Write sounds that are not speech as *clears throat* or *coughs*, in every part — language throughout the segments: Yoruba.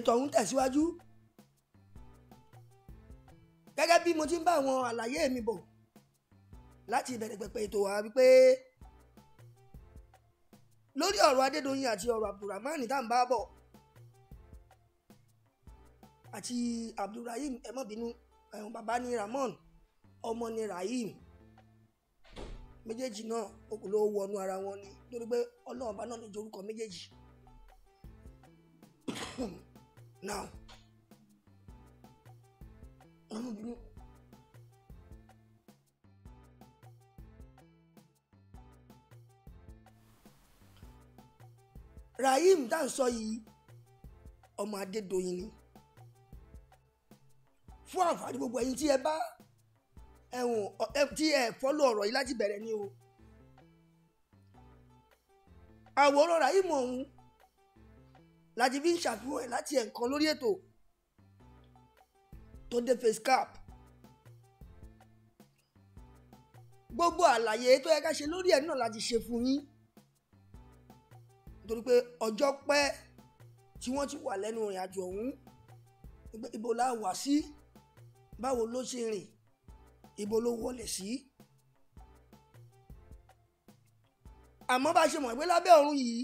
ètò ọ̀hún tẹ̀síwájú gẹ́gẹ́ bí mo ti ń bá àwọn àlàyé mi bọ̀ láti ìbẹ̀rẹ̀ pẹ̀pẹ̀ ètò wa wípé lórí ọ̀rọ̀ Adédoyin àti ọ̀rọ̀ Abdulrahman tá à ń bá bọ̀ àti Abdulrahim ẹ má bínú ẹ̀hún bàbá ní Ramon ọmọ ní Rahim méjèèjì náà okùn ló wọnú ara wọn ni torí pé ọlọ́ọ̀bá náà ní jorúkọ méjèèjì now mama bínú. Rahim tá à ń sọ yìí ọmọ Adédoyin ni fún àǹfààní gbogbo ẹ̀yin tí ẹ bá ẹ̀wọ̀n tí ẹ fọ́lọ́ ọ̀rọ̀ yìí láti bẹ̀rẹ̀ ni o àwòrán Rahim ọ̀hún láti fi ń ṣàfihàn ẹ̀ láti ẹ̀ǹkan lórí ètò tó dé face cap gbogbo àlàyé tó yẹ ká ṣe lórí ẹ̀ náà láti ṣe fún yín nítorí pé ọjọ́ pẹ́ tí wọ́n ti wà lẹ́nu ìrìn àjò ọ̀hún ibo la wà sí báwo ló ṣe rìn ibo ló wọlé sí. àmọ́ bá a ṣe mọ̀ pé lábẹ́ ọ̀run yìí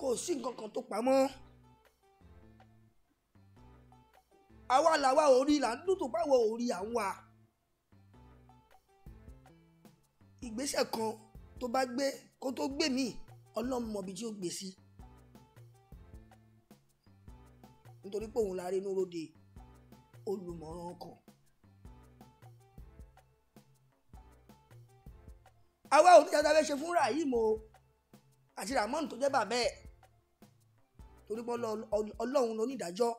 kò sí nǹkan kan tó pamọ́ àwa làwa ò rí làánú tó báwo ò rí àwọn à ìgbésẹ̀ kan tó bá gbé kó tó gbé mi ọlọ́run mọ̀bi tí ó gbé sí nítorí pé òun la rí inú ròde olùmọ̀ràn ọkàn àwa ò ní ṣe tá a fẹ́ ṣe fúnra yìí mo àti Ramon tó jẹ́ bàbá ẹ̀ torí pé ọlọ́run ló ní ìdájọ́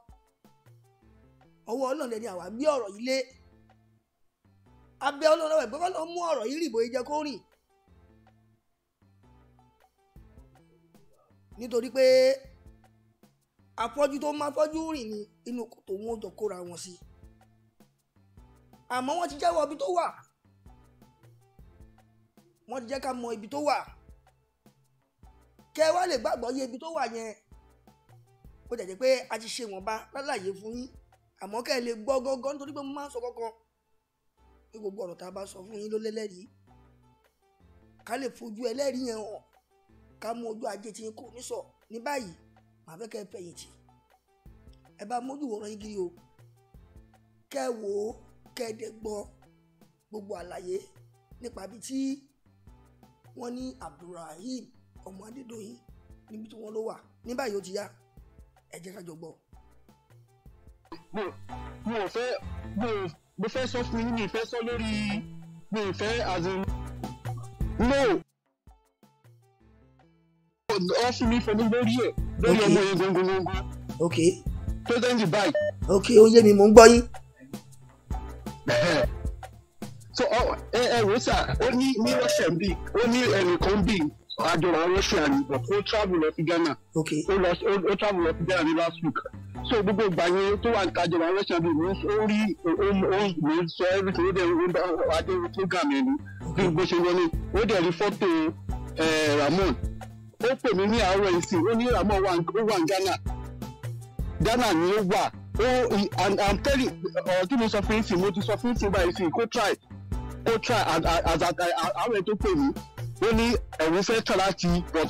ọwọ́ ọlọ́run lẹni àwa gbé ọ̀rọ̀ yìí lé abẹ́ ọlọ́run lọ́wọ́ ẹ̀gbọ́n ló mú ọ̀rọ̀ yìí rìbò ìjẹ kó rìn nítorí pé afọ́jú tó máa fọ́jú rìn ní inú kòtò wọn ò jọ kóra wọn sí àmọ́ wọ́n ti jẹ́wọ́ ibi tó wà wọ́n ti jẹ́ ká mọ ibi tó wà kẹ́ wá lè gbàgbọ́ yé ibi tó wà yẹn bó tẹ̀ jẹ́ pé a ti ṣe wọ̀nba lálàyé fún yín àmọ́ kẹ́ ẹ lè gbọ́ gángan nítorí pé mo máa ń sọ kankan pé gbogbo ọ̀rọ̀ tá a bá sọ fún yín ló lẹ́lẹ́rìí ká lè fojú ẹlẹ́rìí yẹn hàn ká mú ojú ajé tí kò ní sọ ní báyìí màá fẹ́ kẹ́ ẹ fẹ̀yìntì ẹ bá mójú wòran yín gírí o kẹ́ ẹ wò ó kẹ́ ẹ dẹ̀ gbọ́ gbogbo àlàyé nípa ibi tí wọ́n ní Abdulrahim ọmọ Adédọ̀yìn níbi tí wọ́n ló wà ní báyìí ó ti yá ẹ jẹ́ ká jọ gbọ́. mo ò fẹ́ mo fẹ́ sọ fún yín mi fẹ́ sọ lórí mi ò fẹ́ as in no ọ fún mi fọdún lórí ẹ lórí ọmọ yẹn gbọngbọngbọngbọ. ok. president dubai. ok ó yé mi mò ń gbọ́ yín. *laughs* so ẹ ẹ wò sá ó ní ní russia bí ó ní ẹnìkan bí àjọrò russia ni but ó travel lọ sí ghana ó lọ ó travel lọ sí ghana ní last week so gbogbo ìgbà yẹn tó wà ní àjọrò russia bí mi ó rí ó mi sọ everything ó dẹ̀ ó dá adé program yẹn ni bí gbogbo ṣe wọlé ó dẹ̀ rí fọ́tò ramon ó pè mí ní àárọ̀ ìsìn ó ní ramon ó wà ní ghana ghana ni ó wà oh and i'm telling ọ̀rọ̀ tí mo sọ fún yín sí mo ti sọ fún yín sí báyìí sí kó try kó try as as àwọn ètò pè mí ó ní ẹ̀rù fẹ́ tọ̀ láti but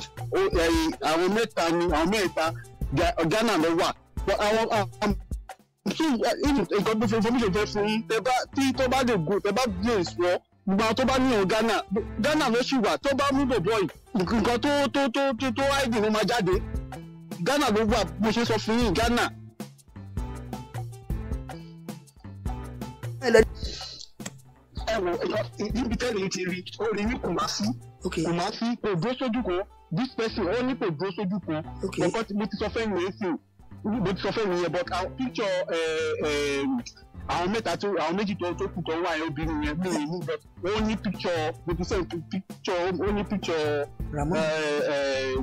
àwọn mẹ́ta ni àwọn mẹ́ta Ghana ló wà but àwọn nǹkan bí information fẹ́ fún yín tẹ bá tí tó bá lè go tẹ bá bí èso gbogbo àwọn tó bá ní ìhàn Ghana Ghana ló sì wà tó bá mú bọ̀bọ̀ yìí nǹkan tó tó tó tó tó ID ló máa jáde Ghana ló wà mo ṣe sọ fún yín Ghana. ẹ wo níbi tẹ́lẹ̀ ti rí ó rí ní Kùmásí. Okay. ìmọ̀ sí kò dúró sójú kan this person ó ní kò dúró sójú kan nǹkan mo ti sọ fẹ́ mi sí mo ti sọ fẹ́ yẹn but àwọn picture eh, eh, àwọn mẹ́ta tó àwọn méjì tó tó kù kan wà yẹn obìnrin yẹn mi ò but ó ní picture mo ti send picture ó ní picture. ramon eh,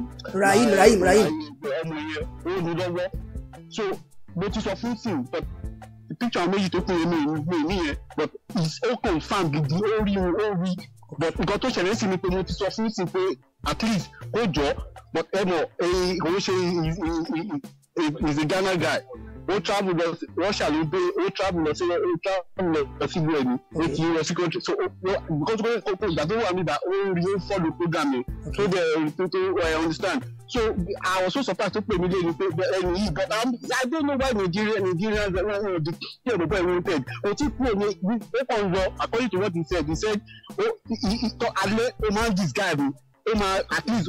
rahim rahim rahim ọmọ yẹn ó ní lọ́wọ́ so mo ti sọ fún sin but picture àwọn méjì tó kù yẹn mi ò ní yẹn but ó confam gidi ó rí ó rí but nǹkan tó ṣẹlẹ̀ sí mi pé mo ti sọ fún sí pé at least kó jọ but ẹ mọ̀ ẹ eh, òun ṣe eh, eh, is a Ghana guy ó travel lọ Russia ló dé ó travel lọ sí ó travel lọ sí ìlú ẹni ó ti lọ sí country so because kó kó kó ìgbà tó wà níbà ó ń rí ó ń follow program yẹn tó dẹ̀ tó tó I understand so àwọn so surprised tó pè mí lẹ́yìn pé ẹni yìí but I don't know why Nigeria Nigeria uh, uh, uh the key of the boy wanted kò tí kúrò ní ó kàn lọ according to what he said he said ó ìtọ́ alẹ́ ó máa ń disguise ó máa at least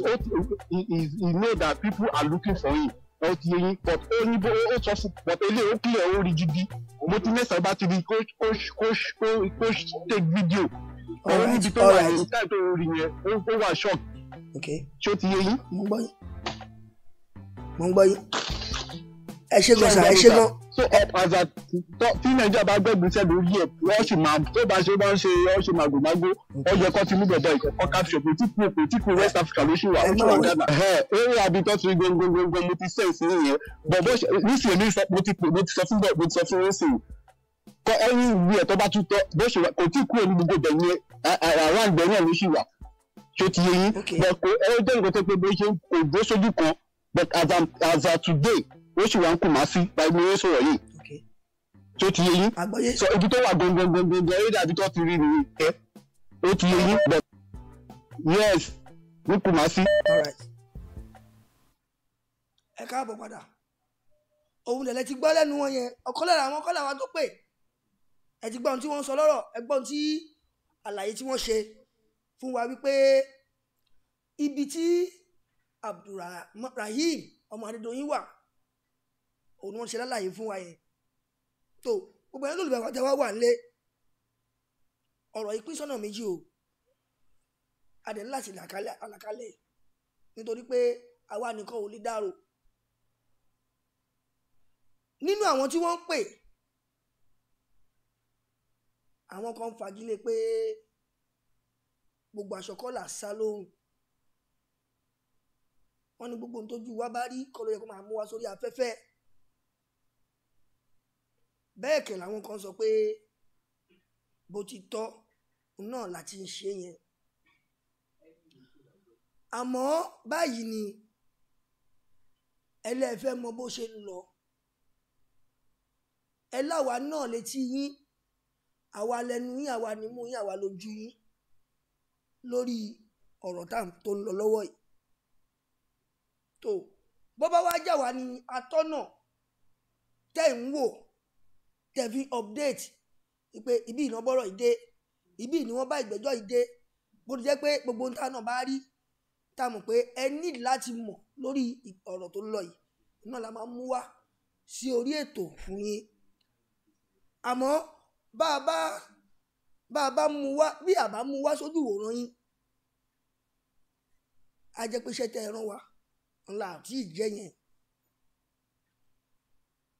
he, he, he know that people are looking for him ẹ ti yẹ yín but ó ní bó ó sọ fún but ilé ó kílẹ̀ ó rí gidi mo ti mẹ́sàn-án bá ti rí kó kó kó kó take video ọ̀rọ̀ níbi tó wà ní táì tó rí yẹn ó wà shock ṣé ó ti yẹ yín. mo ń gbọ́ yín mo ń gbọ́ yín ẹ ṣé gan sa ẹ ṣé gan so up as ọ̀pàṣà tí nàìjíríà bá gbẹ̀gbẹ̀ sẹ́lẹ̀ orí ẹ̀ wọ́n sì máa tó bá ṣe wọ́n ṣe wọ́n ṣe màgòmágó ọjọ́ kan ti mú bẹ̀bẹ̀ ìkọ̀kọ́ capture pé tí kò pé tí kò West Africa ló ṣì wà ó ṣe ọ̀gá náà ẹ̀ eré abitọ́ ti gbogbogbò mo ti sẹ́ǹsì nìyẹn bọ̀bọ̀ nísìnyí mo ti sọ fún bẹ́ẹ̀ mo ti sọ fún rẹ́sìn kọ ẹyin ìwé ẹ̀tọ́ bá tún tọ́ bó ṣe wà kò tí kúrò ní gbogbo bẹ̀yẹ àwọn àgbẹ̀ náà ló ṣì wà ṣó ti yé yín bọ̀ kó ẹ jẹ́ nǹkan tó pé bó ṣe kò dó sójú kan but as, as of today ó sì wá ń Kumasi báyìí ni ó sọ̀rọ̀ yìí tó ti yé yín sọ ibi tó wà gangan gangan ó dàbí tó ti rí nìyí ẹ ó ti yé yín but yes ní Kumasi. ẹ káàbọ̀ padà òun lẹ̀lẹ́ ti gbọ́ lẹ́nu wọn yẹn ọ̀kan lára àwọn ọ̀kan lára tó pè ẹ ti gbọ́ ohun tí wọ́n ń sọ lọ́rọ̀ ẹ gbọ́ ohun tí àlàyé tí wọ́n ṣe fún wa wípé ibi tí Abdulrahim ọmọ Adédoyin wà òun wọn ṣe lálàyé fún wa yẹn tó gbogbo ẹni lólùbẹ̀wá tẹ wá wà nílé ọ̀rọ̀ ìpín sọ́nà méjì o adẹ̀ ńlá sí àlàkalẹ̀ nítorí pé àwa nìkan ò lè dárò nínú àwọn tí wọ́n ń pè àwọn kan fagilé pé gbogbo àṣọkọ́là sá lóhùn wọ́n ní gbogbo ohun tójú wa bá rí kọ́ ló yẹ kó máa mú wa sórí afẹ́fẹ́ bẹ́ẹ̀ kẹ̀ làwọn kan sọ pé bó ti tọ́ náà láti ń ṣe yẹn àmọ́ báyìí ni ẹlẹ́fẹ́ mọ bó ṣe ń lọ ẹ láwa náà létí yín àwa lẹnu yín àwa nímú yín àwa lójú yín lórí ọ̀rọ̀ tó ń lọ lọ́wọ́ yìí tó bọ́ bá jà wá ní atọ́nà tẹ́ ń wò tẹ̀fi update pé ibi ìná bọ́rọ̀ ìdè ibi ìní wọ́n bá ìgbẹ́jọ́ ìdè bó ti jẹ́ pé gbogbo nǹkan náà bá rí tá a mọ̀ pé ẹ nílì láti mọ̀ lórí ọ̀rọ̀ tó lọ yìí náà la máa mú wá sí orí ètò fún yín àmọ́ bá a bá bá a bá mú wá bí a bá mú wá sójú ìwòran yín a jẹ́ pé iṣẹ́ tẹ ẹ rán wa ńlá àti ìjẹ́ yẹn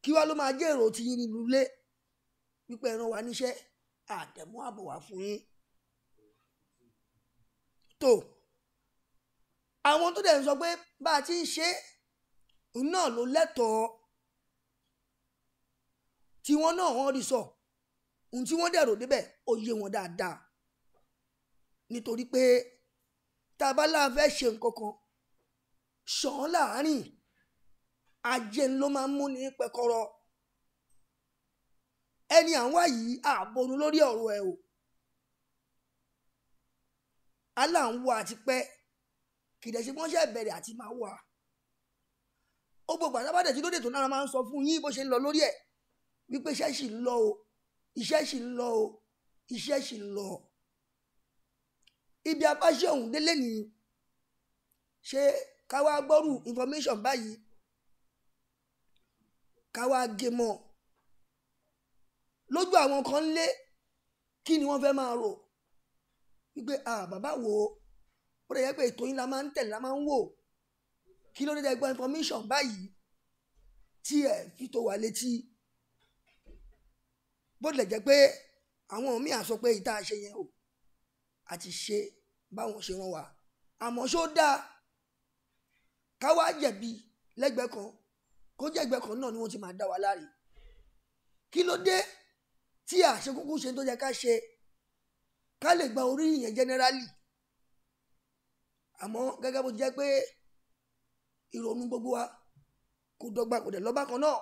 kí wá ló máa jẹ́ èrò tiyín nínú ilé wípé ẹran wa níṣẹ́ àtẹ̀mú àbọ̀ wá fún yín. tó àwọn tó dẹ̀ ń sọ pé bá a ti ń ṣe náà ló lẹ́tọ̀ọ́ tí wọ́n náà wọ́n rí sọ ohun tí wọ́n dẹ̀rò débẹ̀ ó yé wọn dáadáa nítorí pé tabalá fẹ́ ṣe nǹkan kan ṣàn án láàárín ajé ló máa ń múni pẹ̀kọ̀rọ̀ ẹni à ń wá yìí àbọnu lórí ọ̀rọ̀ ẹ̀ o alá ń wá àti pẹ́ kìdẹ̀ ṣe mọ́ṣẹ́ bẹ̀rẹ̀ àti máa wà ó gbogbo àtàbàdẹ̀ tí lóde tó nára máa ń sọ fún yín bó ṣe ń lọ lórí ẹ̀ wípé iṣẹ́ sì ń lọ o iṣẹ́ sì ń lọ o iṣẹ́ sì ń lọ ibi abáṣẹ ọ̀hún délé nìyí ṣé káwá gbọ́rù information báyìí káwá gé mọ́ lójú àwọn kan ń lé kí ni wọ́n fẹ́ máa rò wípé ah bàbá wo ó lè yẹ pé ètò yín la máa ń tẹ̀lé la máa ń wò kí ló dé dé gbọ́ information báyìí tí ẹ̀ fi tó wà létí bó tilẹ̀ jẹ́ pé àwọn míì á sọ pé ìta ṣe yẹn o àti ṣe báwọn ṣe rán wa àmọ́ ṣó dáa ká wá jẹ̀bi lẹ́gbẹ̀ẹ́ kan kó jẹ́ ẹgbẹ́ kan náà ni wọ́n ti máa dá wa láre kí ló dé tí àṣekúkú ṣe tó yẹ ká ṣe ká lè gba orí ìyẹn generally àmọ́ gẹ́gẹ́ bó jẹ́ pé ìrònú gbogbo wa kò dọ́gba kò dẹ̀ lọ bákan náà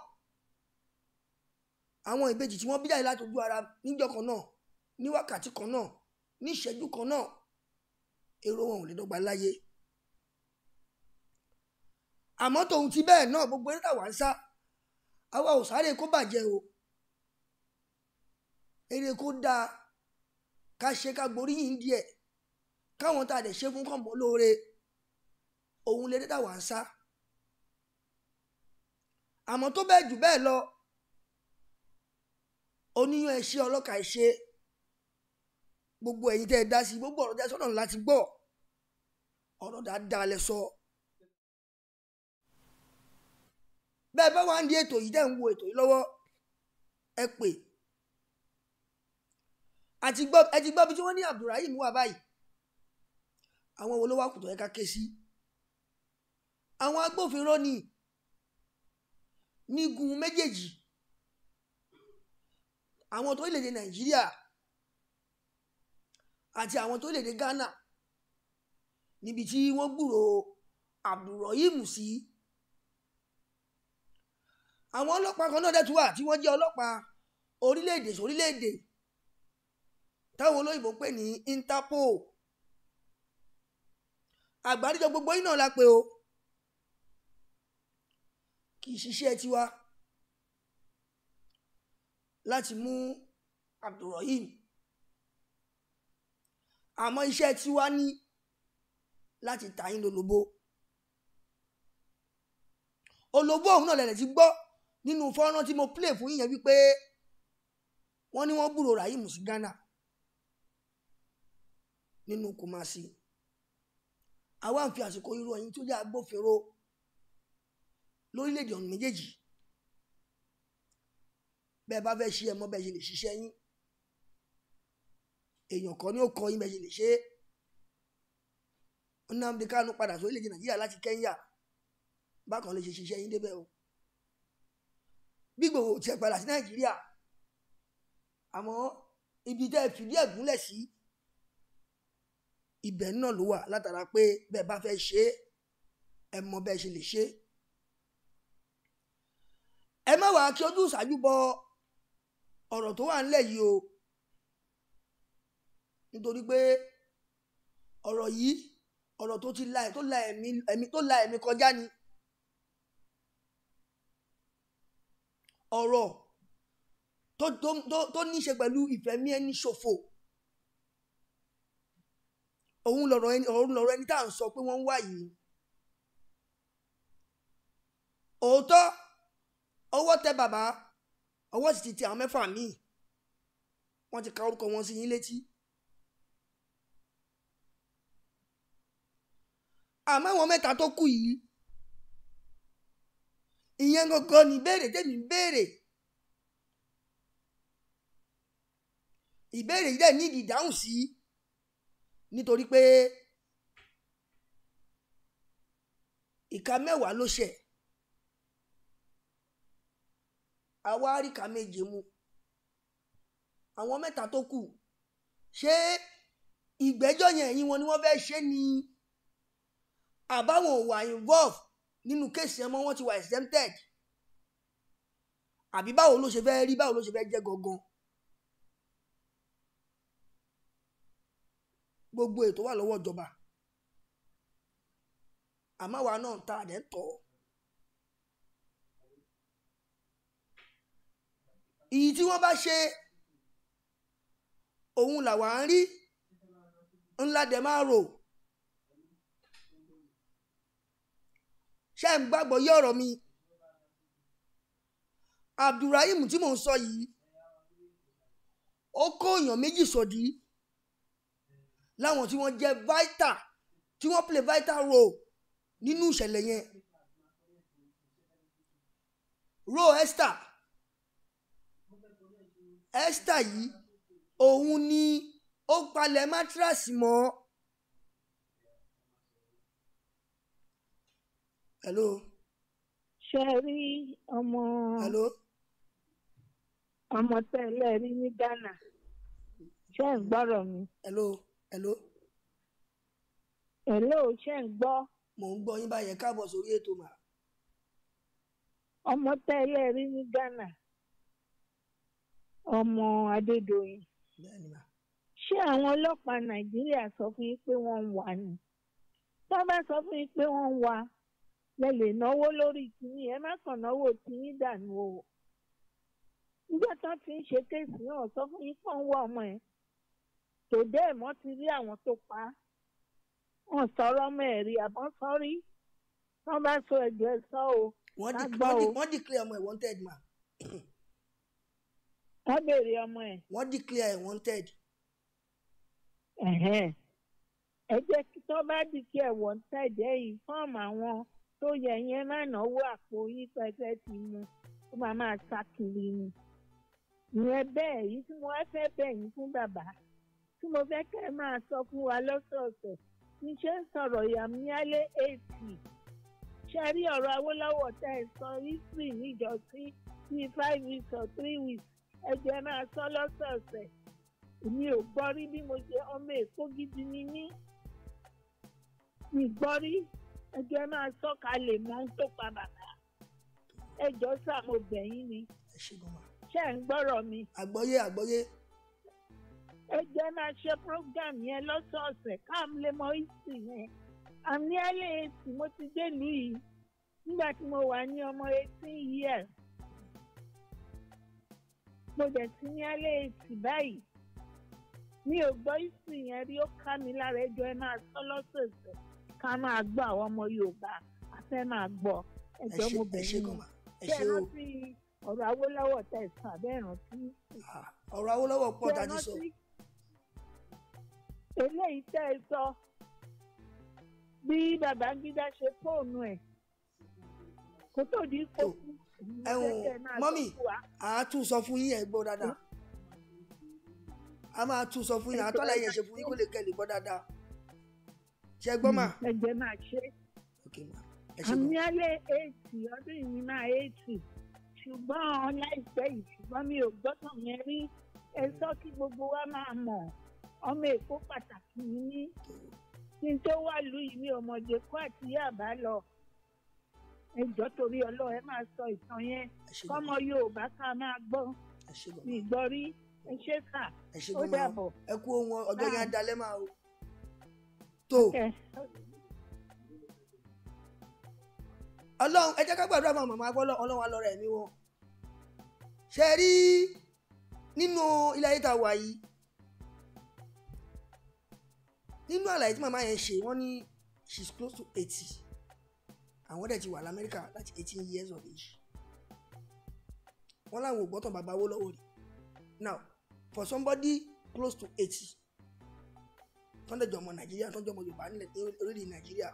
àwọn ìbejì tí wọ́n bí jáde láti ojú ara níjọ́ kan náà ní wákàtí kan náà ní ìṣẹ́jú kan náà èrò wọn ò lè dọ́gba láyé àmọ́ tòun ti bẹ́ẹ̀ náà gbogbo eré tàwa ń sá àwa ò sáré kó bàjẹ́ o eré kó dáa ká ṣe ká gboríyìn díẹ̀ káwọn tá a dẹ̀ ṣe fún kànbọ́ lóore òun lè dẹ́ta wà ń sá àmọ́ tó bẹ́ẹ̀ jù bẹ́ẹ̀ lọ oníyàn ẹ̀ṣẹ́ ọlọ́kà ẹ̀ṣẹ́ gbogbo ẹ̀yin tẹ́ ẹ dá sí gbogbo ọ̀rọ̀ jásọ́nà láti gbọ́ ọ̀rọ̀ dáadáa lẹ sọ. bẹ́ẹ̀ bá wá ń di ètò yìí tẹ́ ń wo ètò yìí lọ́wọ́ ẹ pè 0244 àti gbọ́ ẹ ti gbọ́ bí tí wọ́n ní Abdulrahim wà báyìí àwọn wo ló wá kùtọ̀ ẹ̀ka ké sí àwọn agbófinró ni nígun méjèèjì àwọn tó lè dé Nàìjíríà àti àwọn tó lè dé Ghana níbi tí wọ́n gbúrò Abdulrahim sí. Si àwọn ọlọ́pàá kan náà dẹ̀ tún tí wọ́n jẹ́ ọlọ́pàá orílẹ̀-èdè sórílẹ̀-èdè táwọn olóyìnbó ń pè ní Interpol àgbáríjọ gbogbo yìí náà la pè o kì í ṣiṣẹ́ tiwa láti mú Abdulrahim àmọ́ iṣẹ́ tiwa ní láti ta yín lólobó olobó òun náà lẹ̀lẹ̀ ti gbọ́ nínú fọ́nrán tí mo play fún yíyan wípé wọ́n ní wọ́n gbúròó Rahim sí Ghana nínú Kumasi àwa ń fi àsìkò irú ẹ̀yin tó jẹ́ agbófinró lórílẹ̀‐èdè ọ̀nà méjèèjì bẹ́ẹ̀ bá fẹ́ ṣe ẹ̀mọ́ bẹ́ẹ̀ ṣe lè ṣiṣẹ́ yín èèyàn kan ní ó kọ yín bẹ́ẹ̀ ṣe lè ṣe é Nnamdi Kanu padà sórílẹ̀‐èdè Nàìjíríà láti Kẹ́ńyà bákan lè ṣe ṣiṣẹ́ yín débẹ̀ o bí Ìgbòho tiẹ̀ padà sí Nàìjíríà àmọ́ ibi tẹ́ ẹ fìdí ẹ̀ gúnlẹ̀ sí ibẹ̀ náà ló wà látara pé bẹ́ẹ̀ bá fẹ́ ṣe é ẹ mọ bẹ́ẹ̀ ṣe lè ṣe é. ẹ má wàá kí ojú ìṣáájú bọ ọ̀rọ̀ tó wà nílẹ̀ yìí o nítorí pé ọ̀rọ̀ yìí ọ̀rọ̀ tó ti la ẹ̀ tó la ẹ̀mí tó la ẹ̀mí kọjá ni ọ̀rọ̀ tó ní í ṣe pẹ̀lú ìfẹ̀mí ẹni ṣòfò òun lọ̀rọ̀ ẹni òun lọ̀rọ̀ ẹni tá à ń sọ pé wọ́n ń wá yìí òótọ́ ọwọ́ tẹ bàbá ọwọ́ sì ti tẹ àwọn mẹ́fà míì wọ́n ti ka orúkọ wọn sí yín létí. àmọ́ àwọn mẹ́ta tó kù yìí ìyẹn gangan ni ìbéèrè tèmi ń béèrè ìbéèrè yìí dẹ̀ ní ìdáhùn sí. Si nítorí pé ìka mẹ́wàá ló ṣẹ̀ àwa àríkà méje mu àwọn mẹ́ta tó kù ṣé ìgbẹ́jọ́ yẹn ẹ̀yìn wọn ni wọ́n fẹ́ẹ́ ṣe ni àbáwọn ò wà involve nínú kéèsì ẹmọ wọn ti wà exempted àbí báwo ló ṣe fẹ́ rí báwo ló ṣe fẹ́ jẹ́ gangan. gbogbo ètò wà lọ́wọ́ ìjọba àmọ́ wa náà ta àdẹ́ tọ̀ èyí tí wọ́n bá ṣe òun làwa ń rí ńlá dẹ̀ máa rò ṣé ń gbàgbọ́ yé ọ̀rọ̀ mi Abdulrahim tí mò ń sọ yìí ó kó èèyàn méjì sọ̀dí. So láwọn tí wọ́n jẹ́ vital tí wọ́n play vital role nínú ìṣẹ̀lẹ̀ yẹn Ro Esther Esther yìí òun ni ó palẹ̀ mátràsì mọ́ hello. ṣe rí ọmọ. hello ọmọ tẹ́lẹ̀ rí ní Ghana ṣé ń gbọ́rọ̀ mi. hello hello. hello ṣe ń gbọ́. mò ń gbọ́ yín báyẹn káàbọ̀ sórí ètò mà. ọmọ tẹ́lẹ̀ rí ní Ghana ọmọ Adédoyin. bẹ́ẹ̀ni mà. ṣé àwọn ọlọ́pàá Nàìjíríà sọ fún yín pé wọ́n ń wà ni tó bá sọ fún yín pé wọ́n ń wà lẹ lè náwó lórí kínní ẹ má kàn náwó kínní dànù o. nígbà tó ti ń ṣe kéèsì náà sọ fún yín pé wọ́n ń wá ọmọ yẹn tó bẹ́ẹ̀ mọ́ ti rí àwọn tó pa wọn sọ̀rọ̀ ọmọ ẹ̀ rí àbọ̀ sọ́rí wọ́n bá so ẹ̀jọ̀ ẹ̀ sọ́ o lágbọ́ o. wọ́n declare ọmọ ẹ̀ wanted ma. *clears throat* wọ́n béèrè ọmọ ẹ̀. wọ́n declare ẹ̀ wanted. ẹ jẹ́ kí tó bá declare ẹ̀ wanted ẹ̀ yìí fọ́ọ̀mù àwọn tó yẹ yẹn má náwó àpò yín pẹ́pẹ́ ti mu ó máa máa sá kiri ni. ìyẹn bẹ́ẹ̀ yìí tí wọ́n fẹ́ bẹ̀yìn fún bàbá tí mo fẹ́ kẹ́ ẹ máa sọ fún wa lọ́sọ̀ọ̀sẹ̀ níṣẹ́ sọ̀rọ̀ yàmíálé èsì ṣe rí ọ̀rọ̀ Awólọ́wọ̀ tẹ́ ẹ sọ history níjọ́sí bíi five weeks or three weeks ẹjọ́ máa sọ lọ́sọ̀ọ̀sẹ̀ èmi ò gbọ́ rí bí mo ṣe ọmọ èkó gidi ni mí mi rí ẹjọ́ máa sọ kalẹ̀ mọ́ ń tó pa bàbá ẹjọ́ sàmọ̀gbẹ̀yìn ni ṣe ń gbọ́rọ̀ mi. àgbọ́yé àgbọ́yé ẹ jẹ́ máa ṣe program yẹn lọ́sọ̀ọ̀sẹ̀ káàm lè mọ ìsìn yẹn àmì ẹlẹ́ èsì mo ti dé nìyí nígbà tí mo wà ní ọmọ eighteen years mo dẹ̀ ti ní ẹlẹ́ èsì báyìí mi ò gbọ́ ìsìn yẹn rí ó ká mi lára ẹjọ́ ẹ máa sọ lọ́sọ̀ọ̀sẹ̀ ká máa gbọ́ àwọn ọmọ Yorùbá a fẹ́ máa gbọ́ ẹjọ́ mo bẹ̀rẹ̀ mi ṣé ẹ rántí ọ̀rọ̀ Awólọ́wọ̀ tẹ̀sán abẹ́rántí ah, ọ̀rọ̀ Awólọ́wọ̀ pọ̀ dájú sọ eléyìí tẹ́ ẹ sọ bí Babangida ṣe fóònù ẹ̀ kó tó di kó kú. ẹ̀wọ̀n mọ́mì àá tún sọ fún yín ẹ̀ gbọ́ dáadáa a máa tún sọ fún yín àtọ́lá yẹn ṣe fún yín kó lè kẹ́lẹ̀ gbọ́ dáadáa ṣe gbọ́ mà. ẹ̀jẹ̀ máa ṣe àmì alẹ́ èètì ọdún yìí máa èètì ṣùgbọ́n láìpẹ́ yìí ṣùgbọ́n mi ò gbọ́dọ̀ yẹn rí ẹ sọ kí gbogbo wa máa mọ̀ ọmọ èkó pàtàkì mi ní kí n tó wà lú yìí mi ọmọdé kó àti yàbá lọ ẹjọ́ torí ọlọ ẹ máa sọ ìtàn yẹn kọ́mọ yorùbá ká máa gbọ́ ìgbọrí ẹ ṣe kà ó dàbọ̀. ẹ kú ohun ọjọ́ yẹn dalẹ́ máa o tó. ọlọ́run ẹ jẹ́ ká gbàdúrà máa màmá gbọ́ ọlọ́run alọ́rẹ̀ mi wọn ṣe rí nínú ilé ayé tá wà yìí nínú àlàyé tí màmá yẹn ṣe wọ́n ní she is close to eighty àwọn dẹ̀ ti wà lamẹ́ríkà láti eighteen years of age wọ́n láwọn ò gbọ́tàn bàbá owó lọ́wọ́ rí now for somebody close to eighty tọ́ndẹ̀jọ́ ọmọ nàìjíríà tọ́ndẹ̀jọ́ ọmọ yorùbá nílẹ̀ orílẹ̀ nàìjíríà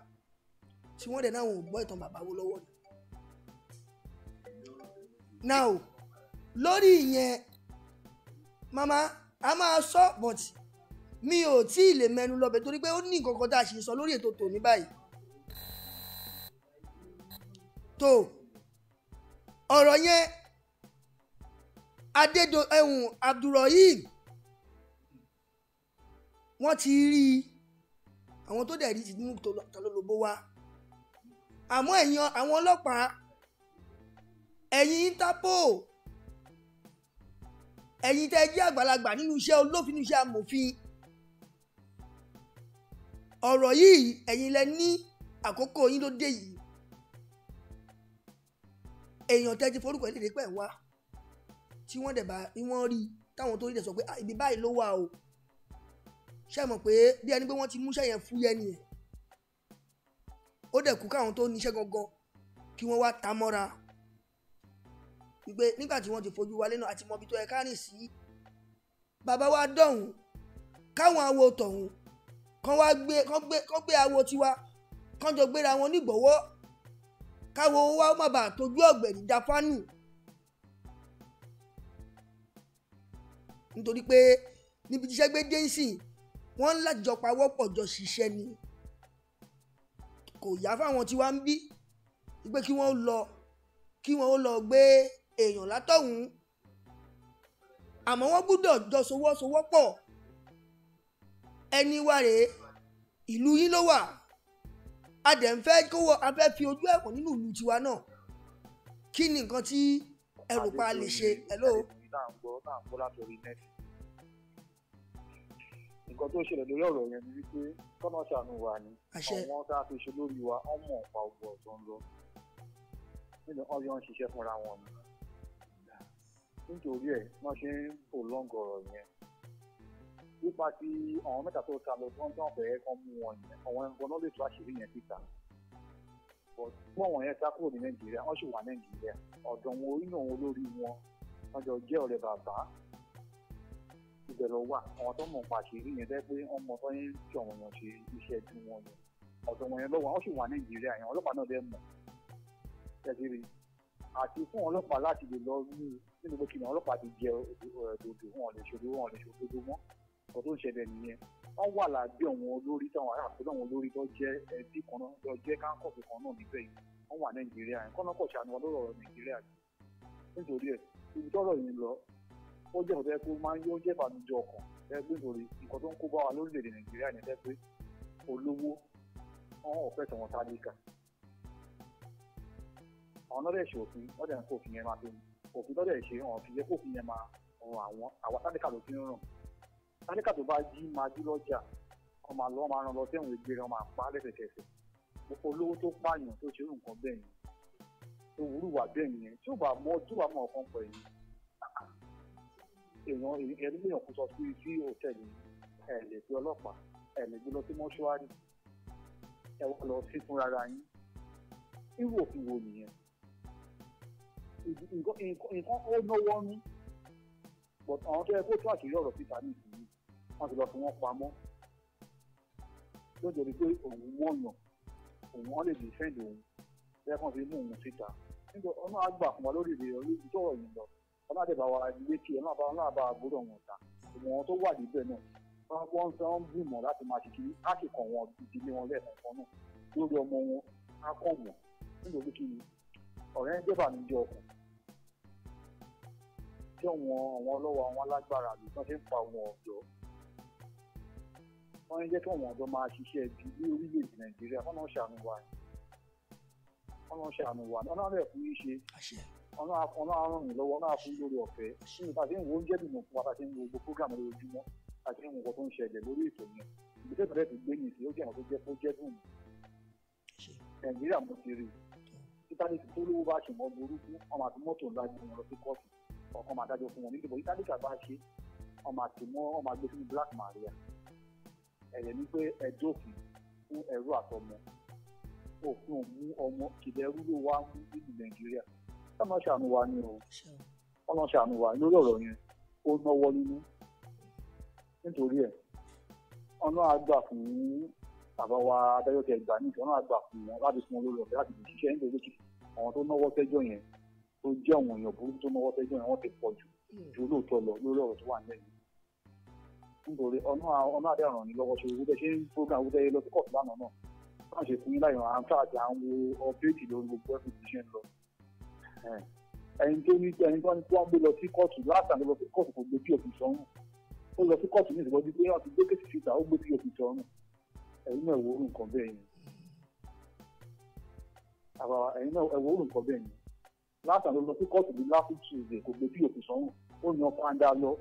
tí wọ́n dẹ̀ náà ò gbọ́ ìtàn bàbá owó lọ́wọ́ rí now lórí ìyẹn mama a máa sọ but mi ò tí ì lè mẹnu lọ́bẹ̀ torí pé ó ní nǹkan kan tá a ṣe sọ lórí ètò tòní báyìí. tó ọ̀rọ̀ yẹn adédo ẹ̀hún abdulrahim wọ́n ti rí i àwọn tó dẹ̀ rí ti mú tọ́lọ́lọ́bó wá àmọ́ ẹ̀yin àwọn ọlọ́pàá ẹ̀yin interpol ẹ̀yin tẹ́ jẹ́ àgbàlagbà nínú iṣẹ́ olófin nínú iṣẹ́ amòfin ọ̀rọ̀ yìí ẹ̀yin lẹ ní àkókò yín ló dé yìí èèyàn tẹ́ ti forúkọ ìlédè pẹ̀ wá tí wọ́n dẹ̀ bá wọ́n rí táwọn tó rí dẹ̀ sọ pé ah, ibi báyìí ló wà o ṣe mọ̀ pé bí ẹni pé wọ́n ti múṣẹ́ yẹn fúyẹ́ nìyẹn ó dẹ̀ kú káwọn tó níṣẹ́ gangan kí wọ́n wá ta mọ́ra wípé nígbà tí wọ́n ti fojú wa lẹ́nu àti mọ̀bí tó yẹ ká sí bàbá wa dọ̀hún káwọn awo tọ̀hún kán wá gbé kán gbé kán gbé awo tiwa kán jọ gbéra wọn nígbọ̀wọ́ káwo wá má bàa tójú ọ̀gbẹ̀rì da nítorí pé níbi tíṣẹ́ gbé déńsì wọ́n ń lájọ pawọ́pọ̀ jọ ṣiṣẹ́ ni kò yá fáwọn tí wàá ń bí pé kí wọ́n lọ kí wọ́n lọ gbé èèyàn látọ̀hún àmọ́ wọ́n gbúdọ̀ jọ sowọ́sowọ́pọ̀. So ẹni wá rèé ìlú yín ló wà a dẹ̀ ń fẹ́ kó wọ a fẹ́ fi ojú ẹ̀kọ́ nínú ìlú tiwa náà kí ni nǹkan tí ẹ rò pa lè ṣe hello. nǹkan tó ṣẹlẹ̀ lórí ọ̀rọ̀ yẹn ni wípé kọ́nà ṣàánú wa ni àwọn tá a fi ṣe lórí wa ọmọ ọ̀pá ọ̀pọ̀ ọ̀tọ̀ ń lọ nínú ọyọ ń ṣiṣẹ́ fúnra wọn ni nítorí ẹ̀ wọ́n ṣe ń pò lọ́ngọ̀rọ̀ yẹn nípa ti àwọn mẹ́ta tó ta lọ tó ń tán fẹ́ẹ́ kan mú wọn yẹn àwọn ẹnìkan náà lè tó àṣírí yẹn síta fún àwọn yẹn sá kúrò ní nàìjíríà wọ́n sì wà nàìjíríà ọ̀dọ̀ wọn orí náà olórí wọn wọ́n jọ jẹ́ ọ̀rẹ́ bàbá ibẹ̀ lọ wà àwọn tó mọ̀ pàṣírí yẹn dẹ́ pé wọ́n tó ń tí àwọn èèyàn ṣe iṣẹ́ tí wọ́n yẹn ọ̀dọ̀ wọn yẹn lọ́wọ́ wọ́n sì wà nàìjíríà yẹn ọlọ́pàá náà dẹ́ mọ̀ tẹ́sírí àti fún ọlọ́pàá láti lè lọ rí nínú pé kìnìún ọlọ́pàá ti jẹ òdòdó wọn lè ṣòdodo wọn lè ṣòdodo mọ́ nǹkan tó ṣẹlẹ̀ nìyẹn wọ́n wà lábẹ́ àwọn olórí táwọn ará àti àwọn olórí tó jẹ́ ẹbí kan náà tó jẹ́ káńkọ̀ọ̀sì kan náà níbẹ̀ yìí wọ́n wà nàìjíríà yẹn kọ́nà kọ̀ọ̀ṣà ni wọ́n lọ́rọ̀ nàìjíríà nítorí ẹ̀ ibi tọ́rọ̀ yìí lọ ó jẹ́ ọ̀tọ̀ ẹ̀kú máa ń yọ jẹ́ ìbànújẹ́ ọkàn ẹgbẹ́ ìtòrí nǹkan tó ń kó bá wa lórílẹ̀‐èdè nàìjíríà ní pé olówó wọn ò fẹ́ tọ̀wọ́n tálíkà àwọn náà dẹ̀ ṣe òfin wọ́n dẹ̀ ń kó òfin yẹn máa fi òfin tó dẹ̀ ṣe hàn fi yẹ kó òfin yẹn máa hàn àwọn àwọn tálíkà ló fi ń ràn táníkà tó bá jí máa jí lọ́jà wọ́n máa lọ́ máa ràn lọ sẹ́wọ̀n ìgbéra wọ́n máa pa á lẹ́sẹ̀kẹsẹ̀ gbogbo olówó tó pààyàn tó ṣerú nǹkan bẹ́ẹ̀ yẹn tó wúrúwà bẹ́ẹ̀ yẹn tí ò bá mọ tí ò bá mọ ọ̀kan pẹ̀lú èèyàn ẹni gbìyànjú kó sọ sí sí òtẹ́ẹ̀lì ẹ̀ lè fi ọlọ́pàá ẹ̀ lè gbé lọ sí mọ́ṣúárì ẹ̀ wọ́n lọ sí fúnra ara yín irú òfin wo nìyẹn nǹkan ó náwó ní but àwọn tó yẹ kó tó àṣírí ọ̀rọ̀ wọ́n ti lọ fi wọ́n pamọ́ lóde ni pé òun wọ̀nyàn òun wọ́n lè defend òun lẹ́kàn fi mú òun síta nígbà ọ̀nà àgbà fún wa lórí ìrìn orí ìjọ ọ̀yìn lọ ọ̀nà àdèbà wa létí ọ̀nà àbá ọ̀nà àbá àgbọ̀dọ̀ wọn ta ìmọ̀ràn tó wà níbẹ̀ náà wọ́n ń sọ ń láti máa ṣe kiri á sì kàn wọn ìdílé wọn lẹ́ẹ̀kan náà lórí ọmọ wọn á kàn wọ́n ń jẹ́ kí àwọn ọ̀dọ́ máa ṣiṣẹ́ ibi ní orílẹ̀-èdè nàìjíríà wọ́n náà ṣàánú wa ni wọ́n náà ṣàánú wa ni wọ́n náà fún yín ṣe wọ́n náà wọ́n náà lọ́wọ́ wọ́n náà lórí ọ̀fẹ́ nípa tí ń oúnjẹ dùnmọ̀ fún wa tá a gbogbo program lójoojúmọ́ àti ń nǹkan tó ń ṣẹlẹ̀ lórí ètò yẹn ìgbésẹ̀ tó rẹ̀ gbé yìí ó jẹ́ àwọn tó jẹ́ tó jẹ́ dùn nàìjíríà mo ti rí italy tó lówó bá ṣe mọ́ burúkú ọmọ àti mọ́tò ńlá ju wọn lọ sí kóòtù ọkàn máa dájọ́ fún wọn nígbà italy bá ṣe ọmọ àti mọ́ ọmọ àgbẹ̀fún black maria ẹ̀rẹ̀ ní pé ẹ̀dófin fún ẹrú àtọmọ òfin òmú ọmọ kìlẹ̀rú ló wá mú nínú nàìjíríà ọmọ ṣàánú wa ni o ọmọ ṣàánú wa lórí ọ̀rọ̀ yẹn ó náwó nínú nítorí ẹ̀ ọ̀nà àgbà fún bàbá wa adájọ́tẹ̀ ẹgbà ní ìṣọ̀nà àgbà fún wọn láti fún olórí ọ̀fẹ́ láti ṣiṣẹ́ nítorí kí àwọn tó náwó tẹ́jọ́ yẹn tó jẹ́ àwọn èèyàn burúkú tó náwó tẹ́jọ́ yẹn wọ́n ti pọ̀ jù hmm. ju olóòótọ́ lọ lórí ọ̀rọ̀ tó wà nílẹ̀ yìí nítorí ọ̀nà ọ̀nà àdé ọ̀ràn ní lọ́wọ́ ṣòwò bẹ́ẹ̀ ṣe ń program wúdẹ́ lọ sí kọ̀ọ̀tù lánàá náà báà ṣe fún yín láyọ̀ à ń fàájì à ń wo ọ̀pẹ́ẹ̀tì lórí gbogbo ẹ̀sìn tí ṣe ń lọ. ẹni tó ní ẹni tó ní wọ́n gbé lọ sí kóòtù látàrí lọ sí kóòtù kò gbé pop sọ́run ó lọ sí kóòtù ní ìsìnkú gbígbé wọn ti gbé kéṣì síta ó gbé pop sọ́run ẹ̀yin náà ẹ̀wọ̀ nǹkan bẹ́ẹ̀ ni ẹ̀yin náà ẹ̀wọ̀ nǹkan bẹ́ẹ̀ ni látàrí lọ sí kóòtù ní láti tuesday kò gbé pop sọ́run ó yan fanda lọ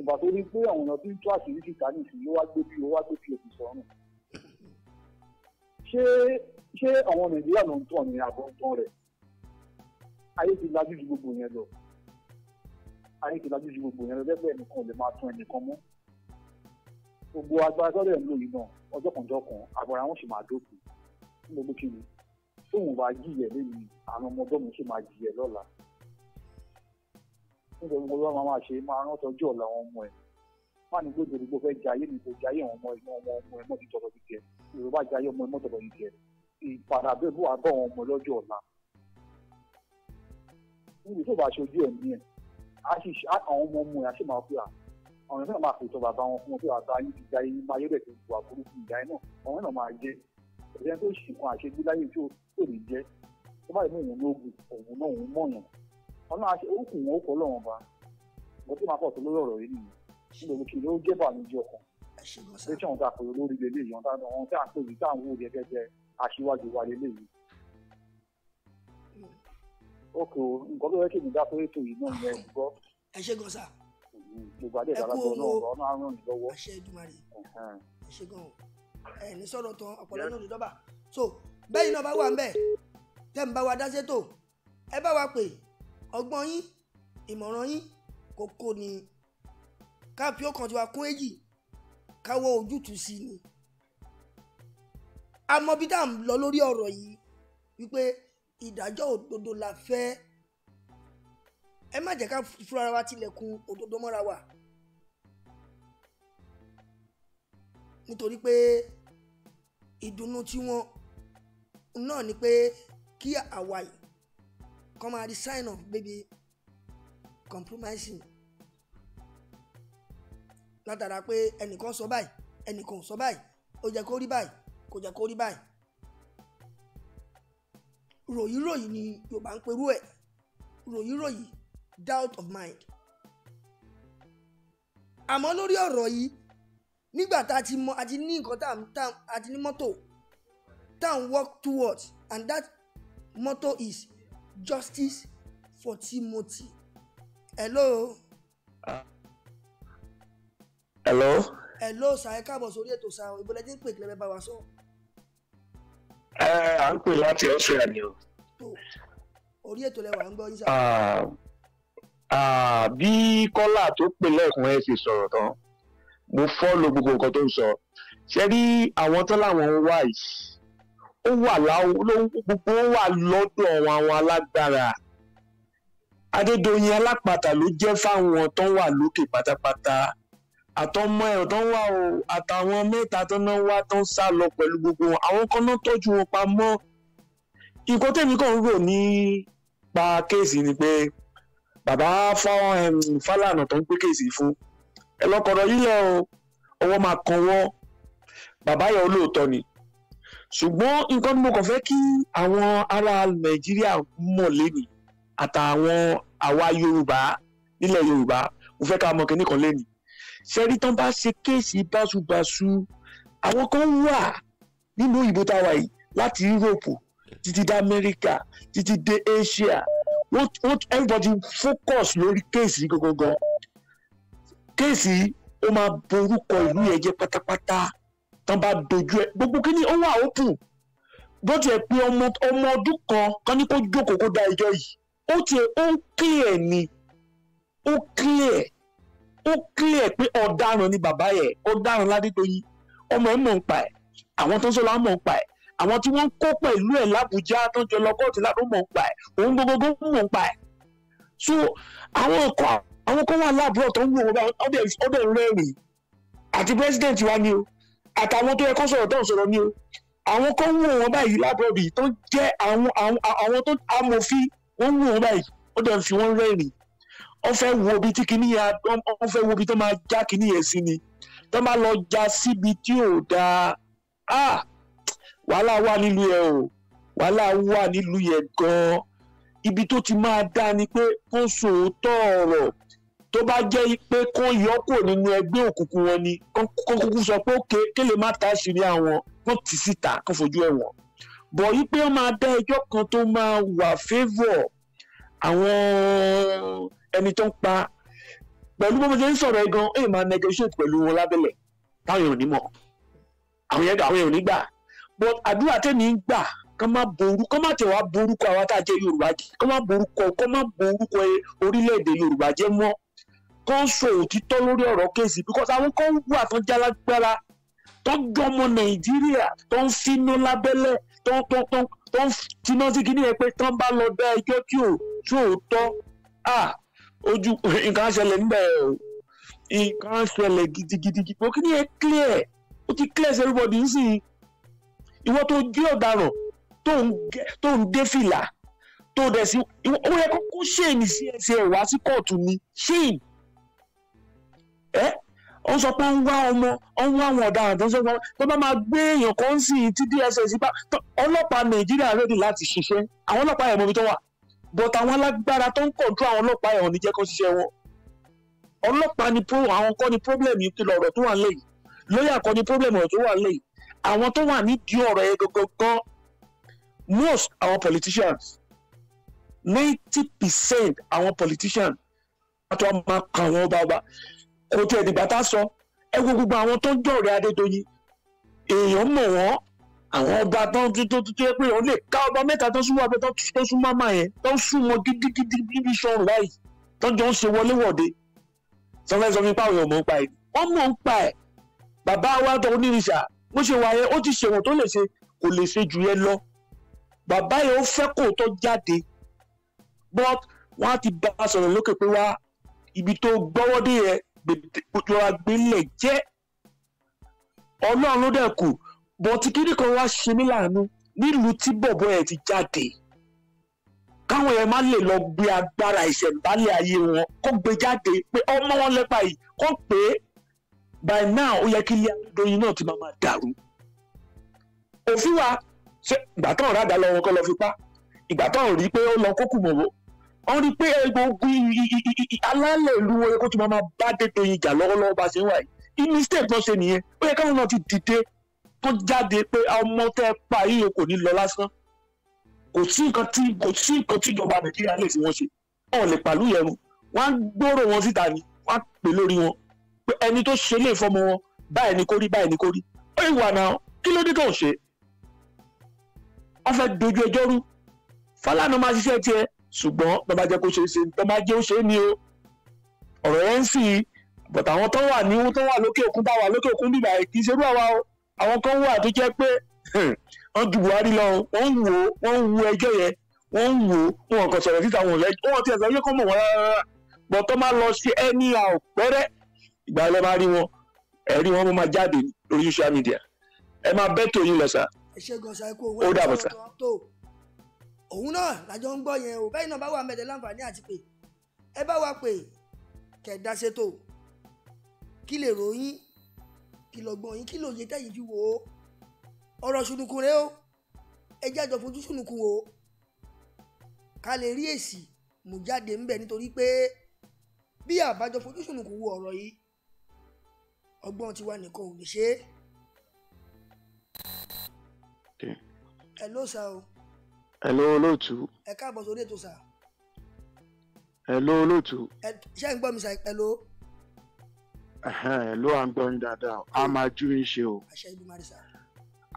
ìgbà tó rí pé àwọn èèyàn tí ń tú àṣírí síta nìsín ló wá gbé bí ó wá gbé bí òkú sọrùn ṣé ṣé àwọn nàìjíríà ló ń tàn ní àbọ̀ ń tàn rẹ̀ ayé ti lajú ju gbogbo yẹn lọ ayé ti lajú ju gbogbo yẹn lọ lẹ́gbẹ̀ẹ́ nìkan lè máa tún ẹnìkan mú gbogbo agbára tọ́lẹ̀ ń lò yìí náà ọjọ́ kan jọ́kan àbọ̀ra wọn sì máa dókun fún gbogbo kí ni tóun bá jìyẹ lẹ́yìn àwọn ọmọdé mi sì nígbà gbogbo bá máa máa ṣe máa rántí ọjọ́ ọ̀la àwọn ọmọ ẹ̀ má ní gbé gbogbo fẹ́ jayé ní kò jayé àwọn ọmọ ẹ̀ ọmọ ọmọ ẹ̀ mọ́tò tọrọ ti jẹ yorùbá jayé ọmọ ẹ̀ mọ́tò tọrọ ti jẹ ìpadà bẹ́ẹ̀ bó wàá bọ̀ àwọn ọmọ lọ́jọ́ ọ̀la níbi tó bá ṣojú ẹ̀mí ẹ̀ àwọn ọmọ ọmọ ẹ̀ á sì máa fúra àwọn náà máa pètò bàbá wọn fún wọn pé bàbá yín ti jayé yín máa yẹ bẹ́ẹ̀ ọ̀nà àṣẹ orúkù wọn ó kọ́ lọ́wọ́n ba mo tí màá kọ̀ tó lórí ọ̀rọ̀ yìí nìyẹn nígbà kí ló jẹ́ bàmíjì ọkàn ṣé tí wọn ta pè lórí lélẹ̀ yìí wọn wọn tí à ń pè yìí tí à ń wò gẹ́gẹ́ jẹ́ aṣíwájú wa lélẹ̀ yìí. Hmm. ok o nǹkan tó yẹ kí mi dá ètò yìí náà yẹ gbọ́. ẹ ṣe gan sa. gbogbo adé ìdára tó náà ọ̀nà àrùn ìlọ́wọ́. ẹ ṣe dùmarè ẹ ṣe gan ẹ ní sọ̀rọ̀ tán ọ̀pọ̀lọ́ náà ọgbọ́n yín ìmọ̀ràn yín kókó ni káàpì ọkàn tiwa kún èjì káwọ ojútùú sí ni amọbi tá à ń lọ lórí ọ̀rọ̀ yìí wípé ìdájọ́ òdodo la fẹ́ ẹ má jẹ́ ká fúnra wa tilẹ̀kùn òdodo mọ́ra wa nítorí pé ìdùnnú tiwọn náà ni pé kí àwa yìí come out the sign of baby compromising látara pé ẹnìkan sọ báyìí ẹnìkan ò sọ báyìí ó jẹ́ kó rí báyìí kò jẹ́ kó rí báyìí ròyìnròyìn ni Yorùbá ń perú ẹ̀ ròyìnròyìn doubt of mind àmọ́ lórí ọ̀rọ̀ yìí nígbà tá a ti mọ a ti ní nǹkan tá a ti ní mọ́tò tá a work towards and that motto is justice for Timothy. hello. Uh, hello. hello sir ẹ káàbọ̀ sórí ètò sir ìbọn ẹjẹ ń pè kílẹ̀ bá wa sọ. ẹ à ń pè láti Australia ni o. tó orí ètò lẹwà ń gbọ́ yín sá. bí kọ́là tó pè lẹ́ẹ̀kan ẹ ṣe sọ̀rọ̀ tán mo fọ́ lo gbogbo nǹkan tó ń sọ ṣé rí àwọn tó láwọn ń wá yìí ó wà láwọn gbogbo ó wà lọ́dọ̀ àwọn àwọn alágbára Adédoyin alápatà ló jẹ́ fáwọn tó wà lókè pátápátá àtọmọ ẹ̀ tó wà o àtàwọn mẹ́ta tó náà wá tó ń sá lọ pẹ̀lú gbogbo wọn àwọn kan náà tọ́jú wọn pamọ́ nǹkan tèmi kàn ń rò nípa kéèsì ni pé bàbá Fálànà tó ń gbé kéèsì fún ẹ lọkọ̀ọ̀rọ̀ yìí lọ ọwọ́ máa kan wọ́n bàbá yẹn olóòótọ́ ni ṣùgbọ́n nǹkan tí mo kàn fẹ́ kí àwọn ará nàìjíríà mọ̀ lẹ́nu àtàwọn àwa yorùbá nílẹ̀ yorùbá mo fẹ́ ká mọ̀ kínní kan lẹ́nu ṣẹ́rí tán bá ṣe kéèsì báṣubàṣu àwọn kan wà nínú ìbò tá a wà yìí láti Europe títí dé America títí dé Asia what what everybody focus lórí kéèsì gangan kéèsì ó máa borúkọ ìlú yẹn jẹ́ pátápátá tán bá dojú ẹ gbogbo kíní ó wà open bó tiẹ̀ pé ọmọ ọmọ ọdún kan kan ní kó jókòó kó dá ẹjọ́ yìí ó tiẹ̀ ó clear ni ó clear ó clear pé ọ̀daràn ni bàbá yẹn ọ̀daràn Ládédoyin ọmọ ẹ̀ mọ̀ ń pa ẹ̀ àwọn tó ń sọ láwọn mọ̀ ń pa ẹ̀ àwọn tí wọ́n ń kó pẹ̀lú ẹ̀ lábújá tó ń jọ lọ kóòtù ládùn mọ̀ ń pa ẹ̀ òun gbogbo mọ̀ ń pa ẹ̀ so àwọn ọkọ̀ àwọn kan wà láàbúrò tó ń wò wọ́n bá ọdẹ rẹ́rìn àti president wa ni o àtàwọn tó yẹ kó sọ̀rọ̀ tó ń sọ̀rọ̀ ni o àwọn kan wù wọn báyìí lábọ́ọ̀dì tó jẹ́ àwọn àwọn tó amòfin wọ́n wù wọn báyìí ó dẹ̀ fi wọ́n rẹ́rìn wọ́n fẹ́ wo ibi tí kìíní yẹn wọ́n fẹ́ wo ibi tó máa já kìíní yẹn sí ni tó máa lọ já síbi tí ò dáa ah wàhálà wà nílùú yẹn o wàhálà wà nílùú yẹn gan-an ibi tó ti máa dá ni pé kó sòótọ́ ọ̀rọ̀ tó bá jẹ́ pé kó yọ kúrò nínú ẹgbẹ́ òkùnkùn wọn ni kó kúkú sọ pé òkè kéle má ta àṣírí àwọn kó tì síta kó fojú ẹ̀wọ̀n bọ̀ yí pé wọ́n máa dá ẹjọ́ kan tó máa wà favour àwọn ẹni tó ń pa pẹ̀lú bó ṣe ń sọ̀rọ̀ ẹ gan ẹ̀ máa negotiate pẹ̀lú wọn lábẹ́lẹ̀ táwọn èèyàn ò ní mọ̀ àwọn èèyàn ò ní gbà but àdúrà tẹ̀mí ń gbà kán má ború kán má tẹ̀wá borúkọ àwa tá a jẹ́ Yorùbá jẹ́ kán má borúkọ kán má borúkọ orílẹ̀-èdè Yorùbá jẹ́ mọ́ tó ń sọ òtítọ́ lórí ọ̀rọ̀ kéèsì because àwọn kan wà tó jálágbára tó ń jọmọ nàìjíríà tó ń finú lábẹ́lẹ̀ tó ń tó ń tó ń tó ń finá sí kíní yẹn pé tó ń bá lọ dá ẹjọ́ tí ò tí ò tọ́ à ojú nǹkan ṣẹlẹ̀ níbẹ̀ o nǹkan ṣẹlẹ̀ gidigidi pé kíní yẹn clear ó ti clear sí everybody nísìnyí ìwọ tó jẹ́ ọ̀daràn tó ń dé fìlà tó dẹ̀ sí ó yẹ kó ṣèǹsì ẹsẹ̀ wá sí kóòtù ni ṣèǹsì ẹ wọ́n sọ pé ń wá ọmọ ń wá àwọn ọ̀daràn tó ń sọ pé tó bá máa gbé èèyàn kan sí i tí DSS bá ọlọ́pàá Nàìjíríà rẹ́dì láti ṣiṣẹ́ àwọn ọlọ́pàá yẹn mọ ibi tó wà but àwọn alágbára tó ń kọ̀ọ̀dún àwọn ọlọ́pàá yẹn ò ní jẹ́ kó ṣiṣẹ́ wọn ọlọ́pàá ni àwọn kọ́ ni problem yìí kí lọ̀rọ̀ tó wà lẹ́yìn lọ́yà kọ́ ni problem ọ̀rọ̀ tó wà lẹ́yìn àwọn tó wà nídìí ọ̀rọ̀ yẹn most àwọn politicians ninety percent àwọn politicians àti wọn máa kàn kò tiẹ̀ dìgbà tá a sọ ẹ wo gbogbo àwọn tó ń jọ̀rẹ́ Adédoyin èèyàn mọ̀ wọ́n àwọn ọba tó tó tó tó yẹ pé òun lè ká ọba mẹ́ta tó súnmọ́ abẹ́ tó súnmọ́ àmà yẹn tó súnmọ́ gidigidi bíbí sọ̀rọ̀ báyìí tó jọ ń ṣe wọléwọ̀de sọfẹ́ sọ fún ipá òyìnbó ń pa ẹ̀ wọ́n mọ̀ ń pa ẹ̀ bàbá wa tó onírìṣà bó ṣe wà yẹn ó ti ṣèwọ̀n tó lè ṣe kò lè ṣe jù yẹn lọ bàbá yẹn ó fẹ́ kó tó jáde but wọ́n á ti bá a sọ̀rọ̀ lókè pé wá ibi tó gbọ́wọ́dé yẹn gbogbo agbélẹ̀ jẹ́ ọlọ́run ló dẹ̀ kù bọ́tí kíní kan wá ṣe mí láàánú nílùú tí bọ̀bọ̀ ẹ̀ ti jáde káwọn yẹn má lè lọ gbé agbára ìṣẹ̀ǹbálẹ̀ ayé wọn kó gbé jáde pé ọmọ wọn lẹ́pa yìí kó pé by now ó yẹ kí ilé adóyin náà ti máa máa dàrú òfin wa ṣe ìgbà tó ń rà dá lọ wọn kó lọ fi ìgbà tó ń rí pé ó lọ kókù mọ̀wọ́ wọ́n rí pé egungun alálẹ̀ ìlú wọn kó tún máa bá dédé yin jà lọ́wọ́lọ́wọ́ bá ṣe ń wà yìí mistake náà ṣe nìyẹn ó yẹ káwọn náà ti dìde kó jáde pé ọmọ tẹ́ pa yìí kò ní lọ lásán kò sí nǹkan tí kò sí nǹkan tí ìjọba nàìjíríà lè fi wọn ṣe wọn ò lè pàlú yẹn nu wọn á gbòòrò wọn síta ni wọn á pè lórí wọn pé ẹni tó ṣe lè fọmọ wọn báyìí ni kó rí báyìí ni kó rí ó ìwà náà kí ló dé tó ń ṣe wọn fẹ́ dojú ẹjọ́ rú Fálànà máa ṣiṣẹ́ tiẹ̀ ṣùgbọ́n tó bá jẹ́ kó ṣe é ṣe tó bá jẹ́ ó ṣe é ní o ọ̀rọ̀ yẹn ń sì but àwọn tó wà ní tó wà lókè òkun bá wà lókè òkun bíbá kì í ṣerú àwa o àwọn kan wà tó jẹ́ pé hmm, wọ́n ju Buhari lọ wọ́n ń wò wọ́n ń wo ẹjọ́ yẹn wọ́n ń wò wọn kò sọ̀rọ̀ síta wọn lẹ́jọ́ wọn ti ẹ̀sán yẹ kó mọ̀ wọ́n rárá but tó máa lọ sí ẹni àpẹẹrẹ ìgbà ẹ lọ máa rí wọn ẹ̀rí wọn mo máa jáde lórí social media ẹ máa bẹ́tò yín lọ sá ó dàbọ̀ sá òun náà làjọ ń gbọ́ yẹn o bẹ́ẹ̀ náà bá wà mẹ́tẹ̀ láǹfààní àti pé ẹ bá wa pè kẹ̀dá ṣètò kí lè ròyìn kí lọ́gbọ́n yín kí lòye tẹ́yìn fi wò ó ọ̀rọ̀ ṣùnùkùn rẹ o ẹ jájọ fojú ṣùnùkùn o ká lè rí èsì mú jáde ńbẹ nítorí pé bí àbájọ fojú ṣùnùkùn wo ọ̀rọ̀ yìí ọgbọ́n tiwa nìkan ò lè ṣe é. ẹ ló sá o. Hello olóòtú. ẹ káàbọ̀ sórí ètò sà. Hello olóòtú. ṣé ń gbọ́ mi sà hello. Hello à ń gbọ́ yín dáadáa a máa jú yín ṣe o. àṣẹ ìlú mari sà.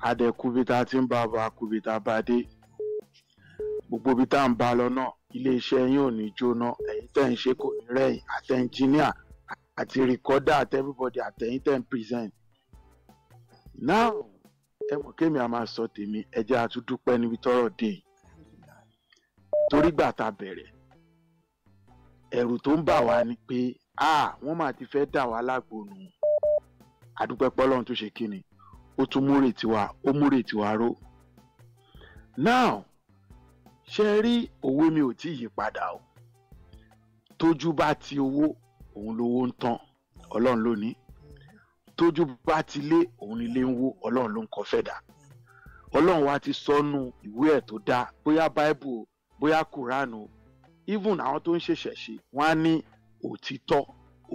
adẹ̀kubita ti ń bá a bá kubita bá dé gbogbo ibi tá à ń bá lọ náà iléeṣẹ́ yín ò ní jóná ẹ̀yin tẹ̀ ń ṣe kò ní rẹ̀yìn àti ẹnjìníà àti rìkọ́dà àti everybody àtẹ̀yìn tẹ̀ ń present. now ẹ mọ̀ kémi a máa sọ tèmi ẹ jẹ́ àtúndúpẹ́ níbi tọ́rọ̀ dé yìí torí gbà tá a bẹ̀rẹ̀ ẹ̀rù tó ń bà wá ni pé ah wọ́n mà ti fẹ́ dà wá lágbo nù àdúpẹ́ pọ́lọ́run tó ṣe kíni ó tún múrè tiwa ó múrè tiwa ró now ṣe rí òwe mi ò tí ì yí padà o tójú bá ti owó òun lówó ń tán ọlọ́run ló ní tójú bá ti lé òun nílé ń wó ọlọ́run ló ń kọ́ fẹ́ dà ọlọ́run wa ti sọnù ìwé ẹ̀ tó dáa bóyá báíbù o bóyá kùránù even àwọn tó ń ṣèṣẹ̀ṣe wọ́n á ní òtítọ́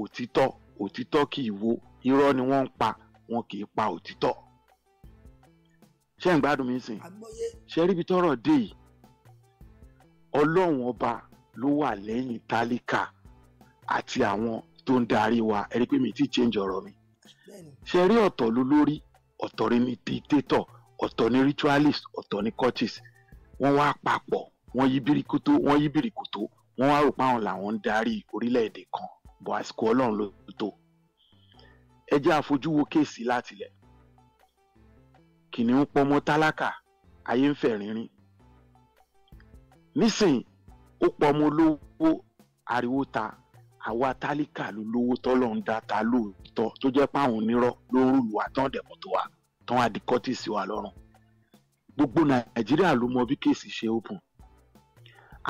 òtítọ́ òtítọ́ kì í wo irọ́ ni wọ́n ń pa wọn kì í pa òtítọ́ ṣé ń gbádùn mi sìn ṣe ríbi tọ́rọ̀ dé yìí ọlọ́run ọba ló wà lẹ́yìn tálíkà àti àwọn tó ń darí wa ẹ pé mi ti change ọ̀rọ̀ mi ṣe rí ọ̀tọ̀ ló lórí ọ̀tọ̀ rí ni dictator ọ̀tọ̀ ni ritualist ọ̀tọ̀ ni cultist wọ́n wá papọ̀ wọ́n yí bíríkótó wọ́n yí bíríkótó wọ́n wá rò páwọn làwọn ń darí orílẹ̀-èdè kan bọ̀ àsìkò ọlọ́run ló tó ẹ jẹ́ àfojúwo kéèsì látilẹ̀ kìnìún pọmọ tálákà ayé ń fẹ̀ rínrín nísìnyí ó pọmọ olówó ariwo ta àwa tálíkà ló lówó tọ́lọ̀ ń dá ta lóòótọ́ tó jẹ́ páwọn onírọ́ ló ń rúlu àtàn dẹ̀kọ̀ tó wa tán àdìkọ́tì sí wa lọ́rùn gbogbo nàìjíríà ló mọ bí kéèsì ṣe ó pọ̀n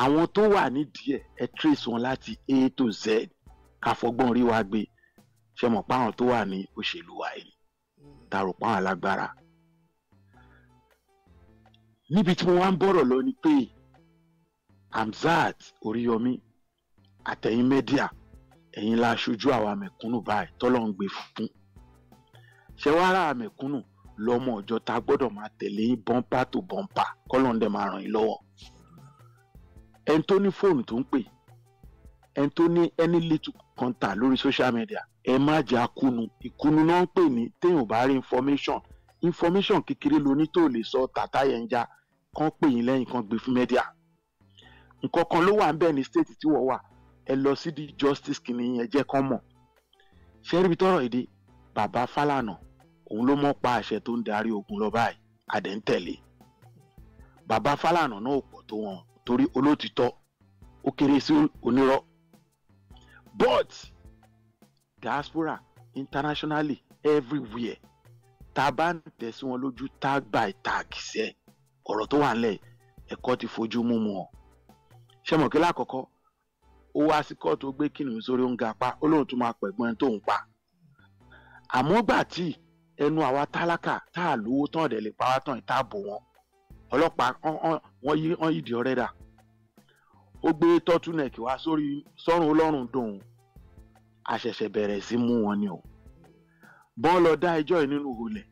àwọn tó wà nídìí ẹ̀ ẹ trace wọn láti a to z káfọgbọ́n rí wa gbé ṣe mọ̀ páwọn tó wà ní òṣèlú wa yìí hmm. tààrọ̀ páwọn alágbára níbi tí mo wá ń bọ̀rọ̀ lọ ni pé Hamzat Oríyọmí àtẹ̀yìn mẹ́díà ẹ̀yin la aṣojú àwa mẹ̀kúnnù báyìí tọ́lọ́ ń gbé fún ṣé wàá rà mẹ̀kúnnù lọ́mọ ọjọ́ ta gbọ́dọ̀ máa tẹ̀lé bọ́ńpà tó bọ́ńpà kọ́lọ́ndẹ̀ máa ràn yín lọ́wọ́ ẹni tó ní fóònù tó ń pè ẹni tó ní any little contact lórí social media ẹ má jà kunu ìkunu náà ń pè ní téèyàn bá rí information information kékeré lóní tó lè sọ tàtà yẹn já kán pè yín lẹ́yìn kan gbé fún media nǹkan kan ló wà ń bẹ̀ ní state tí wọ́n wà ẹ lọ sí di justice kìíní yẹn jẹ́ kán mọ̀ ṣé ríbi tọ́rọ̀ èdè bàbá Fálànà òun ló mọ̀ pa àṣẹ tó ń darí ogun lọ báyìí àdẹ́ńtẹ̀lé bàbá Fálànà náà ò pọ̀ tó wọn torí olótìtọ́ ó kéré sí onírọ́ but diaspora internationally everywhere tá a bá ń tẹ̀sí wọn lójú tag by tag sẹ́ ọ̀rọ̀ tó wà nílẹ̀ ẹ̀kọ́ ti fojú mú mu ọ́ ṣẹ́mọ̀kí lákọ̀ọ́kọ́ ó wá sí kóòtù ó gbé kìnìún sórí ó ń ga pa ó lóun tún máa pẹ̀gbọ́n ẹni tóun pa àmọ́ gbà tí ẹnu àwa tálákà tá a lówó tán ọ̀dẹ̀ lè pa wá tán ìtaàbò wọn ọlọ́pàá wọ́n yí wọ́n yí di ọ̀rẹ́ ó gbé tọ́túnẹ̀kì wá sórí sọ́run ọlọ́run dùn àṣẹ̀ṣẹ̀ bẹ̀rẹ̀ sí mú wọn ni o bọ́n lọ dá ẹjọ́ yìí nínú ìhòlẹ̀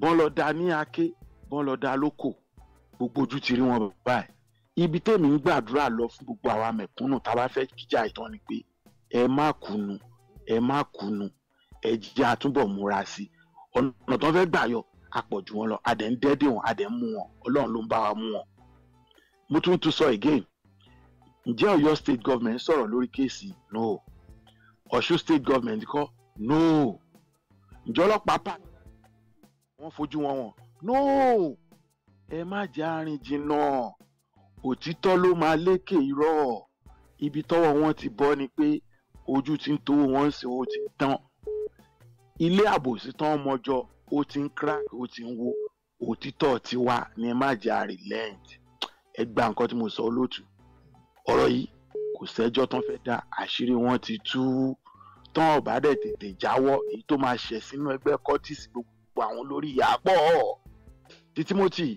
bọ́n lọ dá ní aké bọ́n lọ dá lóko gbogbo ojú ti rí wọn báyìí ibi tèmi ń gbàdúrà lọ fún gbogbo àwa mẹ̀kúnnù tá a bá fẹ́ kíjà ìtàn ni pé ẹ má kùnú ẹ má kùnú ẹ jẹ́ àtúbọ̀ múra sí i ọ̀nà tó ń fẹ́ gbà yọ àpọ̀jù wọn lọ adẹ̀ ń dẹ́dẹ̀ wọn adẹ̀ ń mú wọn ọlọ́run ló ń bá wa mú wọn mo tún tún sọ again ǹjẹ́ Ọ̀yọ́ state government sọ̀rọ̀ lórí kéèsì no Ọ̀ṣun state government kọ́ no ǹjẹ́ ọlọ́pàá pa wọ́n fojú wọn wọn no ẹ má jẹ́ àárín jìnnà òtítọ́ ló máa lékè irọ́ ibi tọ́wọ́ wọn ti bọ́ ni pé ojú ti ń tó wọn ń ó ti tán ilé àbòsí tán mọjọ ó ti ń crack ó ti ń wo òtítọ́ tiwa ni ẹ má jẹ́ àrìlẹ́ǹtì ẹ gba nǹkan tí mo sọ olóòtú ọ̀rọ̀ yìí kò sẹ́jọ́ tán fẹ́ dá àṣírí wọn ti tú tán ọ̀bá dẹ̀ tètè jáwọ́ èyí tó máa ṣẹ̀ sínú ẹgbẹ́ Curtis gbogbo àwọn lórí ìyá tí Timothy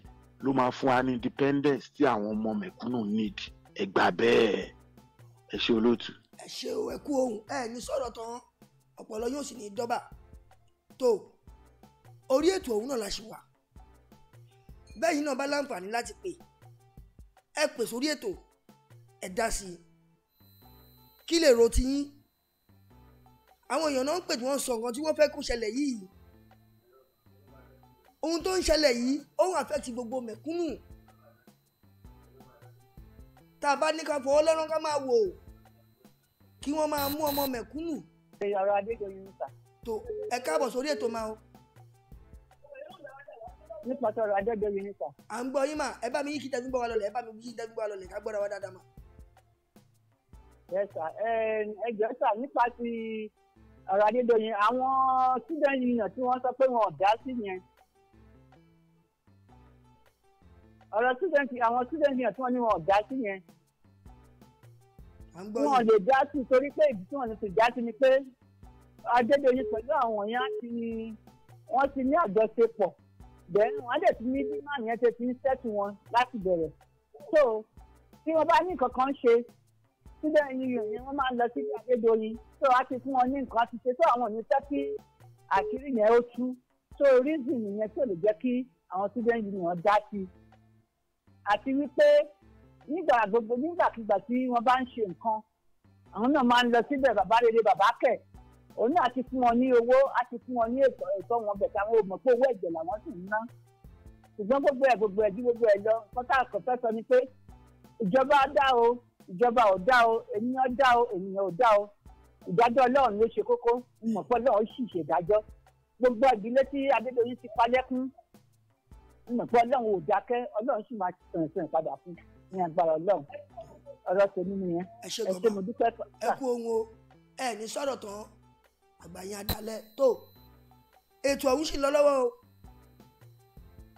ló máa fún wa ní independence tí àwọn ọmọ mẹ̀kúnnù need ẹgbà bẹ́ẹ̀ ẹ ṣe olóòtú. ẹ ṣe o ẹ kú ohun ẹ ní sọ̀rọ̀ tán ọ̀pọ̀lọ yóò sì ní dọ́bà tó orí ètò òun náà la ṣe wà bẹ́ẹ̀ yìí náà bá láǹfààní láti pè ẹ pè sórí ètò ẹ dá sí i kí lè ro ti yín àwọn èèyàn náà ń pè tí wọ́n sọ nǹkan tí wọ́n fẹ́ kó ṣẹlẹ̀ yìí ohun tó ń ṣẹlẹ̀ yìí ó ń àfẹ́tì gbogbo mẹ̀kúnnù tá a bá ní ká fọwọ́ lẹ́rán ká máa wò kí wọ́n máa mú ọmọ mẹ̀kúnnù. ẹ káàbọ̀ sórí ètò máa o. nípa tọrọ adédoyin sà. à ń gbọ́ yín mà ẹ bá mi yí kí tẹ́gbọ́n wa lọlẹ̀ ẹ bá mi yí kí tẹ́gbọ́n wa lọlẹ̀ ká gbọ́dọ̀ wa dáadáa mà yes sir ẹ jẹ́ sà nípa ti ọ̀rọ̀ Adédoyin àwọn student union tí wọ́n sọ pé wọn ò dá sí yẹn ọ̀rọ̀ student àwọn student union tí wọ́n ní wọn ò dá sí yẹn wọn lè dá sí torí pé ìdí tí wọn ti dá sí ni pé Adédoyin pẹ̀lú àwọn yẹn ti wọ́n ti ní àjọṣepọ̀ bẹ́ẹ̀ wọ́n dẹ̀ ti ní bí màmí yẹn ti ń sẹ́tù wọn láti bẹ̀rẹ̀ so tí wọ́n bá ní nǹkan kan ṣe síbẹ̀ ẹ̀yin yòòyìn wọ́n máa ń lọ sí Adédoyin tó a ti fún wọn ní nǹkan àti ṣe tó àwọn ò ní fẹ́ kí àkírí yẹn ó tú tó rízìn nìyẹn tó lè jẹ́ kí àwọn student union dá sí i àti wípé nígbà gbogbo nígbàkigbà tí wọ́n bá ń ṣe nǹkan àwọn náà máa ń lọ síbẹ̀ bàbá rere bàbá kẹ̀ òun náà ti fún wọn ní owó á ti fún wọn ní ètò ẹ̀tọ́ wọn bẹ̀ táwọn ò mọ̀ pé owó ẹ̀jẹ̀ làwọn sì ń ná ṣùgbọ́n gbogbo ẹ̀ gbogbo ẹ̀ ju gbogbo ẹ̀ lọ nǹkan tá a kàn fẹ́ sọ ni pé ìjọba dá o ìjọba ò dá o ènìyàn dá o ènìyàn ò dá o ìdájọ́ ọlọ́run ló ṣe kókó mọ̀pọ́ ọlọ́run sì ṣèdájọ́ gbogbo ìdílé tí adédoyin ti palẹ́kún mọ̀pọ́ ọlọ́run ò dákẹ́ ọlọ́run sì máa sàn sàn padà fún ní agbára ọlọ́run ọ̀rọ̀ tèmi nìyẹn ẹ ṣé mo dúpẹ́ fà. ẹ kú ohun o ẹ ní sọ̀rọ̀ tán àgbàyàn adalẹ̀ tó ètò ọ̀hún sì lọ lọ́wọ́ o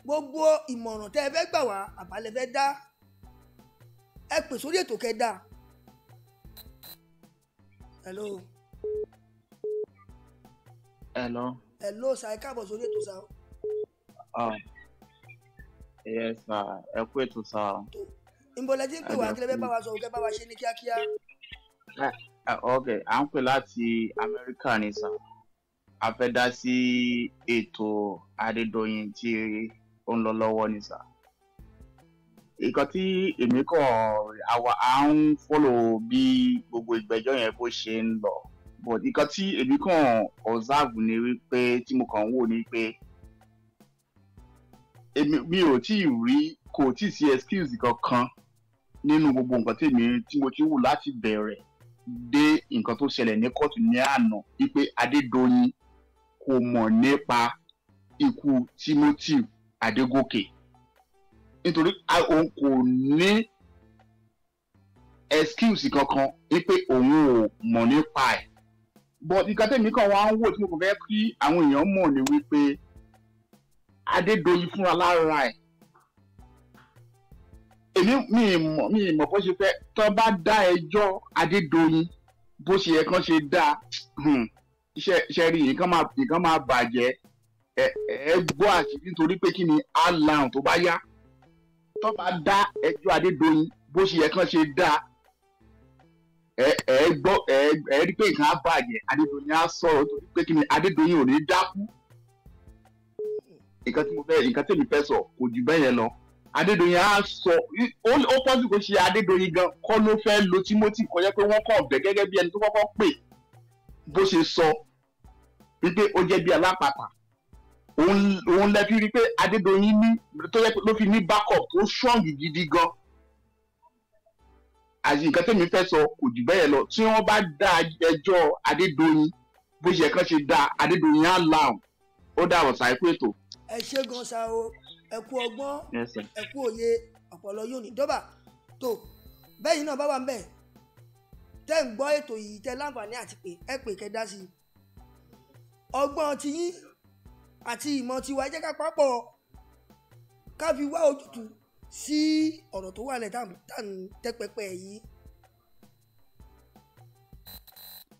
gbogbo ìmọ̀ràn tẹ́ ẹ fẹ́ gbà wá àbálẹ̀ fẹ́ dá ẹ pè sórí ètò kẹdà hello. hello. hello sa ẹ káàbọ̀ sórí ètò sa. ẹyẹ sà ẹ kú ètò sà. ìmọ̀lẹ́jì ń pè wá kílẹ̀ bẹ́ẹ̀ bá wa sọ òkè bá wa ṣe ní kíákíá. Eh, eh, ok à ń pè láti amẹ́ríkà ni sà a fẹ́ dá sí ètò Adédoyin tí ó ń lọ lọ́wọ́ ni sà nǹkan tí èmi kọ àwa à ń fọlọ bí gbogbo ìgbẹ́jọ́ yẹn bó ṣe ń lọ but nǹkan tí èmi kàn observe ni wípé tí mo kàn ń wò ni pé èmi mi ò tí ì rí kò tí ì sí excuse kankan nínú gbogbo nǹkan tí èmi tí mo ti wù láti bẹ̀rẹ̀ dé nǹkan tó ṣẹlẹ̀ ní kóòtù ní àná wípé Adédoyin kò mọ̀ nípa ikú Timothy Adégòkè nítorí òun kò ní excuse kankan wípé òun ò mọ̀ nípa ẹ̀ but nǹkan tẹ̀mí kan wá ń wò tí mo kàn fẹ́ kí àwọn èèyàn mọ̀ ni wípé Adédoyin fúnra lára ẹ̀ èmi mi mọ̀ mi mọ̀ bó ṣe fẹ́ tó bá dá ẹjọ́ Adédoyin bó ṣe yẹ kán ṣe dá hmm, iṣẹ́ rí nǹkan máa nǹkan máa bàjẹ́ ẹ ẹ gbọ́ àṣírí nítorí pé kí ni alan tó bá yá tó bá dá ẹjọ́ Adédoyin bó ṣe yẹ kán ṣe dá ẹ ẹ gbọ́ ẹ ẹ rí pé nǹkan á bàjẹ́ Adédoyin á sọ̀rọ̀ torí pé kí ni Adédoyin ò ní dákú nǹkan tí mo fẹ́ nǹkan tí mi fẹ́ sọ kò jù bẹ́ẹ̀ yẹn lọ Adédoyin á sọ ó pọ́sí kò ṣe Adédoyin gan kọ́ ló fẹ́ lo Timothy kọjá pé wọ́n kọ̀ bẹ́ gẹ́gẹ́ bí ẹni tó kọ́kọ́ pè bó ṣe sọ wípé ó jẹ́ bí alápàtà òun lẹ́bi rí pé Adédoyin ní tó yẹ ló fi ní backup tó strong gidi gan àti nǹkan tẹ̀mí fẹ́ sọ kò jù bẹ́ẹ̀ lọ tí wọ́n bá dá ẹjọ́ Adédoyin bó ṣe kàn ṣe dá Adédoyin á láhùn ó dàrọ̀ sáìkú ètò. ẹ ṣe gan sa o ẹ kú ọgbọ́n ẹ kú òye ọpọlọ yóò ní dọ́bà tó bẹ́ẹ̀ yìí náà bá wà ń bẹ̀ tẹ́ ń gbọ́ ètò yìí tẹ́ láǹfààní àti pé ẹ pè kẹ́ sí i ti yín àti ìmọ̀ tiwa jẹ́ ká papọ̀ ká fi wá ojútùú sí ọ̀rọ̀ tó wà lẹ́tà tàn tẹ́pẹpẹ yìí.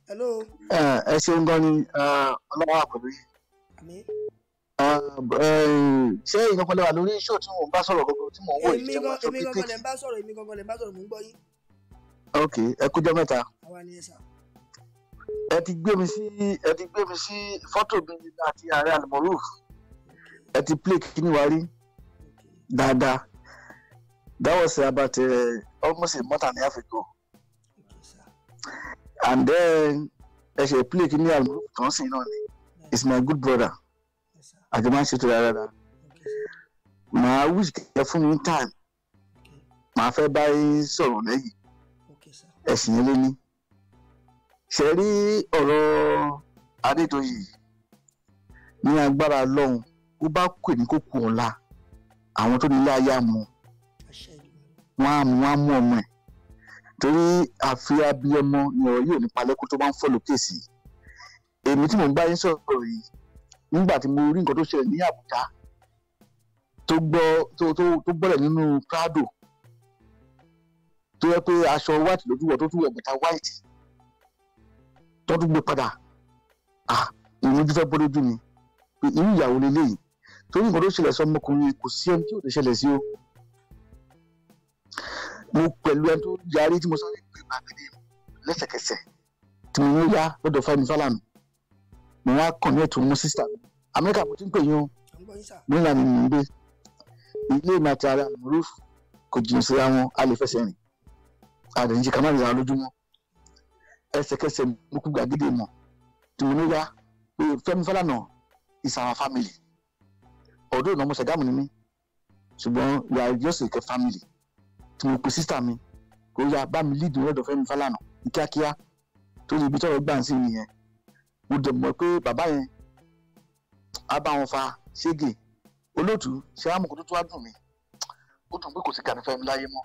hello. ẹ ṣeun gan ni ọlọ́wọ́ àbọ̀dọ̀ yìí ṣé ìgbọ́n lẹ́wà lórí iṣẹ́ tí mò ń bá sọ̀rọ̀ gbogbo tí mò ń wò yìí jẹ́ wọ́n tó pípé. èmi gangan lè bá sọ̀rọ̀ èmi gangan lè bá sọ̀rọ̀ mò ń gbọ́ yín. ok ẹ kú jọ mẹ́ta. àwa ni ẹ sà ẹ ti gbé mi sí ẹ ti gbé mi sí fọ́tò mi àti ààrẹ almoruf ẹ ti play kíní wa dáadáa that was about uh, almost a month and a half ago and then ẹ ṣe play kíní almoruf kan sí náà ni is my good brother àti máa ń ṣètò dáadáa màá wish kẹ fún mi time màá fẹ́ bá yín sọ̀rọ̀ lẹ́yìn ẹ̀sìn yẹn lé ní ṣe rí ọ̀rọ̀ Adédoyin ní agbára lọ́hùn ó bá kù ní kó kù ọ̀la àwọn tó nílé ayé àmọ́ wọn á mú wọn á mú ọmọ ẹ̀ torí àfi abiyamọ ni ọ̀rọ̀ yóò nípa lẹ́kún tó bá ń fọ́ lókè sí èmi tí mò ń bá yín sọ̀rọ̀ yìí nígbà tí mo rí nǹkan tó ṣẹlẹ̀ ní Àbújá tó gbọ́ tó tó tó gbọ́lẹ̀ nínú Prado tó yẹ pé aṣọ white lójú wọ̀ tó tún wọ̀ bàtà white tọ́dún gbé padà ìrújú fẹ́ bọ́ lójú mi pé irú ìyàwó leléyìí torí nǹkan tó ṣẹlẹ̀ sí ọmọkùnrin kò sí ẹni tí ò lè ṣẹlẹ̀ sí o mo pẹ̀lú ẹni tó yarí tí mo sáré pé gbàgede lẹ́sẹ̀kẹsẹ̀ tí mo yóò yá lọ́dọ̀ Fẹ́mi Fálànà mo wá kàn ní ẹ̀tún mo sísà Amẹ́ríkà mo ti ń pè yín o mo ń lànà ìgbé ilé mi àti ara mi rúfù kò jìnnà síra wọn a lè fẹsẹ̀ rìn a lè ní lójúmọ́ ẹsẹ̀kẹsẹ̀ mo kú gbàgede mọ̀ tòun ló yá pé Fẹ́mi Fálànà is our family ọ̀dọ́ ìnáwó ṣàgámù ni mí ṣùgbọ́n we are just like a family tí mo pe sísá mi kò yá bá mi lead lọ́dọ̀ Fẹ́mi Fálànà ní kíákíá tó lè ibi tọ́rọ̀ gbà ń sìn nìyẹn mo dẹ̀ mọ̀ pé bàbá yẹn á bá wọn fa ṣége olóòtú ṣe àmọ̀kò tó tó wá dùn mí ó dùn pé kò sí kànífẹ́ mi láyé mọ́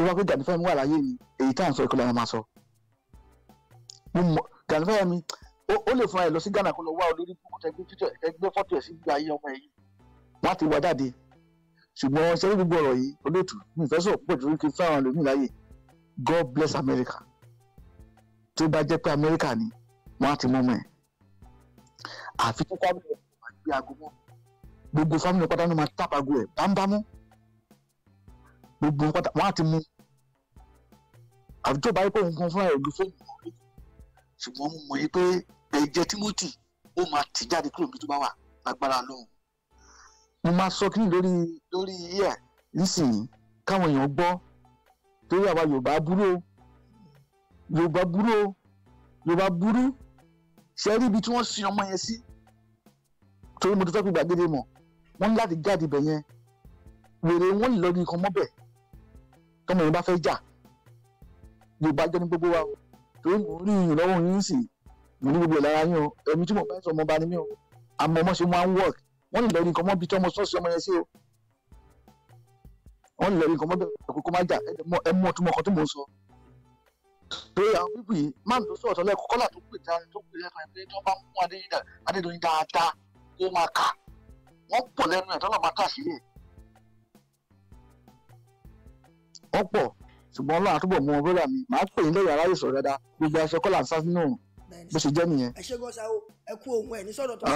tó wá pé Gani Fáyemí wà láyé mi èyí tá à ń sọ ìkọlẹ̀ wọn máa sọ mo mọ Gani Fáyemí ó lè fún ẹ lọ sí Ghana kó lọ wá olórí kókó tẹgbẹ fọ́tò ẹ̀ sí gbé ayé ọmọ ẹ̀ yìí wọ́n á ti wá jáde ṣùgbọ́n ṣe é gbogbo ọ̀rọ̀ yìí olóòtú mi ìfẹ́ sọ̀rọ̀ pọ̀ jùlọ kí n fáwọn ẹlòmíì láàyè God bless America tó bá jẹ́ pé America ni wọ́n á ti mọ́mọ́ ẹ̀ àfi kí fámìlì ẹ̀ máa gbé aago mọ́ gbogbo fámìlì pátá máa tábàgò ẹ̀ bámbámú gbogbo pátá wọ́n á mú àbí tó bá yẹ kó nǹkan fúnra rẹ̀ lu fóònù wọn lójú ṣùgbọ́n mo mọ̀ yín pé ẹ̀jẹ̀ Timothy ó máa tì jáde kúrò níbi tó bá wà lágbára lóhùn mo máa sọ kí ni lórí lórí yíyà nísìnyí káwọn èèyàn gbọ́ torí àwa Yorùbá burú o Yorùbá burú o Yorùbá burú ṣe rí ibi tí wọ́n sin ọmọ yẹn sí torí mo ti fẹ́ pé gbàgede mọ̀ wọ́n ní láti jáde ibẹ̀ yẹn wèrè wọ́n lọ ní nǹkan mọ́bẹ̀ tọmọ yẹn bá fẹ́ jà yorùbá jẹ́ ní gbogbo wa o torí mò ń rí ìyìn lọ́wọ́ yín sì mo ní gbogbo ẹ̀ lára yín o ẹ̀mí tí mo fẹ́ sọ ọmọba ni mí o àmọ́ ọmọ ṣe máa ń work wọ́n lè rí nǹkan mọ́ bí tí ọmọ sọ́ọ̀sì ọmọ yẹn sí o wọ́n lè rí nǹkan mọ́ bẹ́ẹ̀ kókó má jà ẹ mú ọtún mọ́kàn tó mò ń sọ. torí àwọn pípì máa ń tó sọ̀tọ̀ lẹ́kọ̀ọ́ kọ́là tó pè tá tó pè lẹ́kọ̀ọ́ ṣùgbọ́n ọlọ́run àtúbọ̀ mú wọn bọ́lá mi màá pè yín lẹ́yìn aráyè sọ̀rọ̀ dáadáa gbogbo aṣọ kọ́là ń sá sínú òun bó ṣe jẹ́ nìyẹn. ẹ ṣe gan sa o ẹ kú ohun ẹ ní sọ̀dọ̀ tó.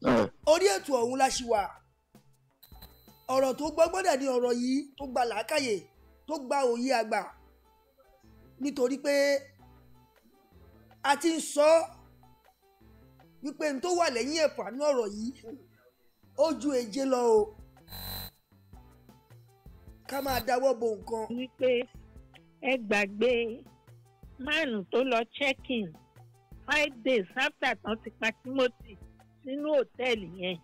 tó orí ètò ọ̀hún la ṣì wà ọ̀rọ̀ tó gbọ́gbọ́n dẹ̀ ni ọ̀rọ̀ yìí tó gba làákàyè tó gba òye àgbà nítorí pé a ti ń sọ wípé n tó wà lẹ́yìn ẹ̀fà ní ọ̀rọ̀ yìí ó ju èje lọ o ká máa dáwọ́ bo nǹkan. wípé ẹ gbàgbé máàlù tó lọ check-in five days after tán ti pa Timothy sínú òtẹ́ẹ̀lì yẹn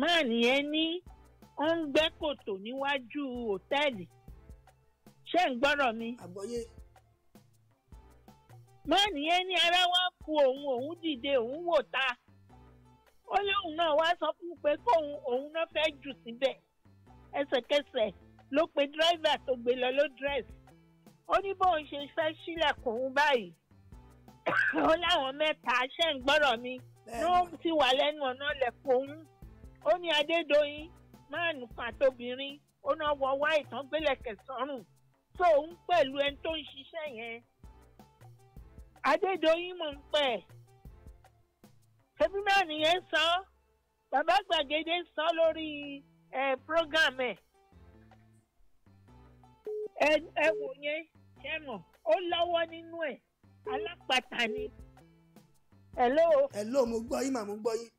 máàlù yẹn ní ó ń gbẹ́ kòtò níwájú òtẹ́ẹ̀lì ṣé ń gbọ́rọ̀ mi. àgbọ̀yé. máàlù yẹn ní ara wá ku òun òun dìde òun wò ta ó lóun náà wá sọ fún un pé kóun òun náà fẹ́ jù síbẹ̀ ẹsẹ̀kẹsẹ̀ ló pe dírẹ́fà tó gbé lọ ló dírẹ́sì ó ní bóun ṣe fẹ́ sílẹ̀kùn un báyìí *coughs* ó láwọn mẹ́ta ṣẹ́ ń gbọ́rọ̀ mi ló ti wà lẹ́nu ọ̀nà lẹ̀kùn òun ó ní adédọ́yìn máàlù kan àtobìnrin ó náà wọ wá ìtàn gbélẹ̀kẹ̀ sọ́rùn tó òun pẹ̀lú ẹni tó ń ṣiṣẹ́ yẹn adédọ́yìn mò ń pẹ̀ ṣebí náà nìyẹn sọ bàbá gbàgede sọ lórí ẹ̀ eh, program ẹ̀ ẹ wò yẹn ṣẹ́mọ̀ ó lọ́wọ́ nínú ẹ̀ alápàtà ni. hello. hello mo gbọ́ yín màá mo gbọ́ yín.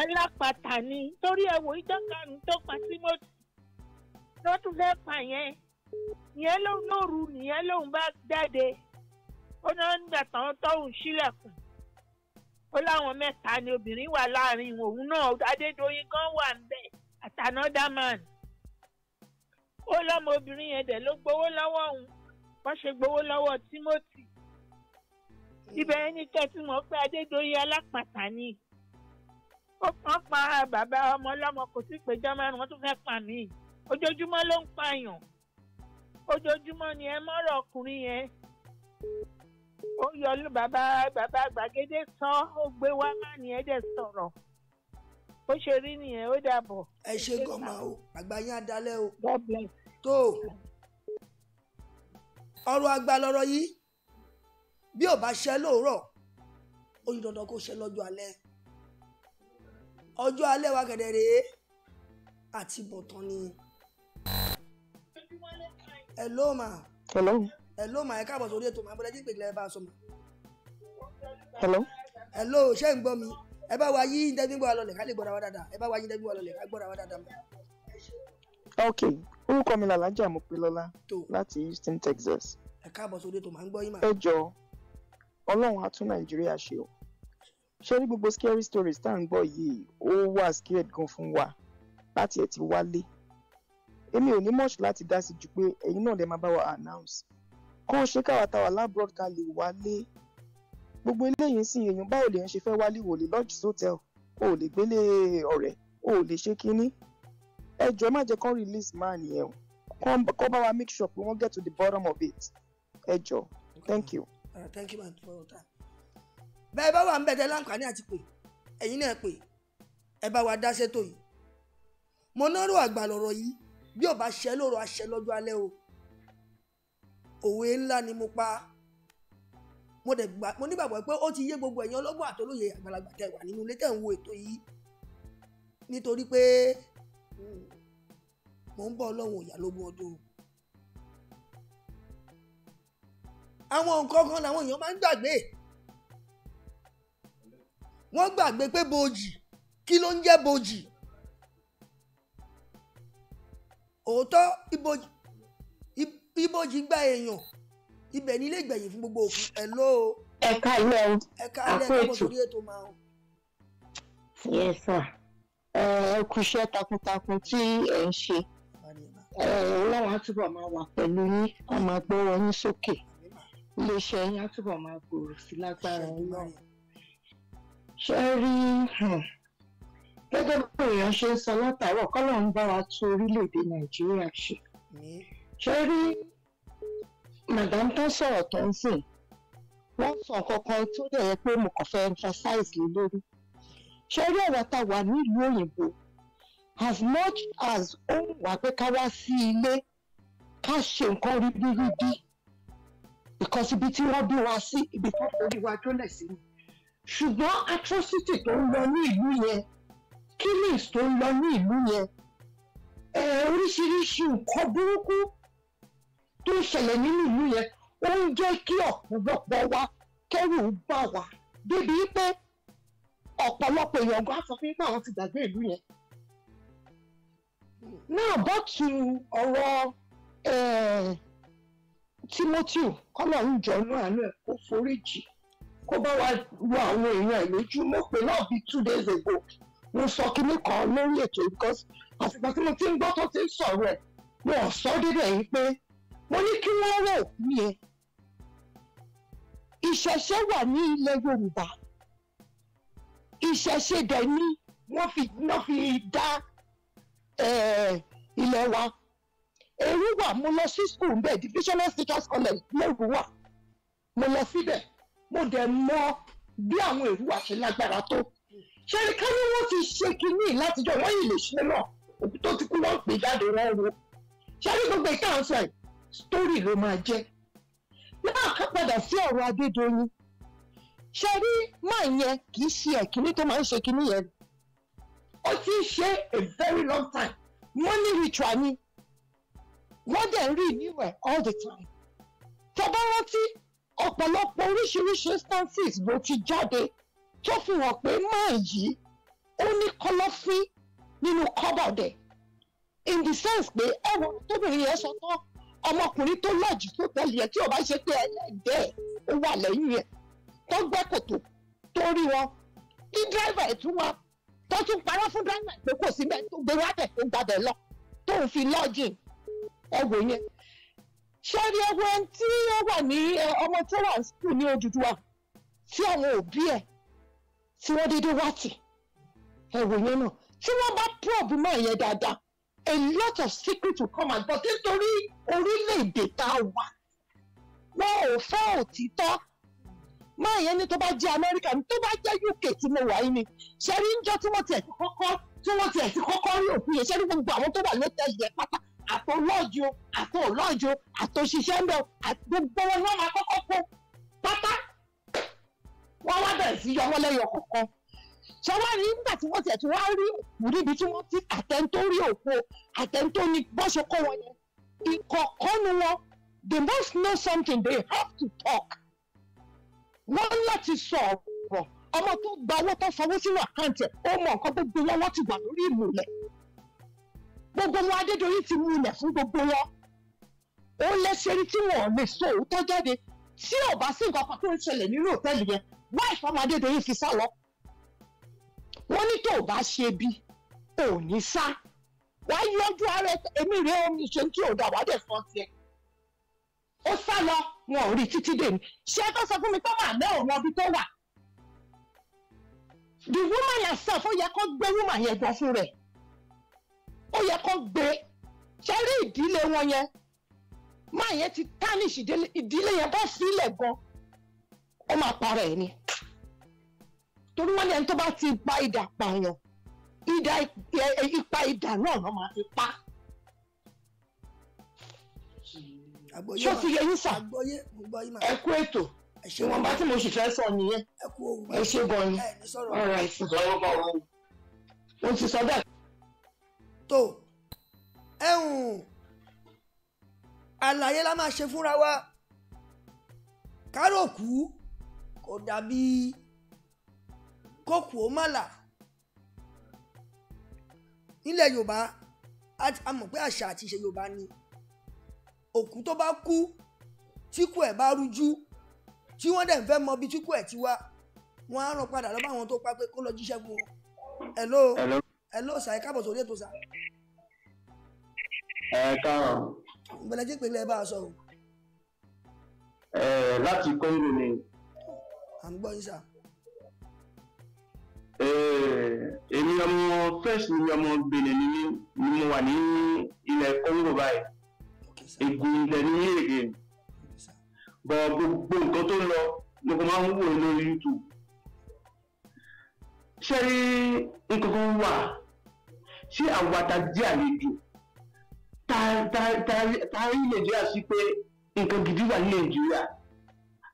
alápàtà ni torí ẹ wò ìjọ karùn-ún tó pa sí mọ́tò ló tún fẹ́ pa yẹn yẹn ló lóru nìyẹn lòun bá jáde ó náà ń gbà tán tóun sílẹ̀kùn ó láwọn mẹ́ta ni obìnrin wà láàrin òun náà Adédoyin gan wà ń bẹ̀ àtànádàmánì ó lọ́mọbìnrin yẹn dẹ̀ ló gbowó lọ́wọ́ òun wọ́n ṣe gbowó lọ́wọ́ Timothy ibẹ̀ ẹni kẹ́tì mọ̀ pé Adédoyin alápàtà ni ó kàn pa bàbá ọmọ ọlọ́mọ kò sí péjọ márùn wọ́n tún fẹ́ pa mí ojoojúmọ́ ló ń pààyàn ojoojúmọ́ ni ẹ mọ́rọ̀ ọkùnrin yẹn ó yọ bàbá bàbá gbàgede sọ ó gbé wá má nìyẹn dẹ̀ sọ̀rọ̀ bó ṣe rí nìyẹn ó dàbọ̀. ẹ ṣe gan o àgbà yín adalẹ o. God bless tó ọ̀rọ̀ àgbà lọ̀rọ̀ yìí bí ò bá ṣẹ lóòrọ̀ ó yí dandan kó ṣẹ lọ́jọ́ alẹ́ ọjọ́ alẹ́ wa gẹ̀dẹ̀ rèé àti bọ̀tán ni. hello ma. hello. hello ma ẹ káàbọ̀ sórí ètò màá bọ́lá jíǹpé ìlẹ̀ bá a sọ ma. hello. hello ṣé ń gbọ́ mi ẹ bá wa yí dẹ́gbẹ́gbọ́ wa lọlẹ̀ ká lè gbọ́ra wa dáadáa ẹ bá wa yí dẹ́gbẹ́gbọ́ wa lọlẹ̀ ká gbọ́ra wa dáadáa ok orúkọ mi làlájà Mọ́pẹ́lọ́lá láti Houston Texas. ẹ káàbọ̀ sóde tó máa ń gbọ́ yín mà. ẹ jọ ọlọ́run á tún nàìjíríà ṣe o ṣé ní gbogbo scary stories tá à ń gbọ́ yìí ó wà scared gan fún wa láti ẹ̀ ti wálé èmi ò ní much láti dá sí ju pé ẹ̀yin náà lè máa bá wa announce kàn ṣe káwa táwa lábúrò ká lè wálé gbogbo eléyìí sì èèyàn báwo lèèyàn ṣe fẹ́ wálé wò lè lodge hotel o ò lè gbélé ọ̀rẹ́ o ò lè ṣe kínní ẹ jọ má jẹ́ kán release man yẹn o kán bá wa make sure pé wọ́n get to the bottom of it ẹ thank you. Uh, bẹ́ẹ̀ bá wà ń bẹ̀ tẹ́ láǹkàní àti pé ẹ̀yin náà pé ẹ bá wa dá ṣètò yìí mo náró àgbà lọ̀rọ̀ yìí bí ọba ṣẹ lóru àṣẹ lọ́jọ́ alẹ́ o òwe ńlá ni mo pa mo dẹ̀ gbà mo nígbàgbọ́ pé ó ti yé gbogbo ẹ̀yin ọlọ́gbọ́n àtolóye àgbàlagbà tẹ́ wà nínú ilé tẹ̀ ń wo ètò yìí nítorí pé. mò ń bọ̀ ọlọ́run òyà lógún ọdún o. àwọn nǹkan kan làwọn èèyàn máa ń gbàgbé wọ́n gbàgbé pé bojì kí ló ń jẹ́ bojì òótọ́ ibojì gba èèyàn ibẹ̀ nílé ìgbẹ̀yìn fún gbogbo òkú ẹ̀ ló o. ẹ̀ka ilé ẹ̀ka ilé ẹ̀ka mọ̀ sórí ètò máa yes sir ẹ kú iṣẹ́ takuntakun tí ẹ ń ṣe ọlọ́run á túbọ̀ máa wà pẹ̀lú yín á máa gbọ́rọ̀ yín sókè iléeṣẹ́ yín á túbọ̀ máa gbòòrò sí lágbára ọlọ́run ṣe rí hmm, gẹ́gẹ́ bí èèyàn ṣe ń sọ látàárọ̀ kọ́lọ́run bá wa tún orílẹ̀-èdè nàìjíríà ṣe ṣe rí madam tó sọ̀rọ̀ tó ń sìn wọ́n sọ nǹkan kan tó dẹ̀ yẹ pé mo kàn fẹ́ emphasize lórí ṣẹ́rí ọ̀rọ̀ tá a wà nílùú òyìnbó as much as ó ń wà pé ká wá sí ilé ká ṣe nǹkan ribiribi because ibi tí wọ́n bí wa sí ibi tí wọ́n forí wa jólẹ̀ sí ni ṣùgbọ́n atrocity tó ń lọ ní ìlú yẹn killings tó ń lọ ní ìlú yẹn oríṣiríṣi nǹkan burúkú tó ń ṣẹlẹ̀ nínú ìlú yẹn ó ń jẹ́ kí ọ̀pọ̀lọpọ̀ wa kẹ́rù bà wá débi pé ọ̀pọ̀lọpọ̀ èèyàn gan sọ fún yín pé àwọn ti gbàgbé ìlú yẹn. now back to ọ̀rọ̀ eh, Timothy kọ́lọ́run jọ̀ọ́nù àánú ẹ̀ kó foríjì kó bá wa wo àwọn èèyàn ẹ̀ lójú mo pè náà bíi two days ago mo sọ kinní kan lórí ètò because àsìkò tí mo ti ń gbọ́ tó ti ń sọ̀rọ̀ ẹ̀ mo ò sọ dídẹ̀ yìí pé mo ní kí wọ́n rò mí ẹ ìṣẹ̀ṣẹ̀ wà ní ilẹ̀ Yorùbá ìṣẹ̀ṣe dẹ̀ ni wọ́n fi wọ́n fi dá eh, ilẹ̀ wa èrú wà mo lọ sí school bẹ́ẹ̀ divisional teachers college lẹ́rù wà mo lọ síbẹ̀ mo dẹ̀ mọ bí àwọn èrú wà ṣe lágbára tó ṣẹ́ni ká ní wọ́n ti ṣe kínní látijọ́ wọ́n yìí lè ṣe náà òkú tó ti kú wọ́n pè jáde wọ́n wo ṣẹ́ni gbogbo ìtàn sọ ẹ̀ story ló máa jẹ́ náà ká padà sí ọ̀rọ̀ Adédoyin ṣe rí máa yẹn kì í ṣe ẹ̀kíní tó máa ń ṣe kíní yẹn ó ti ń ṣe a very long time wọ́n ní ritual ni wọ́n dẹ̀ ń rí ìníwò ẹ̀ all the time tó bá rántí ọ̀pọ̀lọpọ̀ oríṣiríṣi instances ló ti jáde tó fi hàn pé máa yìí ó ní kọ̀lọ̀fín nínú kọ́bọ̀dẹ̀ in the sense pé ẹ̀rọ tóbìnrin yẹn sọ tán ọmọkùnrin tó lọ́ọ̀jì tó tẹ̀lé ẹ̀ tí ò bá ṣe pé ẹlẹ́dẹ̀ẹ́ ó wà lẹ́yìn ẹ̀ tó gbẹ́ kòtò tó rí wọn kí dírẹ́fà ẹ̀ tún wá tó tún parọ́ fún dírẹ́fà pé kò síbẹ̀ tó gbé wábẹ̀ tó gbàbẹ̀ lọ tó ń fi lọ́ọ̀jì ẹ wò yẹn ṣẹ́rí ẹwọ́ tí ó wà ní ọmọ tó wà ní sùkúl ní Odùduwà tí àwọn òbí ẹ̀ tí wọ́n dédé wá tì ẹ yẹn náà tí wọ́n bá probe mọ́ ẹ̀yẹ dáadáa a lot of secret will come out but nítorí orílẹ̀-èdè tá a wà wọn ò fẹ́ òtítọ́ máa yẹn ní tó bá jẹ́ amẹ́ríkà ní tó bá jẹ́ uk tí mo wà yín ni ṣẹ́rí ń jọ tí wọ́n tiẹ̀ ti kọ́kọ́ tí wọ́n tiẹ̀ ti kọ́kọ́ rí òfin yẹn ṣẹ́rí gbogbo àwọn tó wà lẹ́tẹ̀ yẹn pátá àtọlọ́jọ àtọlọ́jọ àtọṣiṣẹ́ńbẹ gbogbo wọn ni wọ́n máa kọ́kọ́ kó pátá wọ́n wá bẹ̀rẹ̀ sí yọ wọ́n lẹ́yọ kọ̀ọ̀kan ṣọwárí nígbà tí wọ́n tiẹ̀ tún wá rí òkú níbi tí wọ́n ti àtẹ̀ntó rí òkú àtẹ̀ntó ni bọ́ṣọ wọn yẹn ìkọ̀ọ̀kan ni wọn they must know something they have to talk wọ́n láti sọ ọ̀rọ̀ ọmọ tó gba owó tó sanwó sínú àkáǹtì ó mọ nǹkan gbogbo wọn wọ́n ti wà lórí ìmùlẹ̀ gbogbo wọn Adédoyin ti múlẹ̀ fún gbogbo wọn ó lẹ́sẹ̀rí tí wọ́n lè sọ òótọ́ jáde tí ò bá sí nǹkan kan tó ń ṣẹlẹ̀ nínú òtẹ́ẹ̀lì yẹn wá ìfọwọ́ Adédoyin fi sá lọ wọ́n ní tó o bá ṣe bí ò ní sá wàá yọjú ara èmi rèé omi ṣe ń kí òdà wàá dẹ̀ tiẹ̀ ó sá lọ wọn ò rí títí dèmi ṣé tó sọ fún mi tó máa lé òun ọbí tó wà the woman herself ó yẹ kó gbé woman yẹn gan fún rẹ̀ ó yẹ kó gbé ṣe rí ìdílé wọn yẹn máa yẹn ti tarnish ìdílé yẹn bá sílẹ̀ gan ó máa para ẹ̀ ni torí wọ́n ní ẹni tó bá ti pa idà pààyàn idà ipa idà náà ló máa fi pa. ṣó ti yẹ yín sà ẹ kú ètò ìwọ̀nba tí mo sì fẹ́ sọ nìyẹn ẹ ṣe gan ni alright mo ti sọ bẹ́ẹ̀. tó ẹ̀hún àlàyé la máa ṣe fúnra wa káròkù kò dàbí kókù ó má nílẹ̀ yorùbá a mọ̀ pé àṣà àti ìṣe yorùbá ni òkú tó bá kú tíkú ẹ̀ bá rújú tí wọ́n dẹ̀ ń fẹ́ mọ bí tíkú ẹ̀ ti wá wọ́n á ràn padà lọ́ba àwọn tó pa pé kó lọ jíṣẹ́ fún wọn. hello hello sàì káàbọ̀ sórí ètò sà. ẹ káàrọ̀. ìbẹ̀lẹ̀ tí ìpínlẹ̀ bá a sọ̀rọ̀. ẹ láti Kóńgò ni. à ń gbọ́ yín sà. èmi ọmọ first ni ọmọ Benin ni mo wà ní ilẹ̀ Congo báyìí ègún ilẹ̀ ní èrè bọ̀ gbogbo nǹkan tó ń lọ ni mo máa ń wò lórí YouTube ṣé rí nǹkan kan wà ṣé àwa ta jẹ́ àlejò ta ta ta ta rí Nàìjíríà sí pé nǹkan gidi wà ní Nàìjíríà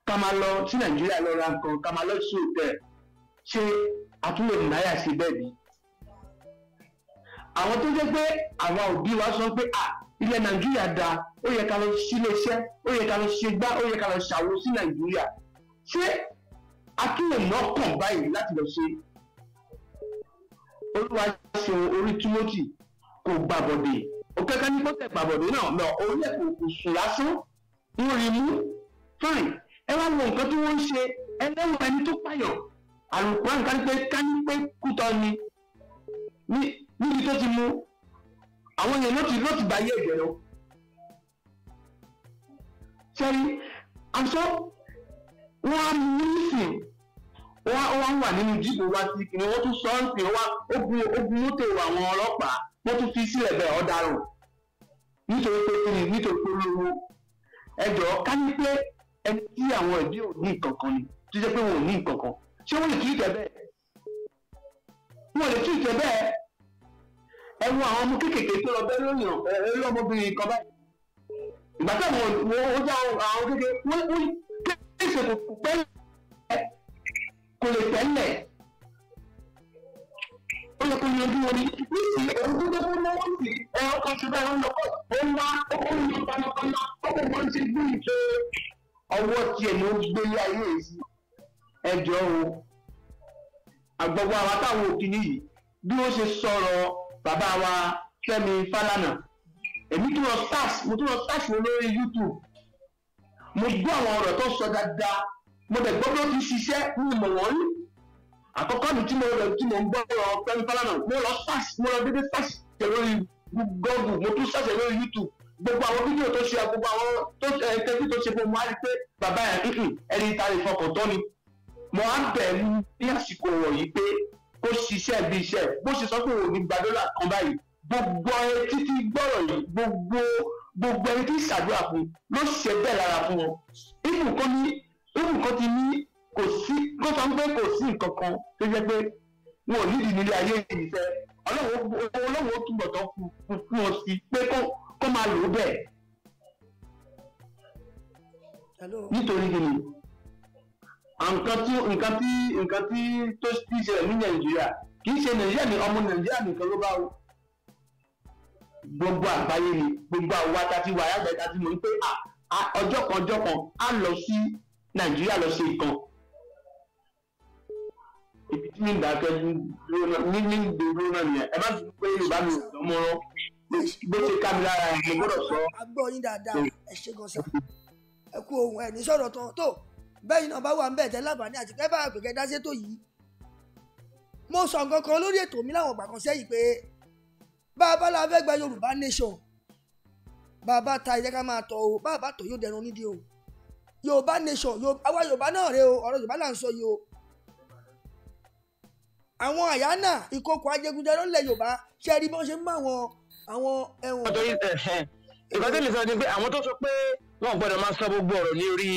ká máa lọ sí Nàìjíríà lọ ra nǹkan ká máa lọ sí hòtẹ́ẹ̀ ṣé àtúnlò náírà ṣe bẹ́ẹ̀ ni àwọn tó jẹ́ pé àwọn òbí wa sọ pé ah ilẹ̀ nàìjíríà dáa ó yẹ ká lọ sí iléeṣẹ́ ó yẹ ká lọ ṣe gbá ó yẹ ká lọ ṣàwo sí nàìjíríà ṣé akínyẹ̀mọ́ kàn báyìí láti lọ ṣe olúwa ṣeun orí Timothy kò gbàbọ̀dè òkèké ní kó tẹ̀ gbàbọ̀dè náà lọ orí ẹ̀ kò sùn lásán wọ́n rí mú fine ẹ wá wo nǹkan tí wọ́n ń ṣe ẹlẹ́wọ̀n ẹni tó pààyàn àlùkò àǹkárí pé ká ní pé kútọ́ ni níbi tó ti mú àwọn èèyàn ló ti ló ti báyé ẹ̀jẹ̀ lọ. sẹ́ni aṣọ wọn á mú nísìn wọn wọn wà nínú jíìpù wa sí kìnnì wọn tún sọ ọ́npì wa ogun ogun mọ́tò àwọn ọlọ́pàá wọn tún fi sílẹ̀ bẹ́ẹ̀ ọ̀daràn nítorí pé kí ni nítorí pé olówó ẹjọ́ ká ní pé ẹni tí àwọn ẹbí ò ní nǹkan kan ni tó jẹ́ pé wọn ò ní nǹkan kan ṣé wọ́n lè tú ìtẹ́ bẹ́ẹ̀ wọ́n lè tú ìtẹ́ bẹ́ẹ̀ ẹ wo àwọn ọmọ kéékèèké tó lọ bẹ́ẹ̀ lóyún ẹ lọ́mọbìnrin kan báyìí ìgbà tí àwọn wọ́n já àwọn kéékèèké wọ́n wọ́n kéèsè kò pẹ́ kò lè tẹ́lẹ̀ ó yẹ kó yanjú wọn ni nísìnyí ẹ̀rọ tó tó fún wọn sí ẹ̀rọ kan ṣùgbọ́n ẹ̀rọ lọ́kọ̀ ó ń wá ó kó ń yan panápaná ó kò wọ́n ti gbé ìṣe ọwọ́ tiẹ̀ ló ń gbélé ayé yìí sí ẹjọ́ o àgbọ̀gbọ̀ àwọn táwọn òkìní yìí bí wọ́n ṣe sọ̀rọ̀ bàbá wa Fẹ́mi Fálànà èmi tún lọ sars mo tún lọ sars mi lórí YouTube mo gbọ́ àwọn ọ̀rọ̀ tó sọ dáadáa mo dẹ̀ gbọ́dọ̀ ti ṣiṣẹ́ ní ìmọ̀ wọ́n rí àkọ́kọ́ mi tí mo rẹ̀ tí mo ń gbọ́ ọ̀rọ̀ Fẹ́mi Fálànà mo lọ sars mo lọ dédé sars tẹ̀ lórí Google mo tún sars lórí YouTube gbogbo àwọn fídíò tó ṣe gbogbo àwọn tó ẹ̀ẹ́dẹ́gbẹ́ tó ṣe fún mi wá rí pé bàbá yẹn hmm, ẹni tá a lè fọkàn tán ni mo á bẹ̀ẹ́ ní àsìkò wọ̀nyí pé kó ṣiṣẹ́ bí iṣẹ́ bó ṣe sọ pé òun ní gba dọ́là kan báyìí gbogbo ẹ títí gbọ́rọ̀ yìí gbogbo gbogbo ẹni tí ìṣàdúrà fún ló ṣe bẹ́ẹ̀ lára fún wọn ibùkún ní ibùkún ti ní kò sí kó sọ pé kò sí nǹkan kan tó jẹ́ pé wọn ò nídìí nílé ayé yìí fẹ́ ọlọ́run ó túbọ̀ fún ọ sí pé kó máa lò ó bẹ́ẹ̀ nítorí kí nǹkan tí nǹkan tí nǹkan tí tó ti ṣẹlẹ̀ ní nàìjíríà kì í ṣe nàìjíríà ní ọmọ nàìjíríà nìkan ló bá o gbogbo àgbáyé ni gbogbo àwa ta ti wà àgbáyé ta ti mọ̀ pé ọjọ́ kan ọjọ́ kan á lọ sí nàìjíríà lọ ṣe ìkan ibi tí mi ń dákẹ́ ní ní gbogbo náà nìyẹn ẹ má sì pé yorùbá mi ò dán mọ́rán bó ṣe ká mi lára ẹ̀ mo gbọ́dọ̀ sọ. a gbọ́ yín dáadáa ẹ ṣe gan-an ẹ kú ohun ẹ̀ ní sọ̀rọ̀ tán tó bẹ́ẹ̀ náà bá wà ń bẹ̀ẹ̀ tẹ́ láǹfààní àti kẹ́ bá àpèkẹ́ dá sétò yìí mo sọ nǹkan kan lórí ètò mi láwọn ọgbà kan sẹ́yìn pé bá a bá la fẹ́ gba Yorùbá nation bá a bá ta ẹ jẹ́ ká máa tọ̀ o bá a bá tọ̀ yóò dẹrun nídìí o Yorùbá nation àwa Yorùbá náà rè o ọ̀rọ̀ Yorùbá là ń sọ yìí o àwọn àyà náà ìkòkò ajẹgunjẹrẹ ńlẹ̀ Yorùbá ṣe rí bí wọ́n ṣe ń bá àwọn àwọn ẹ̀wọ̀n. ìgbà tó lè sọ ni pé àwọn tó sọ pé wọn gbọ́dọ̀ máa sọ gbogbo ọ̀rọ̀ ní orí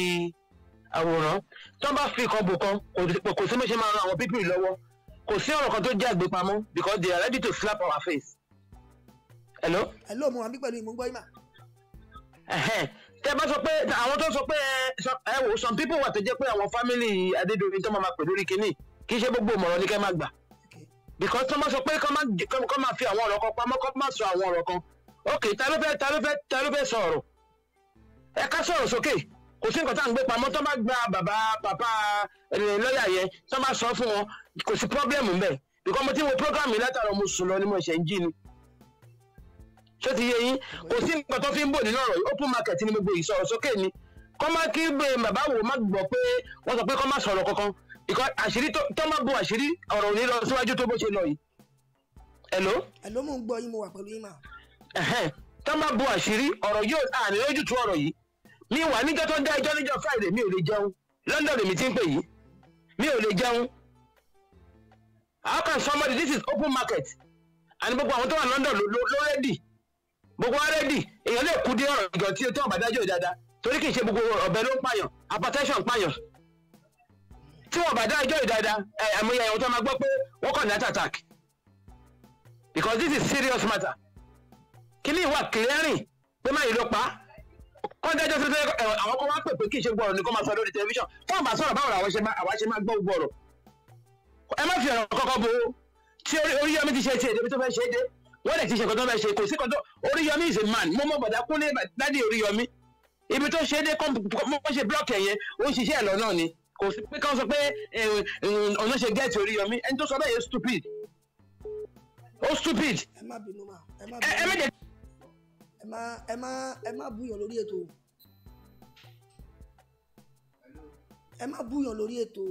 àwòrán tí wọ́n bá fi kan bò kan kò sí méṣe máa ran àwọn pípìrì lọ́wọ́ kò sí ọ̀rọ̀ kan tó jẹ́ àgbépamọ́ because they are ready to slap our face. hello. hello mo wà ní pẹ̀lú ìmúgbọ́ ìmà. tẹ́ bá sọ pé àwọn tó sọ pé ẹ wò some people wà tó jẹ́ pé àwọn family Adédoyin tó máa máa pè lórí kinní kì í ṣe gbogbo ìmọ̀ràn ní kẹ́ máa gbà because tó máa sọ pé kọ́ máa fi àwọn ọ̀rọ̀ kan pamọ́ kọ́ máa sọ àwọn ọ̀rọ̀ kan ok ta ló fẹ́ ta ló fẹ́ ta ló fẹ́ sọ̀rọ̀ ẹ ká sọ̀rọ̀ sókè. Okay kò sí nǹkan tá à ń gbé pamọ́ tó bá gba bàbá bàbá lọ́ọ̀yà yẹn tó bá sọ fún wọn kò sí pọ́blẹ́mù mbẹ́ because mo ti wo program yìí látàrọ mo sùn lọ ni mo ṣẹ̀ ń jí ni ṣé ti yé yín kò sí nǹkan tó fi ń bò nínú ọ̀rọ̀ yìí open market ni gbogbo ìsọ̀rọ̀ sókè ni kọ́ má kí gbé bàbá wò má gbọ́ pé wọ́n sọ pé kọ́ má sọ̀rọ̀ kankan because àṣírí tó má bo àṣírí ọ̀rọ̀ ò ní lọ síwájú tó bó ṣe lọ yìí. Hello? Hello, mo ń gbọ́ yín mo wà pẹ̀lú yín mi wà níjọ́ tó dá ẹjọ́ níjọ́ Friday mi ò lè jẹun London lèmi ti ń pè yìí mi ò lè jẹun how can somebody this is open market àní gbogbo àwọn tó wà London ló ló rẹ́dì gbogbo wa rẹ́dì èèyàn lè kú dé ọ̀rọ̀ ìjọ tí tó ọ̀bà dájọ́ dáadáa torí kì í ṣe gbogbo ọ̀bẹ ló ń pààyàn hypertension pààyàn tí wọn bá dá ẹjọ́ ìdáadáa ẹ àmúyẹ ẹ̀yàn tó máa gbọ́ pé wọ́n kàn ní heart attack because this is serious matter kí ni ìwà clearing pé má yìí ló pa á kọ́ńtẹ́jọ́ tó tẹ́ àwọn kan wá pè pé kí n ṣe gbọ́ ọ̀rọ̀ ni kó máa sọ lórí tẹlifíṣàn fún àbá sọ̀rọ̀ báwo làwọn ṣe máa gbọ́ gbọ́ ọ̀rọ̀ ẹ má fi ọ̀rọ̀ kọ́kọ́ bo tí Oríyọmí ti ṣe tiẹ̀ débi tó fẹ́ ṣe é dé wọ́n lè ti ṣe kọ́tọ́ fẹ́ ṣe kò sí kọ́tọ́ Oríyọmí is a man mo mọ bọ̀dá kúnlé dádì Oríyọmí ibi tó ṣe é dé kọ́ ṣe blọ́ọ̀kì ẹ̀yẹ ó ń ṣiṣẹ́ ẹ̀ lọ náà ni kò sí pé káwọn sọ pé eh, eh, ọ̀nà ṣe gẹ́ẹ̀tì Oríyọmí ẹni tó sọ bẹ́ẹ̀ yẹn stupid ó stupid ẹ má jẹ́ ẹ má ẹ má ẹ má búyàn lórí ètò ẹ má búyàn lórí ètò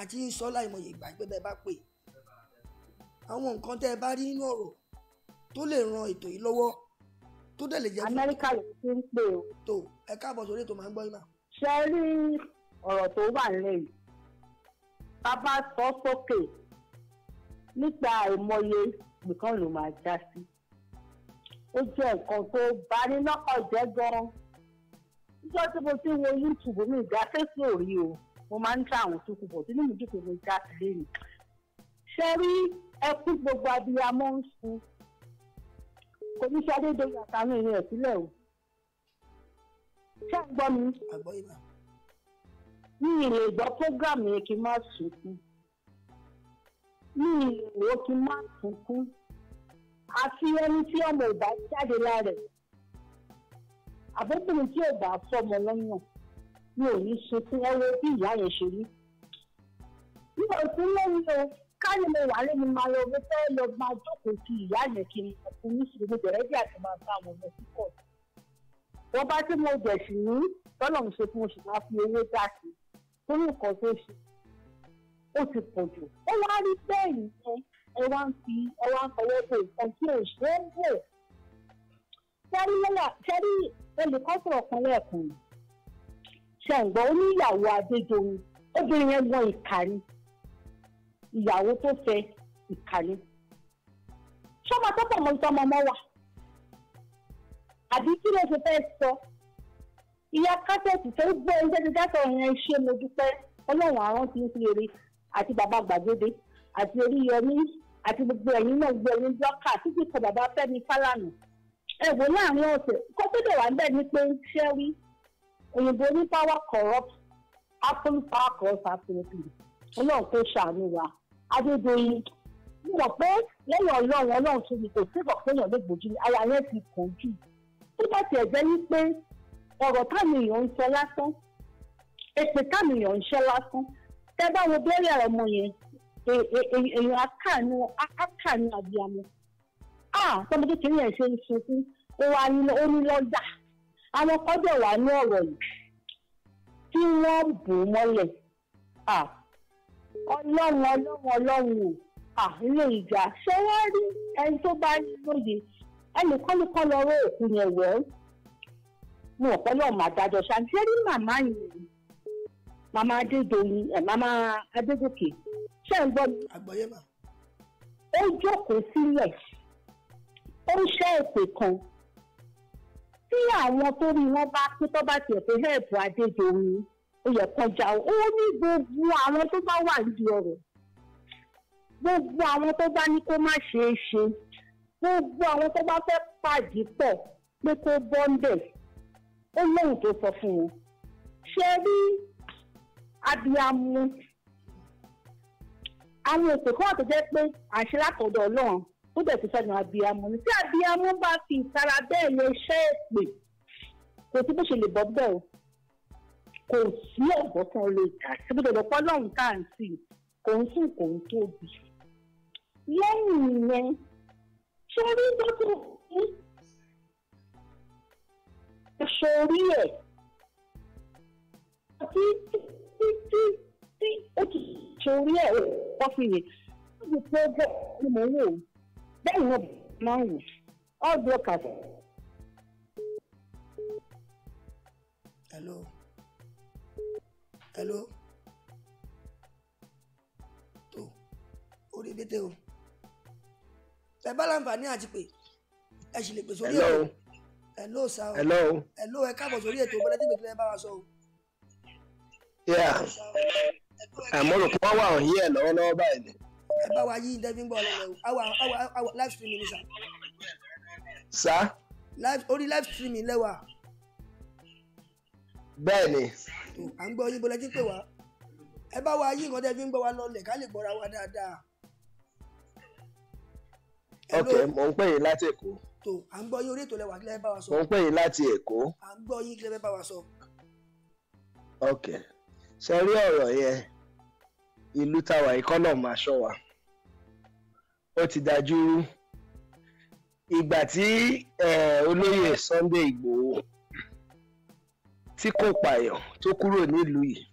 àti ń sọ láìmọye ìgbà pé bẹ́ẹ̀ bá pè àwọn nǹkan tẹ́ ẹ bá rí nínú ọ̀rọ̀ tó lè ran ètò yìí lọ́wọ́ tó dẹ̀ lè jẹ́ fún. amẹ́ríkà ló ti ń pè o. tó ẹ káàbọ̀ sórí ètò máa ń gbọ́ yín mà. ṣe rí ọ̀rọ̀ tó wà nílẹ̀ yìí bàbá sọ sókè nípa àìmọye nìkan ló máa já sí ó jẹ́ nǹkan tó bani lọ́kàn jẹ́ gan-an níjọ́ tí mo ti wo youtube mi ìgbà fèsì òrí o mo máa ń ta àwọn tó kù bọ̀ tí nínú ìdíkùn mi já sí lé mi ṣe rí ẹkú gbogbo abiyamọ ń sun kò ní ṣe adédọyìn àtàwọn èèyàn ẹ̀ sílẹ̀ o ṣé ń gbọ́ mi. àgbọ̀ ìbá. mi ì lè gbọ́ program yẹn kí n má sunkún mi ì lè wò kí n má sunkún àfi ẹni tí ọmọ ò bá jáde lára ẹ̀ àbókùnrin tí ò bá fọmọ lọ́nà mi ò ní sunkún ẹ wo bí ìyá yẹn ṣe rí mi ò lẹ́yìn o káyọ̀ mo wà lẹ́nu máa lọ mo fẹ́ lọ máa jókòó sí ìyá yẹn kí n fún mi sí mo bẹ̀rẹ̀ bí àti máa bá àwọn ọmọ sí kọ̀ wọ́n bá tí mo bẹ̀ sí ní tọ́lọ̀ ń ṣe fún oṣù máa fi owó dá sí torí nǹkan tó ṣe ó ti pọ̀ jù ó wá rí bẹ́ẹ̀ nìyẹn ẹ wá ń fi ẹ wá ń fọwọ́ bò nǹkan tí ò ṣe é bò. sẹ́rí lọ́la sẹ́rí olùkọ́ sọ̀rọ̀ kan lẹ́ẹ̀kan ṣàǹgbọ́n ó ní ìyàwó adédoyin obìnrin yẹn gan ìkà ni ìyàwó tó fẹ́ ìkà ni. sọ́mọ tó pọ̀ mọ́ sọ́mọ ọmọ wa àbí kí ló ṣe fẹ́ sọ ìyá kásẹ̀tì tó gbé oúnjẹ ti dákọ̀ yẹn ṣe mo dúpẹ́ ọlọ́run àrùn ti ń fi èrè àti bàbá gbàgede àti orí yọmí àti gbogbo ẹ̀yin náà gbogbo ẹ̀yin blọ́kà títí kan bàbá Fẹ́mi Fálànà ẹ wò láàrin ọ̀sẹ̀ kókódò wà bẹ́ẹ̀ ni pé ṣẹ́ wí òyìnbó ní power corrupt apple power corrupt absolutely ọlọ́run tó ṣàánú wa Adédoyin mo mọ̀ pé lẹ́yìn ọlọ́run ọlọ́run tó ní kò síbọ̀ péyàn lè gbòjú ni ara yẹn ti kàn jù tó bá tiẹ̀ jẹ́ wípé ọ̀rọ̀ táwọn èèyàn ń sọ lásán èpè táwọn èèyàn ń ṣẹ́ lásán tẹ́ bá wo bẹ́ẹ̀rẹ̀ ọmọ yẹn èèyàn e, e, e, akáàánú akáàánú àbíamọ ah tọmọ kékeré yẹn ṣe ń sunkún ó wá ní lọ́jà àwọn kan dẹ̀ wá ní ọ̀rọ̀ yìí tí wọ́n bò mọ́lẹ̀ ah ọlọ́run ọlọ́run ọlọ́run o ah ilé ìjà ṣé wọ́n rí ẹni tó bá ní lóye ẹnìkanìkan lọ rọ òkú yẹn wọ́ mo ọ̀pọ̀ náà mà dájọ́ ṣáà ṣé rí màmá yìí màmá adédoyin ẹ̀ màmá adégòkè ṣé ń gbọ́ mi. àgbọ̀yé mà. ó jókòó sílẹ̀ ó ń ṣẹ́ èpè kan tí àwọn tó ní wọn bá pé tó bá tiẹ̀ pé hẹ́ẹ̀pù adédọ̀rùn ó yẹ kọjá ó ní gbogbo àwọn tó bá wà níbi ọ̀rọ̀ gbogbo àwọn tó bá ní kó má ṣeé ṣe gbogbo àwọn tó bá fẹ́ pàdé pọ̀ pé kó bọ́ńdẹ̀ ó lóhùn tó sọ fún wọn ṣe rí abiyamọ àwọn ètò kan tó jẹ́ pé àṣẹ látọ̀dọ̀ ọlọ́run tó dẹ̀ ti sọ̀nà abiyamọ ni tí abiyamọ bá fi ìtara bẹ́ẹ̀ lè ṣe é pè kò sí bó ṣe lè bọ́ bẹ́ẹ̀ o kò sí ọ̀bọ̀ kan lè kà sí bó ṣe lè pọ́ lọ́run ká à ń sìn kò ń sùn kò ń tóbi lẹ́yìn ìyẹn sórí dọ́tò ní sórí ẹ̀ àti títí tí ó ti sórí ẹ̀ kọ́fì yẹn níbi tó bẹ̀ ni mò ń wò bẹ́ẹ̀ ni wọ́n máa ń wò all blockers. hello hello tó orí bẹ́tẹ̀ o ẹ bá láǹfààní àti pé ẹ sì lè pè sórí ẹ̀ o hello sir hello hello ẹ káàbọ̀ sórí ètò ìbọ̀lẹ́tì gbẹ̀gbẹ̀ bá wa sọ o. yeah. àmọ́rò kí wọ́n wà hàn yí ẹ̀ lọ́wọ́lọ́wọ́ ni. ẹ bá wa yí ìdẹ́bí ń bọ̀ lọ́wọ́ àwa àwa àwa live streaming ni sà. sà. orí live streaming lẹ́wà. bẹ́ẹ̀ ni. à ń gbọ́ yín bọ́lá tí pè wá ẹ bá wa yí nǹkan tẹ́ fi ń gbọ́ wa lọ́lẹ̀ ká lè gbọ́ra wa dáadáa. ok mò ń pè yín láti Èkó. tó à ń gbọ́ yín wa sọ. mò ń pè yín wa ṣe rí ọ̀rọ̀ yẹn ìlú táwa ìkọ́nà máa wa ó ti dájú ìgbà tí olóyè Sunday Ìgbòho tí kò pààyàn tó kúrò nílùú yìí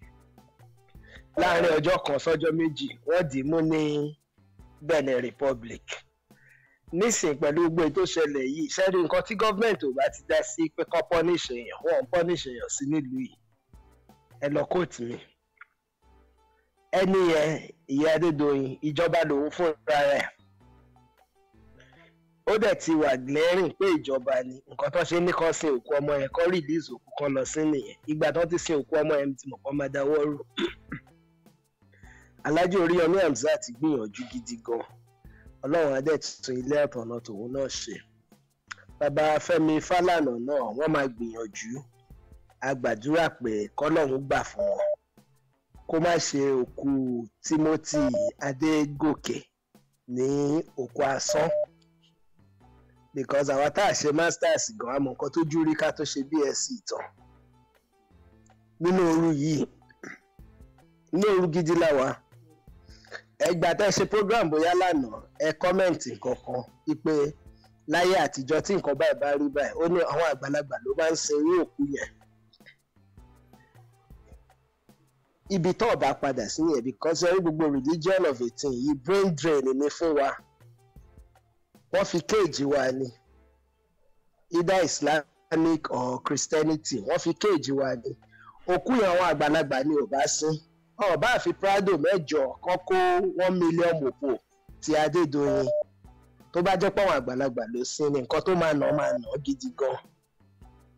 láàrin ọjọ́ kan sọ́jọ́ méjì wọ́n dì í mú ní Benin Republic nísìnyí pẹ̀lú gbogbo ètò ìṣẹ̀lẹ̀ yìí ṣẹ́ni nǹkan tí gọ́ọ̀mẹ̀ntì ò bá ti dá sí pé kọ́ pọ́nìṣẹ̀yàn wọ́n pọ́nìṣẹ̀yàn sí nílùú yìí ẹ lọ kóòtù mi ẹni yẹn ìyá Adédoyin ìjọba lòun fúnra rẹ̀ ó dẹ̀ ti wà lẹ́rìn pé ìjọba ni nǹkan tó ṣe ní kan sin òkú ọmọ yẹn kan rìlíìsì òkú kan lọ sí nìyẹn ìgbà tó ti sin òkú ọmọ yẹn ti mọ̀ pọ́n máa dáwọ́ rò Alhaji Oríyọmí Hamzat gbìyànjú gidi gan Ọlọ́run adé tuntun ilé ẹ̀tọ́ ọ̀nà tòun náà ṣe bàbá Fẹ́mi Fálànà náà wọ́n máa gbìyànjú a gbàdúrà pé kọ́lọ́hún gbà fún wọn kó má ṣe òkú Timothy Adégòkè ní òkú asán because àwa tá a ṣe masters gan àmọ́ nǹkan tó jú rí ká tó ṣe BSc ìtàn nínú òru yìí ní òru gidi láwa ẹgbà tẹ ṣe program bóyá lánàá ẹ kọ́mẹ̀ǹtì kankan wípé láyé àtijọ́ tí nǹkan báyìí bá rí báyìí ó ní àwọn àgbàlagbà ló máa ń sin irú òkú yẹn ibi tó ọba padà sí yẹn because ẹrí gbogbo religion of a thing yìí brain drain ni fún wa wọ́n fi kéèjì wa ni either Islamic or Christianity wọ́n fi kéèjì wa ni òkú yẹn àwọn àgbàlagbà ni ò bá sín ọba àfi prado mẹ́jọ kan kó one million mopo ti Adédoyin tó bá jẹ́ pọ̀wọ́n àgbàlagbà ló sin ni nǹkan tó máa nà máa nà gidi gan-an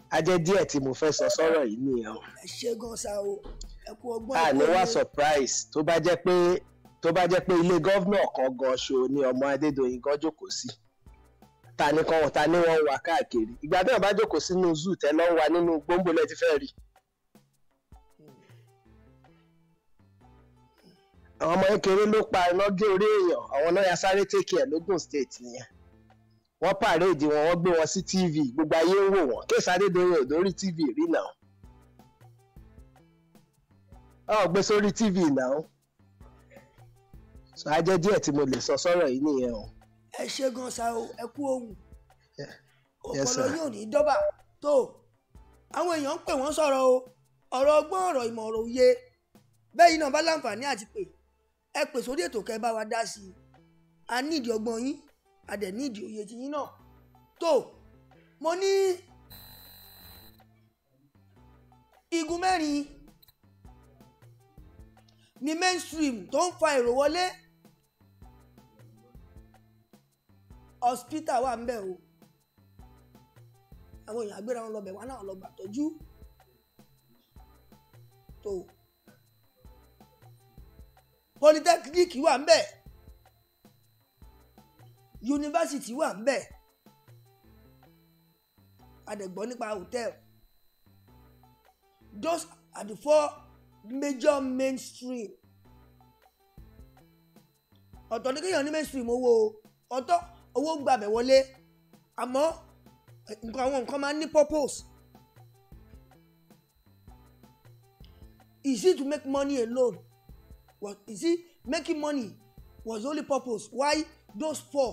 a jẹ́ díẹ̀ tí mo fẹ́ sọ sọ́rọ̀ yìí nìyẹn o. ẹ ṣe gan sa o a ní wá surprise tó bá jẹ́ pé tó bá jẹ́ pé ilé gọ́vnà kan gan ṣo ni ọmọ Adédoyin gan jókòó sí ta ni kan ta ni wọ́n wà káàkiri ìgbà tí wọ́n bá jókòó sínú zoo tẹ́ lọ́n wà nínú gbòǹgbò lẹ́ ti fẹ́ rí. àwọn ọmọ kékeré ló pa iná gé orí èèyàn àwọn lọ́ọ̀yà sáré tèkì ẹ̀ lógùn state nìyẹn wọ́n pàréèdì wọn wọ́n gbé wọn sí tv gbogbo ayé ń wò wọ́n kéèsì Adédoyin ò dórí tv rí náà. Oh, gbé sórí tv náà so ajẹ́ díẹ̀ tí mo lè sọ sọ́rọ̀ yìí nìyẹn o. ẹ ṣe gan sa o ẹ kú ohun ọpọlọ yóò ní dọ́bà tó àwọn èèyàn ń pè wọ́n sọ̀rọ̀ o ọ̀rọ̀ ọgbọ́n ọ̀rọ̀ ìmọ̀ ọ̀rọ̀ òye bẹ́ẹ̀ yìí náà bá láǹfààní àti pé ẹ pè sórí ètò kẹ́ wa dá sí i a nídìí ọgbọ́n yín a dẹ̀ nídìí òye ti yín náà tó mo ní igun mẹ́rin ni mainstream tó ń fa èrò wọlé hospital wà ńbẹ̀ o àwọn èèyàn agbéra wọn lọbẹ wọn náà lọ gbàtọ́jú tó polytechnic wà ńbẹ̀ yunifásitì wà ńbẹ̀ adẹ̀gbọ́n nípa hòtẹ́ẹ̀lì those are the four major mainstream ọ̀tọ̀ ní kéèyàn ní mainstream owó ọ̀tọ̀ owó gbàbẹ̀ wọlé àmọ́ nǹkan àwọn nǹkan máa ń ní purpose easy to make money alone was easy making money was only purpose why those four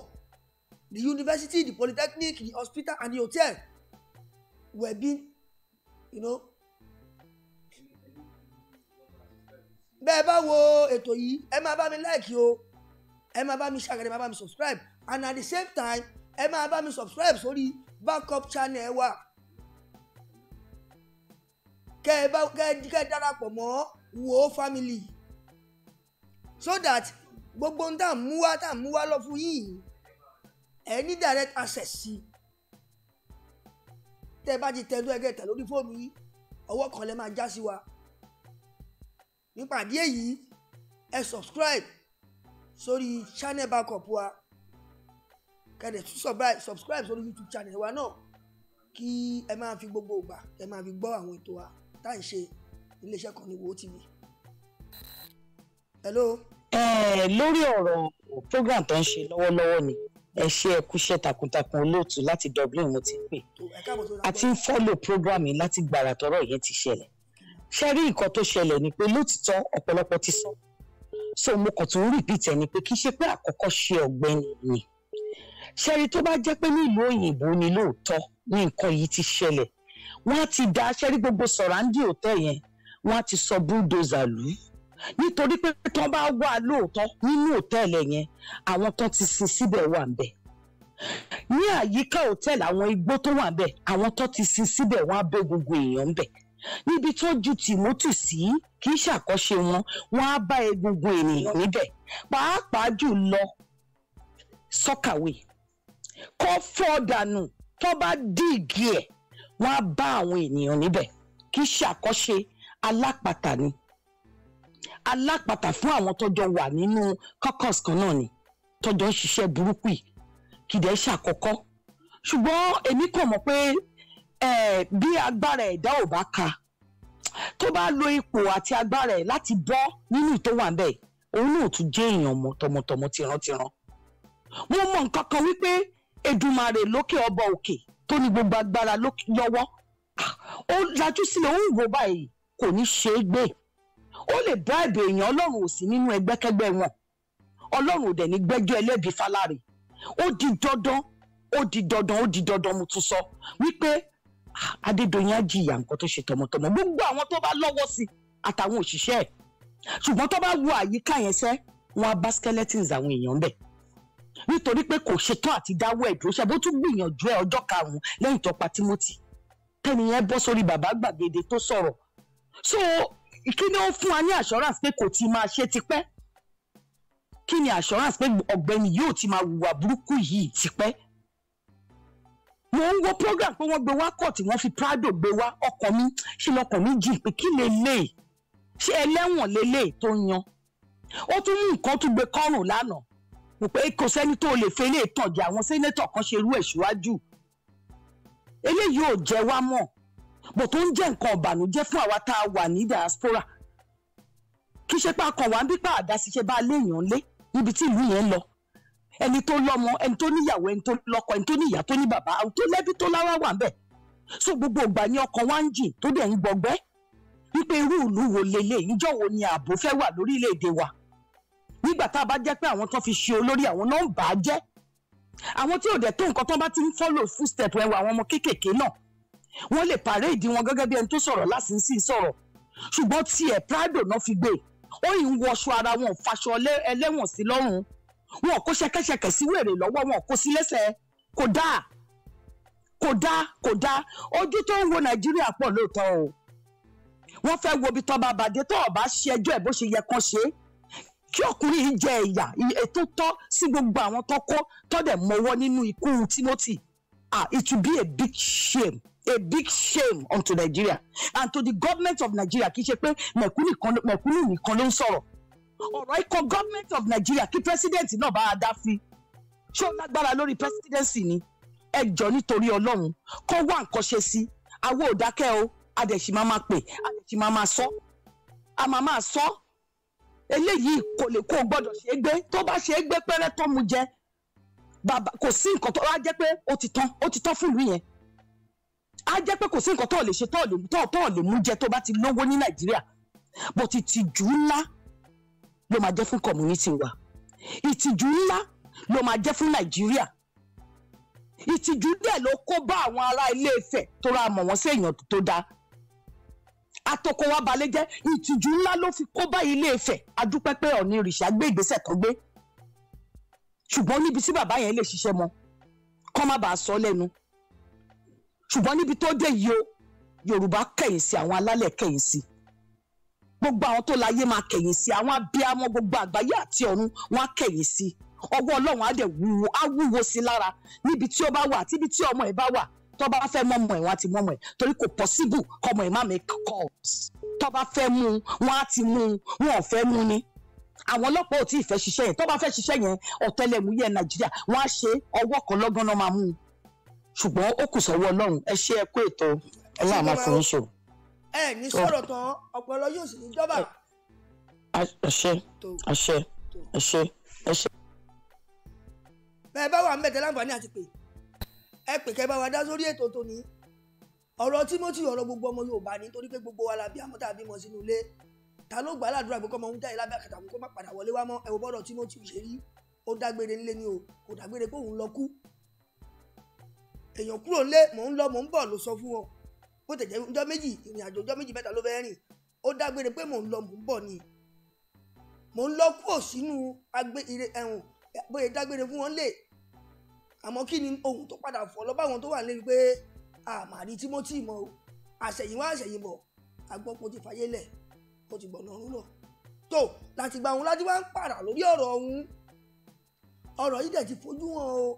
the university the polytechnic the hospital and the hotel were being you know bẹ́ẹ̀ bá wo ètò yìí ẹ máa bá mi like o ẹ máa bá mi ṣàgẹ̀dẹ̀ ẹ máa bá mi subscribe and at the same time ẹ máa bá mi subscribe sórí backup channel wa kẹ ẹ bá kẹ ẹ darapọ̀ mọ́ wo family so that gbogbo ń tà ń mú wá tà ń mú wá lọ fún yìí ẹ ní direct access sí tẹ bá ti tẹ ẹdún ẹgẹ tẹ lórí fóònù yìí ọwọ́ kan lẹ máa já sí wa nípàdé èyí ẹ subscribe sórí channel backup wa kẹ́dẹ̀ tún subscribe sórí youtube channel wa náà kí ẹ máa fi gbogbo ìgbà ẹ máa fi gbọ́ àwọn ètò wa tá à ń ṣe iléeṣẹ́ kan ní wo tv. hello. ẹ ẹ lórí ọ̀rọ̀ program tó ń ṣe lọ́wọ́lọ́wọ́ ni ẹ ṣe ẹ kúṣẹ́ takuntakun olóòtú láti dublin mo ti pè àti ń fọ́lò program yìí láti gbàrà tọ́rọ̀ yẹn ti ṣẹlẹ̀ ṣe rí nǹkan tó ṣẹlẹ̀ ni pé lótìtọ́ ọ̀pọ̀lọpọ̀ ti sọ so mo kàn tún repeat ẹ ni pé kì í ṣe pé àkọ́kọ́ ṣe ọ̀gbẹ́ni ni ṣe rí tó bá jẹ́ pé ní òyìnbó ni lóòótọ́ ni nǹkan yìí ti ṣẹlẹ̀ wọ́n á ti da ṣe rí gbogbo sọ̀ráńdì òtẹ́ yẹn wọ́n á ti sọ bulldozer lù ú nítorí pé tán bá wà lóòótọ́ nínú òtẹ́ẹ̀lì yẹn àwọn tán ti sin síbẹ̀ wà ń bẹ̀ ní àyíká òtẹ́ẹ̀lì àwọn igbó tó wà bẹ̀ àwọn tán ti sin síbẹ̀ wọ́n á bẹ́ gbogbo èèyàn bẹ̀ níbi tó ju tìmọ́tì sí kì í ṣàkọ́ṣe wọn wọn á bá egungun ènìyàn níbẹ̀ pàápàá jù lọ sọ́kàwé kọ́ fọ́ tó bá dìgì ẹ̀ wọ́n á bá àwọn ènìyàn níbẹ̀ kì í ṣàkọ́ṣe alápàtà ni alápàtà fún àwọn tọ́jọ́ wà nínú caucus kan náà ni tọ́jọ́ ń ṣiṣẹ́ burúkú yìí kìdẹ́ ṣàkọ́kọ́ ṣùgbọ́n èmi kàn mọ̀ pé Eh, bí agbára ẹ̀dá ò bá ka tó bá lo ipò àti agbára ẹ̀ láti bọ́ nínú tó wà ń bẹ̀ òun náà tún jẹ́ èèyàn mọ́ tọmọtọmọ tìrantìran mo mọ nǹkan kan wípé Èdùmàrè lókè ọba òkè tó ní gbogbo agbára lọ́wọ́ ó lajú sílẹ̀ ó ń wò báyìí kò ní ṣe é gbé ó lè bá ẹbẹ èèyàn Ọlọ́run ò nínú ẹgbẹ́kẹ́gbẹ́ wọn Ọlọ́run ò dẹ̀ ní gbẹ́jọ́ ẹlẹ́bi fáláre ó di dandan ó di dandan ó di dandan mo tún sọ wípé Adédoyin á jìyà nǹkan tó ṣe tọmọtọmọ gbogbo àwọn tó bá lọ́wọ́ sí àtàwọn òṣìṣẹ́ ẹ̀ ṣùgbọ́n tó bá wo àyíká yẹn sẹ́ wọn á bá skeletons àwọn èèyàn bẹ̀ nítorí pé kò ṣetán àti dáwọ́ ẹ̀ dúró ṣàbó tún gbìyànjú ẹ̀ ọjọ́ karùn-ún lẹ́yìn tó pa Timothy tẹ́niyẹn bọ́ sórí bàbá gbàgede tó sọ̀rọ̀ so kí ni ó fún wa ní assurance pé kò ti máa ṣe tipẹ́ kí ni assurance pé ọ̀gbẹ́ni yóò ti máa hùwà burúkú yìí tipẹ́ mo ń wo program pé wọ́n gbé wá kọ̀ tí wọ́n fi prado gbé wá ọkọ̀ mi ṣe lọkọ̀ mi jì pé kí lè lè ṣe ẹlẹ́wọ̀n lélẹ̀ tó yan ó tún mú nǹkan tún gbé kọ́rùn lánàá mo pé kò sẹ́ni tó lè fẹ́ lè tàn jẹ àwọn sẹ́nẹ́tọ̀ kan ṣe irú ẹ̀ ṣíwájú eléyìí ò jẹ́ wá mọ̀ bò tó ń jẹ́ nǹkan ọ̀bànújẹ́ fún àwa tá a wà ní diaspora kì í ṣe pé a kàn wá ń bí pàdásí ṣe bá léèyàn lé níbi tí ìlú yẹn lọ ẹni tó lọ́mọ ẹni tó níyàwó ẹni tó lọ́kọ ẹni tó níyà tó ní bàbá tó lẹ́bí tó lára wà bẹ́ẹ̀ so gbogbo ìgbà ni ọkàn wa ń jìn tó dẹ̀ ń gbọgbẹ́ wípé irú ìlú wo lélẹ̀ níjọ́ wo ni ààbò fẹ́ wà lórílẹ̀‐èdè wa nígbà tá a bá jẹ́ pé àwọn tó fi ṣe olórí àwọn náà ń bà á jẹ́ àwọn tí ò dẹ̀ tó nǹkan tó bá ti ń follow footstep ẹwà àwọn ọmọ kéékèèké náà wọ́n lè parade wọn gẹ́gẹ́ bí ẹni tó sọ̀rọ̀ lásìsí sọ̀rọ̀ ṣùgbọ́n tiẹ̀ prado náà fi gbé ó yìí ń wọṣọ ara wọn ò ẹlẹ́wọ̀n sí lọ́rùn wọn kó ṣẹkẹṣẹkẹ sí wèrè lọ́wọ́ wọn kó sí lẹ́sẹ̀ kò dáa kò dáa kò dáa ojú tó ń wo nàìjíríà pọ̀ lóòótọ́ o wọ́n fẹ́ wo ibi tọ́ba àbàdé tó ọba ṣe ẹjọ́ ẹ̀ bó ṣe yẹ kán ṣe kí ọkùnrin yìí jẹ ìyà ètò tọ́ sí gbogbo àwọn tó kó tọ́dẹ̀ mọ́wọ́ nínú ikú Timothy ah it will be a big shame a big shame unto Nigeria and to the government of Nigeria kì í ṣe pé mẹ̀kúnnù nìkan ló ń sọ̀rọ̀ ọ̀rọ̀ ikọ̀ government of Nigeria kí president náà bá a dá fi ṣé ó lágbára lórí presidency ni ẹ jọ nítorí Ọlọ́run kó wá nǹkan ṣe sí àwọn ò dákẹ́ o adẹ̀sí máa máa pè adẹ̀sí máa máa sọ a máa máa sọ eléyìí kò lè kó o gbọ́dọ̀ ṣe é gbé tó bá ṣe é gbé pẹ́rẹ́ tó mu jẹ bàbá kò sí nǹkan tó wá jẹ́ pé ó ti tán ó ti tán fún ìlú yẹn á jẹ́ pé kò sí nǹkan tó lè ṣe tó lè mú jẹ tó bá ti lówó ní Nàìjíríà bó ti tìjú ńlá ló máa jẹ́ fún community wa ìtìjú ńlá ló máa jẹ́ fún nàìjíríà ìtìjú dẹ̀ ló kó bá àwọn ará ilé Ifẹ̀ tó ra mọ̀ wọ́n sí èèyàn tó dáa atoko wa balẹ̀ jẹ́ ìtìjú ńlá ló fi kó bá ilé Ifẹ̀ adúpẹ́ pé Ọ̀ọ̀ni ìrìṣà gbé ìgbésẹ̀ kan gbé ṣùgbọ́n níbi tí bàbá yẹn lè ṣiṣẹ́ mọ́ kọ́ má bàa sọ lẹ́nu ṣùgbọ́n níbi tó dé yìí o Yorùbá kẹ̀yìn sí àwọn alálẹ̀ kẹ̀yìn sí i gbogbo àwọn tó láyé máa kẹ̀yìn sí àwọn abiyamọ gbogbo àgbáyé àti ọ̀run wọn á kẹ̀yìn sí ọwọ́ ọlọ́run á dẹ̀ wúwo á wúwo sí lára níbi tí ó bá wà àti ibi tí ọmọ ẹ̀ bá wà tó bá fẹ́ mọ́ ọmọ ẹ̀ wọ́n á ti mọ́ ọmọ ẹ̀ torí kò pọ́síbù kọmọ ẹ̀ má make calls tó bá fẹ́ mú un wọ́n á ti mú un wọn ò fẹ́ mú ni àwọn ọlọ́pàá ò tí ì fẹ́ ṣiṣẹ́ yẹn tó bá fẹ́ ṣiṣẹ́ yẹn ọ̀tẹlẹ̀múyẹ́ nàìjíríà wọ́n á ṣe ọwọ́ kan lọ́gán náà máa mú un ṣùgbọ́n ó kù sọ́wọ́ ọlọ́run ẹ ṣe ẹ kú ètò ọlọ́run àmọ́ fún un sọ̀rọ̀ ẹ ní sọ̀rọ̀ tán ọpọlọ yóò sì ní jọba. àṣẹ àṣẹ àṣẹ àṣẹ. bẹ́ẹ̀ bá wà ń bẹ̀tẹ̀ láǹfààní àti pé ẹ pè kẹ́ bá wa dá sórí ètò tòní ọ̀rọ̀ Timothy ọ̀rọ̀ gbogbo ọmọ Yorùbá ni torí pé gbogbo wa la bí amọ́ta bímọ sínú ilé ta ló gbà ládùúrà pé kọ́mọ ń dá ìlàbẹ́ àkàtà kó má padà wọlé wá mọ́ ẹ wo bọ́dọ̀ Timothy ó dágbére nílé ni o kò dágbére pé òun lọ kú èèyàn kúrò nílé mò ń lọ mò ń bọ̀ ló sọ fún wọn bó tẹ̀jẹ́ ọjọ́ méjì ìrìn àjò ọjọ́ méjì mẹ́ta ló fẹ́ rìn ó dágbére pé mò ń lọ mò ń bọ̀ ni mò ń lọ kúrò sínú ẹ̀wọ̀n bóyá dágbére fún wọn lè àmọ́ kí ni ohun tó padà fọ́ lọ báwọn tó wà lé pé àmàrí Timothy mọ́ o àṣẹ̀yìnwá àṣẹ̀yìnbọ̀ agbọ́pọ̀ ti fàyè lẹ̀ ó ti gbọ̀nà ọ̀run lọ tó láti gba òun láti wá ń pààrà lórí ọ̀rọ̀ ọ̀hún ọ̀rọ̀ yìí dẹ̀ ti fojú wọn o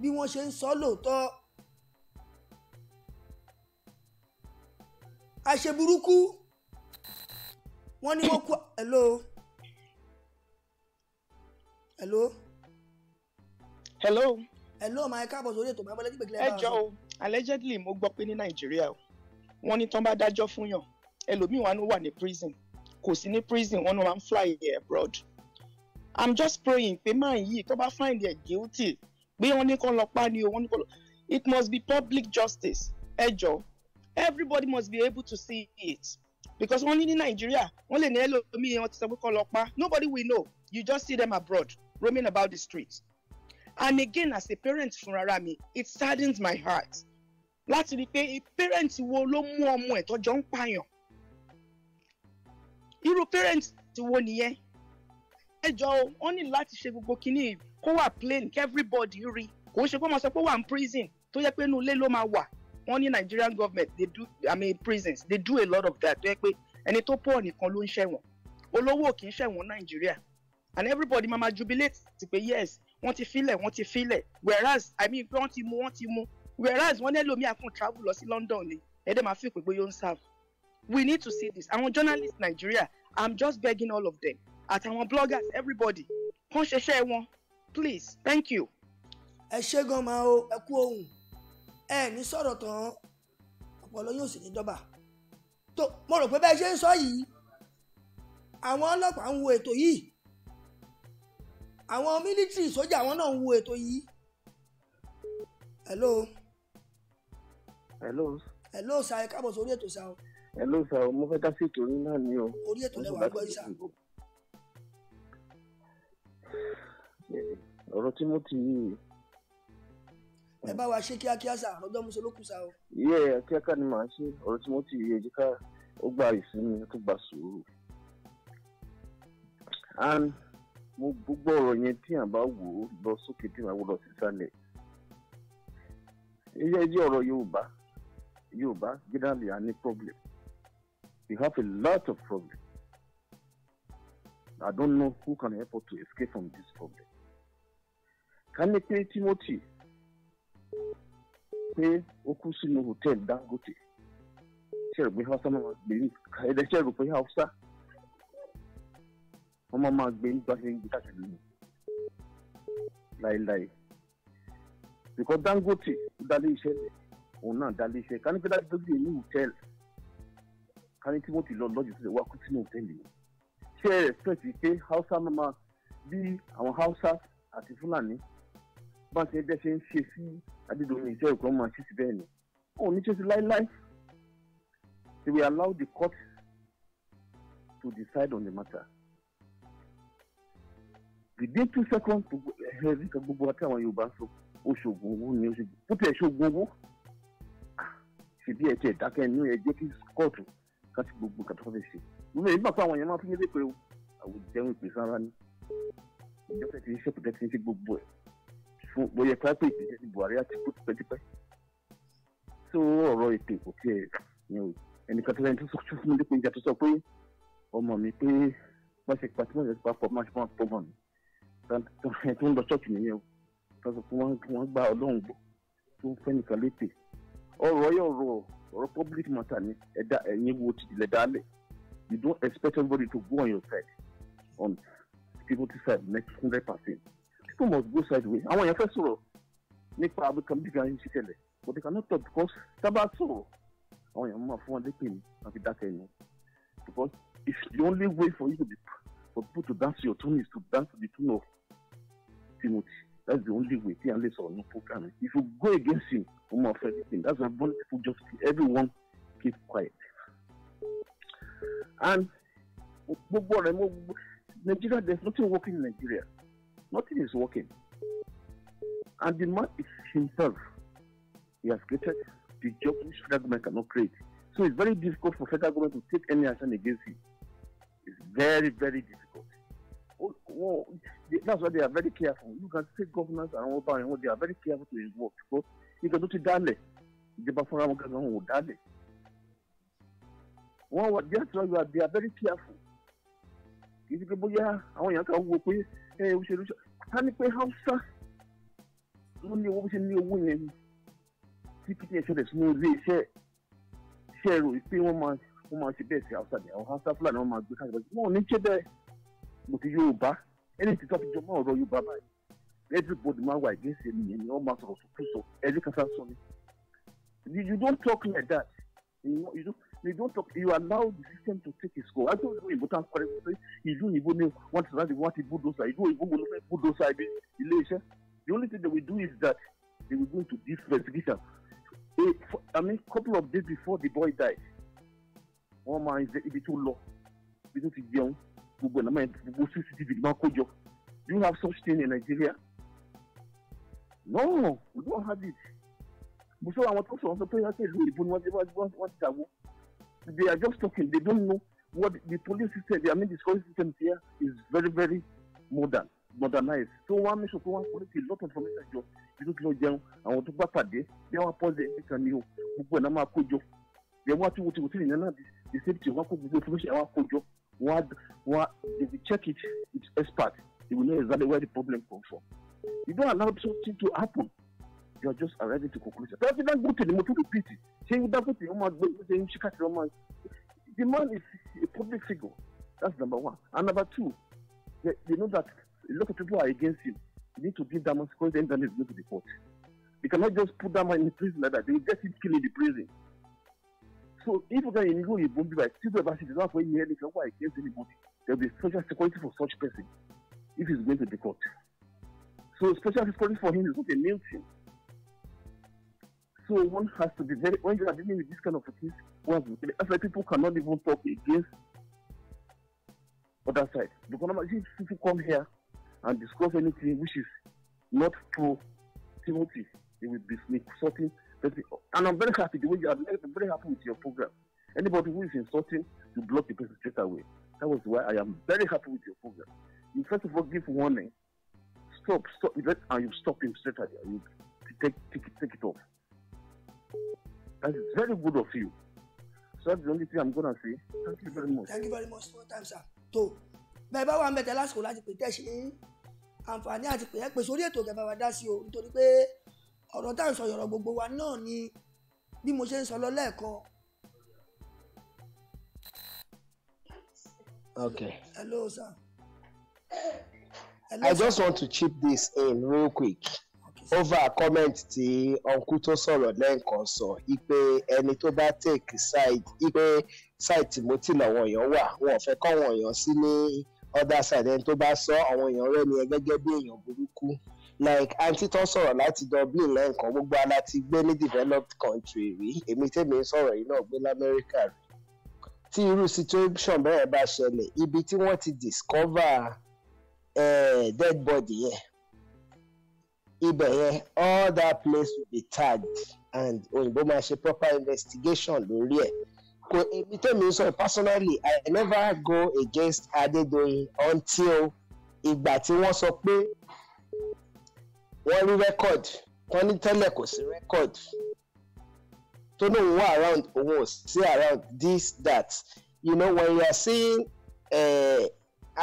bí wọ́n ṣe ń sọ lóòótọ́ àṣeburúkú wọ́n ní wọ́n kú hello hello. hello. hello máa ẹ káàbọ̀ sórí ètò máa bọ́lá dígbèkìlẹ̀ báwọn. ẹ jọ o allegedly mo gbọ́ pé ní nàìjíríà o wọ́n ní tán bá dájọ́ fún yàn ẹlòmíì wọn wà ní prison kò sí ní prison wọn máa ń fly here abroad i'm just praying pé máa yìí tó bá find their guilty pé wọ́n ní kó lọ pa ni o wọ́n ní kó lọ it must be public justice ẹ jọ everybody must be able to see it because wọ́n ní ní nàìjíríà wọ́n lè ní ẹlòmíì wọ́n ti sọ pé kọ́ lọ pa nobody will know you just see them abroad roaming about the streets and again as a parent fúnra mi it saddens my heart láti rí i pé parent wo ló mú ọmọ ẹ̀ tọ́jọ́ ń pààyàn irú parent wo nìyẹn ẹjọ́ o ní láti ṣe gbogbo kínní kó wà plain kí everybody rí kò ń ṣe kó máa sọ pé wà ń prison tó yẹ pé inú ilé ló máa wà wọ́n ní Nigerian government they do I mean prisons they do a lot of that tó yẹ pé ẹni tó pọ̀ nìkan ló ń ṣẹ̀wọ̀n olówó kì í ṣẹ̀wọ̀n Nigeria. and everybody mama jubilate ti pé yes wọ́n ti filẹ̀ wọ́n ti filẹ̀ whereas I mean wọ́n ti mu wọ́n ti mu whereas wọ́n nílò mi àkàn travel lọ sí London ni ẹ̀dẹ̀ máa fi ìpègbè yóò ń serve we need to see this àwọn journalists Nigeria I'm just begging all of them àtàwọn bloggers everybody kàn ṣeṣẹ́ wọn please thank you. ẹ ṣé gan-an máa o ẹ kú ohun ẹ ní sọ̀rọ̀ tán ọpọlọ yóò sì ní dọ́bà tó mo rò pé bẹ́ẹ̀ ṣe ń sọ yìí àwọn ọlọ́pàá ń wo ètò yìí àwọn mílítírì sójà àwọn náà ń wo ètò yìí. hello. hello. hello sa ẹ káàbọ̀ sórí ètò sa o. hello sa o mo fẹ́ dá sí ètò náà ni o. orí ètò lẹ́wà gbọ́ yìí sa. ọ̀rọ̀ Timothy yìí ẹ bá wa ṣe kíákíá sà ọjọ́ musu ló kù sá o. iye kíákíá ni màá ṣe ọ̀rọ̀ tí mo ti yẹ jẹ́ ó gba ìsinmi tó gba sùúrù. and mo gbogbo ọ̀rọ̀ yẹn tí à bá wò ó lọ sókè tí màá wò lọ sí sálẹ̀. iye ẹjẹ́ ọ̀rọ̀ Yorùbá Yorùbá generally a ní problem we have a lot of problems I don't know who can help us to escape from this problem. ká ní pé Timothy pé ó kú sínú hòtẹ́ẹ̀lì Dangote ṣe rò pé Hausa máa gbé ní ẹ̀dẹ̀ ṣe rò pé Hausa wọ́n máa máa gbé nígbà tí ń gbé káàkiri nù láéláé because Dangote dálé iṣẹ́ òun náà dálé iṣẹ́ ká ní pé dájú tó gbé ní hòtẹ́ẹ̀lì ká ní Timothy lọ lọ́jọ́ tó lè wá kú sínú hòtẹ́ẹ̀lì yìí ṣe respect pé Hausa máa máa bí àwọn Hausa àti Fúlàní bá ń ṣe ẹgbẹ́ ṣe ń ṣe sí Adédoyin iṣẹ́ ìkọ́ máa ṣe sí bẹ́ẹ̀ ni òun ní ṣèṣe láíláí they will allow the court to decide on the matter The within two seconds ẹ̀rí kan gbogbo àti eh, eh, àwọn Yorùbá ń sọ oṣoògùn owó ni oṣoògùn bó tiẹ̀ ṣoògùn owó ah, ṣèbí ẹ̀ tiẹ̀ dákẹ́ ẹnu ẹ̀ jẹ́ kí kóòtù káti gbogbo kàtó fẹ́ ṣe gbogbo èyí bàtà àwọn èèyàn máa fi ń lé pé àwòjẹun ìpèsára ni ìjọba ti ń ṣe pòtẹ́tì ṣe gbogbo ẹ̀ fún bóyá pápẹ́ ìpínlẹ̀ ní Buhari àti kú tipẹ́tipẹ́ tó ọ̀rọ̀ ètò kò tiẹ̀ ní o ẹnìkan tó lẹ́yìn tó sọ fún mi lẹ́kùn ìjà tó sọ pé ọmọ mi pé wọ́n ṣe pàtí wọ́n ṣe papọ̀ máa ṣe máa pọ̀ mọ́ mi tó ń lọ ṣọ́ọ̀kì nìyẹn o tó sọ pé wọ́n gba Ọlọ́run gbọ́ tó ń fẹ́ nìkan lépè ọ̀rọ̀ yẹ ọ̀rọ̀ ọ̀rọ̀ public matter ni ẹ̀dá ẹ̀yin wo ti ilẹ̀ dálẹ̀ you don't expect everybody to go on your side on people's side next hundred percent people must go sideways àwọn èèyàn fẹ́ sọ̀rọ̀ nípa abikan bíbí ayé ṣe tẹ̀lẹ̀ but they cannot talk because tábà sọ̀rọ̀ àwọn èèyàn máa fún wọn lépè ní àfi dákẹ́ ẹ̀yìn because it's the only way for you to be for people to dance your tune is to dance to the tune of Timothy that's the only way tí a lè sọ̀rọ̀ ní program if you go against him o máa fẹ́ lépè that's why born people just everyone keep quiet and gbogbo rẹ mo Nigeria there's nothing working in Nigeria. Nothing is working. And the man is himself. He has created the job which federal government cannot create. So it's very difficult for federal government to take any action against him. It's very, very difficult. Oh, oh, that's why they are very careful. You can take governors and all that, they are very careful to involve because you can do it dálẹ̀. Ìjọba fúnra wọn gangan ò dálẹ̀. that's why they are very careful. If you go, yeah, I want èèyàn kan wo pé òṣèlú ta ni pé Hausa ló ní owó bó ṣe ní owó yẹn ni tí pdp ṣẹlẹ̀ sínú ilé iṣẹ́ ṣe rò pé wọ́n máa wọ́n máa ṣe bẹ́ẹ̀ sí Hausa ni àwọn Hausa Fúlàní wọ́n máa gbé káàkiri báyìí wọ́n ò ní ṣe bẹ́ẹ̀ mo ti Yorùbá ẹni tí tó fi jọ mọ́ ọ̀rọ̀ Yorùbá báyìí everybody máa wà ìgbésẹ̀ nìyẹn ni wọ́n máa sọ̀rọ̀ sọ̀kúsọ ẹni kan sá sọ ni you don't talk like that you don't they don't talk. You allow the system to take its course. I don't know avez correctly. You even know what to what to put even The only thing they will do is that they will go into this investigation. A, I mean, couple of days before the boy died, wọ́n máa ń ibi tó lọ ibi ti cctv do you have such thing in Nigeria? no we don't have it. mo sọ àwọn tó they are just talking. They don't know what the police system, I mean, the school system here is very, very modern, modernized. So one mission to one police, a lot of information jọ inú kí ló jẹun àwọn tó bá pàdé bí wọn pọ́s ẹ̀ kan ni o gbogbo ẹ̀ náà máa kó a yẹn wọn á tún wo tìwòtì nìyẹn náà the safety wọn á kó gbogbo information àwọn á kó jọ wọn á wọn á they will check it it's expert You will know exactly where the problem comes from you don't allow something to happen you're just arriving to conclusion. President even Saying that the man is a public figure. That's number one. And number two, they, they know that a lot of people are against him. You need to give that man because then he's going to the court. You cannot just put that man in prison like that. They will get him killed in the prison. So if you can to in Bumbi by civil about it, not for any anything why against anybody. There'll be special security for such person if he's going to the court. So special security for him is not a new thing. So one has to be very, when you are dealing with this kind of things, that's why people cannot even talk against other side. Because if people come here and discuss anything which is not pro Timothy, they will be insulting. And I'm very happy the way you are, I'm very happy with your program. Anybody who is insulting, you block the person straight away. That was why I am very happy with your program. You first of all give warning, stop, stop, and you stop him straight away. You take, take, take it off. That is very good of you. So that's the only thing I'm gonna say. Thank you very much. Thank you very much for your time, sir. tó bẹ́ẹ̀ bá wà ń bẹ̀tẹ̀ lásìkò láti pè tẹ̀ ṣe àǹfààní àti pè é pè sórí ètò ìkẹfà wa dá sí o nítorí pé ọ̀rọ̀ tá à ń sọ yọ̀rọ̀ gbogbo wa náà ni bí mo ṣe ń sọ lọ lẹ́ẹ̀kan. Okay. Hello, sir. Hello, I just want to chip this in real quick over comment tí ọ̀nkú tó sọ̀rọ̀ lẹ́ǹkan sọ ipe ẹni tó bá take side ipe side Timothy làwọn èèyàn wà wọn ò fẹ́ kọ́wọn èèyàn sí ní other side ẹni tó bá sọ àwọn èèyàn rẹ̀ ni ẹ gẹ́gẹ́ bí èèyàn burúkú like àǹtí tó sọ̀rọ̀ láti Dublin lẹ́ǹkan gbogbo ala ti gbé ní developed country rí èmi tèmi sọ̀rọ̀ yìí náà gbé lamẹ́ríkà rí tí irú situation bẹ́ẹ̀ bá ṣẹlẹ̀ ibi tí wọ́n ti discover eh, dead body yẹn ibẹ̀ yẹn all that place will be tagged and òyìnbó máa ṣe proper investigation lórí ẹ̀ kò èmi tèmi sọ personally I never go against Adédoyin until ìgbà tí wọ́n sọ pé wọ́n rí record wọ́n ní tẹ́lẹ̀ kò sí record tó lóun wà around òun ò sí around this that you know when you are seeing uh,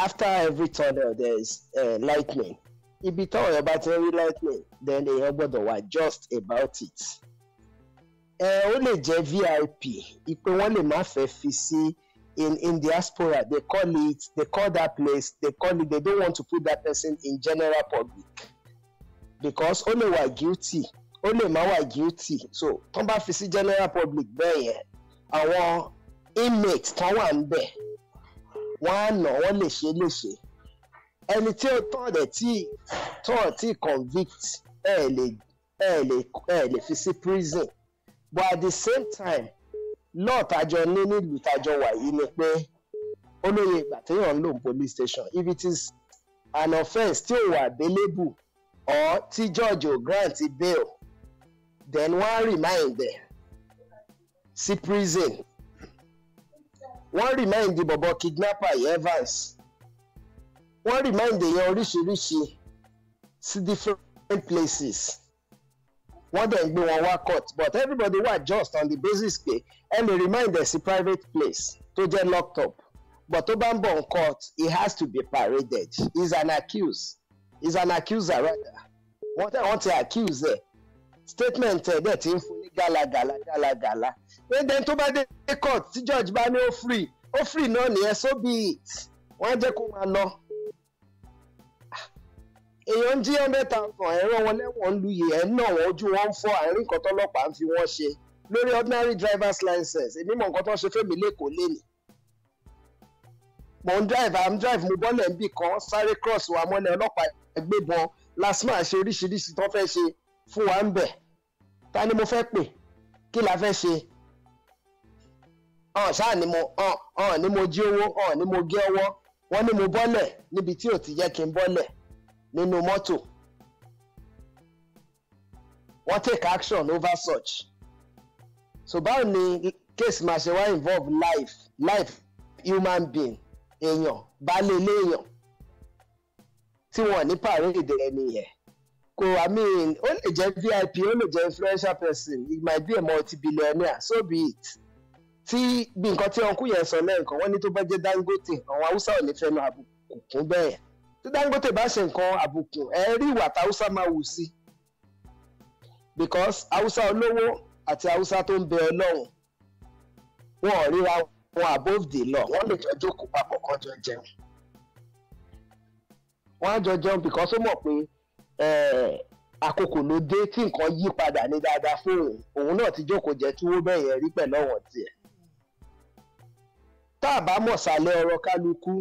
after every tunnel there is uh, lightning ibi táwọn èèyàn bá ti ń rí lightning then èèyàn gbọ́dọ̀ wà just about it ẹ ó lè jẹ́ vip ìpè wọ́n lè má fẹ́ fi sí in in diaspora they call it they call that place they call it they don't want to put that person in general public because ó lè wà guilty ó lè má wà guilty so tó bá fi sí general public bẹ́ẹ̀ yẹn àwọn inmates tán wà ń bẹ̀ wọ́n á nà wọ́n lè ṣe léṣe ẹni tí ó tọ̀ dẹ̀ tí tọ̀ tí convict ẹ lè ẹ lè ẹ lè fi sí prison but at the same time lọ́ọ̀ tajọ ní nílùú tajọ wà yìí ni pé olóye ìgbà téèyàn ń lò ní police station if it is an offence tí ò wà available or tí George ò grant bail then wọ́n á remind them sí prison wọ́n remind bọ̀bọ̀ kidnapper Evans wọ́n remind èèyàn oríṣiríṣi sí different places wọ́n dẹ̀ ń gbé wọn wá court but everybody wà just on the basis pé ẹ lè remind ẹ̀ sí private place tó jẹ́ locked up but tó bá ń bọ̀ ń court he has to be paraded He's an accused He's an accuser rather wọ́n tẹ̀ wọ́n ti accuse ẹ̀ statement ẹ̀ dẹ̀ ti ń fún ní gàlagàla gàlagàla ẹ̀dẹ̀ tó bá dé court tí judge bá ní ó free ó free náà nìyẹn so be it wọ́n á jẹ́ kó máa lọ èèyàn ń jí hundred thousand ẹ̀rọ wọn lẹ́wọ̀n ń lu yìí ẹ̀ ń nà wọ́n ojú wọn ń fọ́ àárín nǹkan tọ́lọ́pàá ń fi wọ́n ṣe lórí ordinary drivers license èmi mọ̀ nǹkan tó ń ṣe fẹ́mi lẹ́kọ̀ọ́ lẹ́nì mò ń drive i'm drive mo bọ́lẹ̀ ń bì kan sáré cross wa mọ́lẹ̀ ọlọ́pàá gbébọn lasma ṣe oríṣiríṣi tó fẹ́ ṣe fún wa ń bẹ̀ ta ni mo fẹ́ pè kí la fẹ́ ṣe hàn ṣáà ni mo hàn hàn ni mo jí owó hàn ni mo gé ọwọ́ wọ́n ní mo bọ́lẹ̀ níbi tí ò ti yẹ kí n bọ́lẹ̀ nínú mọ́tò wọ́n take action over such so báwo ni case máa ṣe wá involve life life human being èèyàn baálé ilé èèyàn tí wọ́n ní parade ẹni yẹn kò i mean ó lè jẹ́ vip ó lè jẹ́ influential person it might be a multi-billionaire so be it tí bí nǹkan tí ọkùnrin yẹn sọ lẹ́ẹ̀kan wọ́n ní tó bá jẹ́ Dangote àwọn haúsá ò ní fẹ́nu àbùkù kún bẹ́ẹ̀ yẹn tí Dangote bá ṣe nǹkan àbùkù ẹ rí ìwà táwùsá máa wù sí because haúsá olówó àti haúsá tó ń bẹ ọlọ́run wọn ò ríra wọn above the law wọn lè jọ jókòó papọ̀ kan jọ jẹun wọn á jọ jẹun because ó mọ̀ pé àkókò ló dé tí nǹkan yí padà ní dáadáa fún òun òun náà ti jókòó jẹ túwó bẹ́ẹ̀ yẹn rí pẹ̀lú ọ̀wọ̀n tiẹ̀ tá a bá mọ̀ sálẹ̀ ọ̀rọ̀ kálukú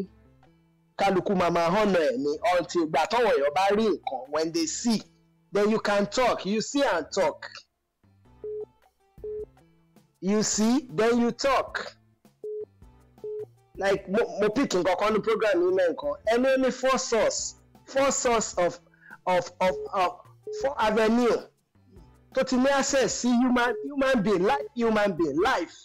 kálukú máa máa ẹ̀ ni until ìgbà tọ́wọ̀ èèyàn bá rí nǹkan when they see then you can talk you see and talk you see then you talk like mo, pick nǹkan kan ní program yìí mẹ́ nǹkan ẹni ó ní four source four source of of of of four avenue tó ti ní access sí human human being life human being life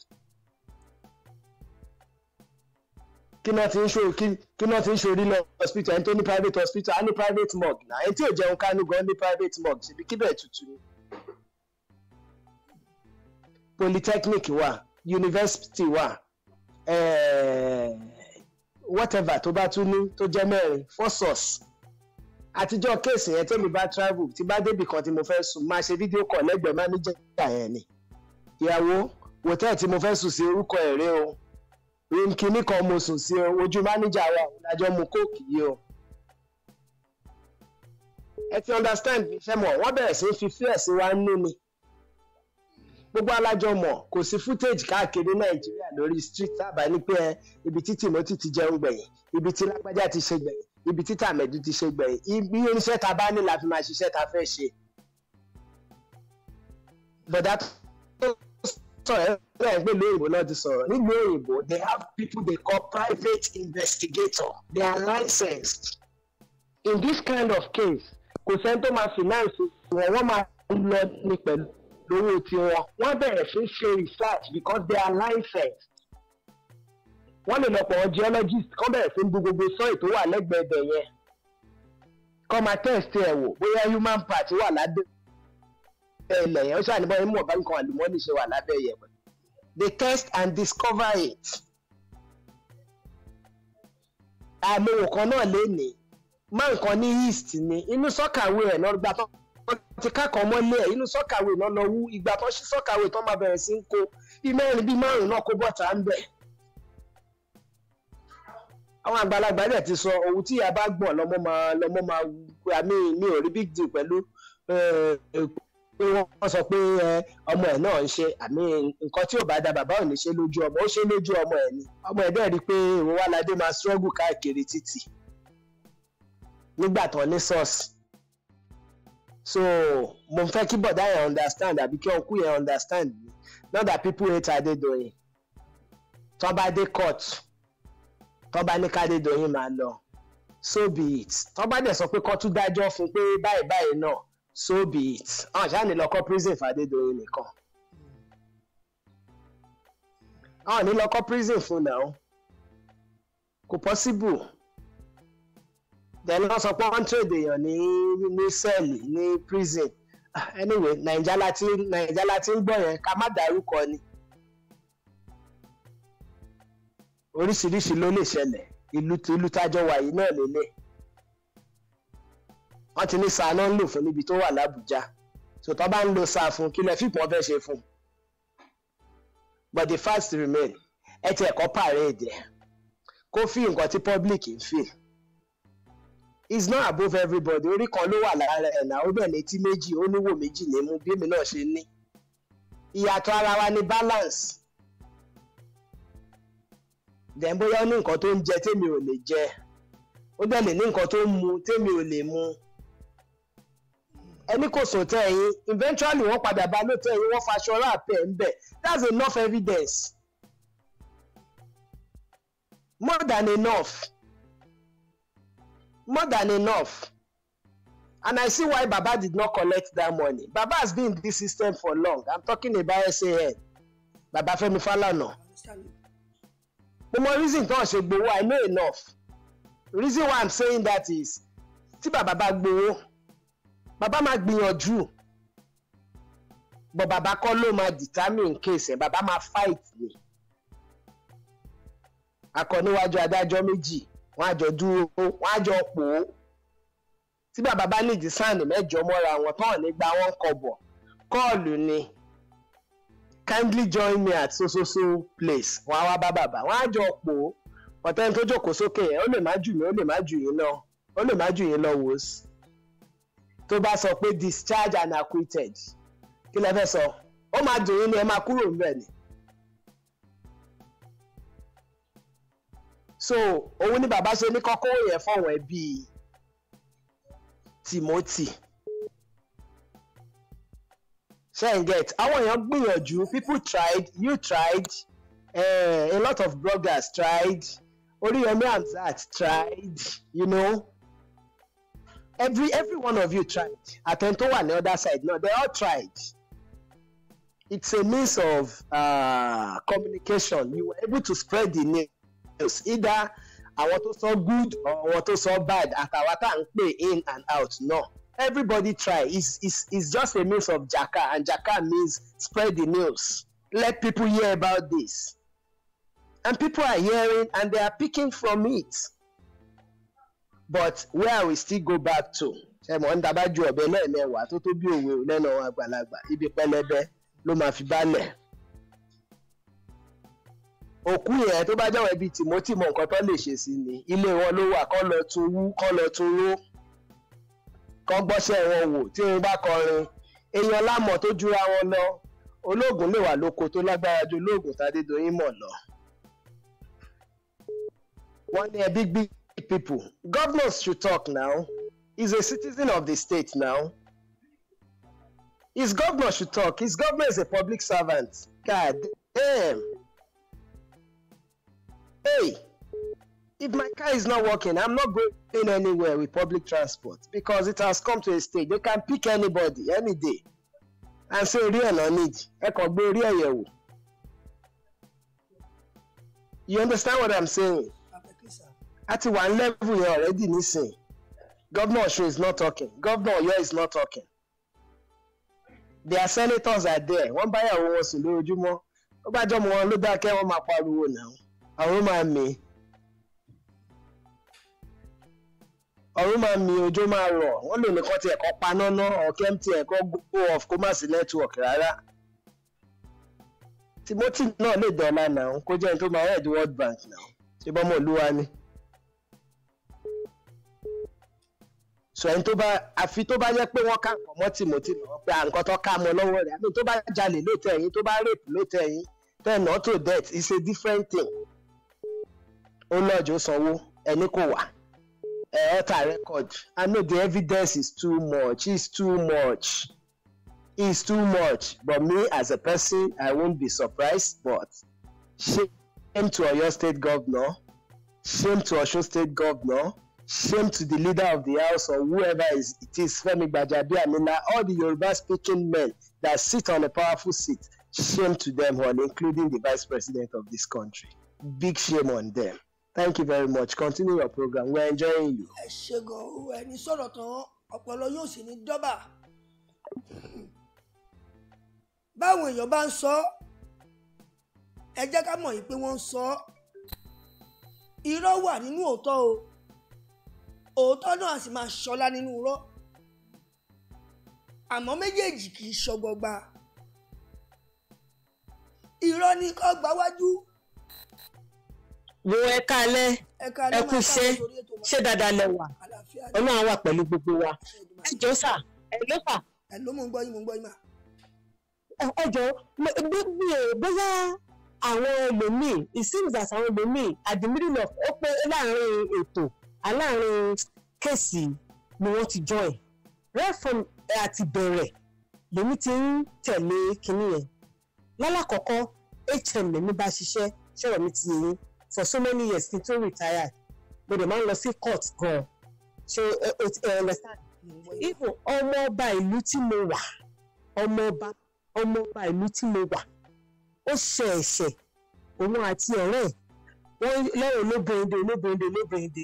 kí náà ti ń ṣòro kí ti ń ṣòro nínú hospital ẹni tó ní private hospital á ní private morgue náà ẹni tí ò jẹun kánú gan ní private morgue ṣebí kíbẹ̀ tutù ni. polytechnic wà university wà eh, whatever tó bá tún ní tó jẹ́ mẹ́rin foursource àtijọ́ kéèsì yẹn tẹ́mi bá travel tí bá débì kan tí mo fẹ́ sùn máa ṣe fídíò kọ̀ lẹ́gbẹ̀ẹ́ máa ní jẹ́ ìgbà yẹn ni ìyàwó wòtẹ́ẹ̀ tí mo fẹ́ sùn sí orúkọ ẹ̀rẹ́ o ohun kìíní kan mo sùn sí ojú mánéjà wa òun mu kóòkì yìí o ẹ ti understand mi ṣe mọ̀ wọ́n bẹ̀rẹ̀ sí fi fear sí wa nínú ni gbogbo alájọ mọ̀ kò sí footage káàkiri nàìjíríà lórí street tábà ní pé ibi tí timothy ti jẹun gbẹ̀yìn ibi tí lágbájá ti ṣe gbẹ̀yìn ibi tí tàmẹ̀dù ti ṣe gbẹ̀yìn ibi irinṣẹ́ ta bá ní la fi máa ṣiṣẹ́ ta fẹ́ ṣe. bọ̀dá tó So, ẹ̀ ẹ̀ pé lóyìnbó náà ti sọ̀rọ̀ nílùú òyìnbó they have people they call private investigator they are licensed in this kind of case kò sẹ́ni tó máa finance wọn wọ́n máa lọ ní pẹ̀lú lówó tiwọn wọ́n bẹ̀rẹ̀ sí ṣe research because they are licensed wọ́n lè lọ́pọ̀ wọn geologist kọ́ bẹ̀rẹ̀ sí bu gbogbo sọ́ọ̀ì tó wà lẹ́gbẹ̀ẹ́ bẹ̀ yẹn kọ́ máa test ẹ̀ wò bóyá human part wà ládùúgbò ilẹ̀ yẹn ó ṣáà níbọ̀ yẹn mú ọ̀bá nǹkan àlùmọ́ọ́nì ṣe wà lábẹ́ yẹn pẹ̀ they test and discover it àmọ̀wò kan náà lé ní má nǹkan ní east ni inú sọ́kàwé ẹ̀ náà gba tó ti kákan mọ́lẹ̀ inú sọ́kàwé náà lọ wú ìgbà tó ṣí sọ́kàwé tó máa bẹ̀rẹ̀ sí ń kó bí mẹ́rin bí márùn-ún náà kó bọ̀tà ń bẹ̀ àwọn àgbàlagbà dẹ̀ ti sọ ohun tí ìyá bá gbọ̀n lọ́mọ máa lọ́mọ máa wú àmì mi ò rí big deal pẹ̀lú eh, pé wọ́n sọ pé ọmọ ẹ̀ náà ń ṣe àmì nǹkan tí ò bá da bàbá ò ṣe lójú ọmọ ó ṣe lójú ọmọ ẹ̀ ni ọmọ ẹ̀ dẹ̀ rí i pé ìwọ wá ládé máa struggle káàkiri títì nígbà tán ní sọ́ọ̀sì so mo fẹ́ kí bọ̀dá yẹn understand àbí kí ọkú yẹn understand me not that people hate Adédoyin tó bá dé court tó bá ní kádédoyin máa lọ so be it tó bá dẹ̀ sọ pé kó tún dájọ́ fún pé báyìí báyìí náà so be it àwọn ah, àṣà nílọkọ prison fàdédoyin nìkan àwọn nílọkọ prison fún náà ah, kò pọ́síbù then wọ́n sọ pé wọ́n ń trade èèyàn ní ní sẹ́ẹ̀lì ní prison ah, anyway nàìjà láti nàìjà láti ń gbọ́ yẹn ká má dárúkọ ni oríṣiríṣi ló lè ṣẹlẹ̀ ìlú ìlú tájọ wà yìí náà lélẹ̀ wọ́n ti ní sáà náà ń lò fún níbi tó wà lábújá so bá ń lo sáà fún kí lẹ fíìpù wọn fẹ́ ṣe fún but the facts remain ẹ ti ẹ̀kọ́ pààrẹ̀ èdè kó fi nǹkan tí public ń fi is not above everybody orí kan ló wà lára ẹ̀ náà ó bẹ̀ létí méjì ó níwò méjì nímú bí èmi náà ṣe ní ìyàtọ̀ ara wa ni balance then bóyá ó ní nǹkan tó ń jẹ tèmi ò lè jẹ ó bẹ̀ lè ní nǹkan tó ń mu tèmi ò lè mu ẹni kò sòtẹ́ ẹ̀yìn eventually wọ́n padà bá lóòótọ́ ẹ̀yìn wọ́n faṣọ ráàpẹ̀ ń bẹ̀ that's enough evidence more than enough more than enough and I see why Baba did not collect that money Baba has been in this system for long I'm talking about SAN Baba Femi Falana mo mọ reason tó ń ṣe gbowó I know enough reason why I'm saying that is tí Baba bá gbowó bàbá máa gbìyànjú bọ̀ bàbá kọ́ ló máa determine case ẹ̀ bàbá máa fight ni akọniwájú adájọ́ méjì wọ́n á jọ dúró wọ́n á jọ pò ó tí bàbá bá nídìí sáànì mẹ́jọ mọ́ra wọn tán nígbà wọn kọ bọ̀ kọ́ọ̀lù ni kindly join me at sososo place wọ́n á wá bá bàbá wọ́n á jọ pò ó ọ̀tẹ́ni tó jókòó sókè ẹ̀ ó lè má jù mí ó lè má jù yín lọ ó lè má jù yín lọ wò tó bá sọ pé discharge and acquitted kí lẹ fẹ́ sọ ó máa dùn yín ni ẹ máa kúrò níbẹ̀ ni. so òun ni bàbá ṣe ní kọ́kọ́ yẹn fọ̀wọ́n ẹbí Timothy ṣẹ́ǹgẹ̀t àwọn èèyàn gbìyànjú people tried you tried uh, a lot of bloggers tried Oríyọmí Hamzat tried you know every every one of you tried to wà ní other side no, they all tried it's a means of uh, communication you were able to spread the news either àwọn tó sọ good or àwọn tó sọ bad àtàwọn tá à ń pè in and out no everybody try it's, it's, it's just a means of jaka and jaka means spread the news let people hear about this and people are hearing and they are picking from it but where we still go back to ṣe mọ̀ ń dábàá ju ọ̀bẹ lẹ́ẹ̀mẹwàá tó tó bí òwe lẹ́nu àwọn àgbàlagbà ibi pẹlẹbẹ ló máa fi balẹ̀ òkú yẹn tó bá jáwọ́ ibi tìmọ́tì mọ nǹkan tó lè ṣe sí ni ilé wọn ló wà kọ́ lọ tún wú kọ́ lọ tún ró kọ́ gbọ́sẹ̀ wọn wò tí wọn bá kọrin èèyàn lámọ̀ tó jura wọn lọ olóògùn lè wà lóko tó lágbára ju olóògùn tàdédoyin mọ̀ lọ. wọ́n ní ẹbí gbí people. Governors should talk now. He's a citizen of the state now. His governor should talk. His governor is a public servant. God damn. Hey, if my car is not working, I'm not going anywhere with public transport because it has come to a stage. They can pick anybody any day and say, real or need. You understand what I'm saying? a ti wà level yẹn already nísìnyí governor Ọ̀ṣun is not talking governor Ọ̀yọ́ is not talking their senators are there wọ́n báyàwó wọn sùn lójoojúmọ́ ó bá jọmọ wọn ló dákẹ́ wọ́n máa pariwo náà àwọn máa mì í ọ̀run máa mì òjò máa rọ̀ wọ́n lò nìkan ti ẹ̀kọ́ paná ná ọ̀kẹ́ ti ẹ̀kọ́ go off kó má sí network rárá Timothy náà lè dọ̀la náà kó jẹ́ ní tó máa head World Bank náà ṣé bọ́mọ̀ olúwa ni. so ẹni tó bá àfi tó bá yẹ pé wọ́n ká nǹkan mọ́ tìmọ́tì lọ́wọ́ pé nǹkan tó ká mọ́ lọ́wọ́ rẹ̀ àmì tó bá jalè lóòótọ́ ẹ̀yìn tó bá rape lóòótọ́ ẹ̀yìn then not to death is a different thing ó lọ́jọ́ sanwó ẹni kò wá ẹ ọ̀tá record I know the evidence is too much is too much is too much but me as a person I won't be surprised but shame to Oyo State Governor shame to Osun State Governor shame to the leader of the house or whoever is, it is, Femi Gbajabiamila, all the Yoruba speaking men that sit on a powerful seat, shame to them all, including the vice president of this country. Big shame on them. Thank you very much. Continue your program. We're enjoying you. Ẹ ṣe gan-an ẹni sọ̀rọ̀ tán ọpọlọ yóò sì ní dọ́bà. Báwọn èèyàn bá ń sọ ẹ jẹ́ ká mọ̀ yìí pé wọ́n ń sọ irọ́ wà nínú òótọ́ o òótọ́ náà sì máa ṣọlá nínú irọ́ àmọ́ méjèèjì kì í ṣọgbọgba irọ́ ni kó gba wájú. wo ẹ kálẹ́ ẹ kú iṣẹ́ ṣé dáadáa lẹ wà Ọlọ́run wà pẹ̀lú gbogbo wa ẹ jọ sà ẹ ló fà. ẹ ló mú un gbọ́ yín mú un gbọ́ yín mà. ẹ jọ bóyá àwọn ẹlòmíì it seems that àwọn ẹlòmíì at the middle of ó pé láàrin ètò aláàárín kẹ̀sì ni wọ́n ti join right from àti bẹ̀rẹ̀ lèmi ti ń tẹ̀lé kinní yẹn lálàkọ́kọ́ hm lèmi bá ṣiṣẹ́ ṣọ̀rọ̀ mi ti yẹn for so many years kí n tó retired mo dẹ̀ máa ń lọ sí court gan-an ṣe ẹ understand even ọmọ ọba ìlú tí mo wà ọmọ ọba ọmọ ọba ìlú tí mo wà ó ṣe ẹ̀ṣẹ̀ òun àti ọ̀rẹ́ ẹ̀ wọ́n lẹ́yìn olóbìnrin de olóbìnrin de olóbìnrin de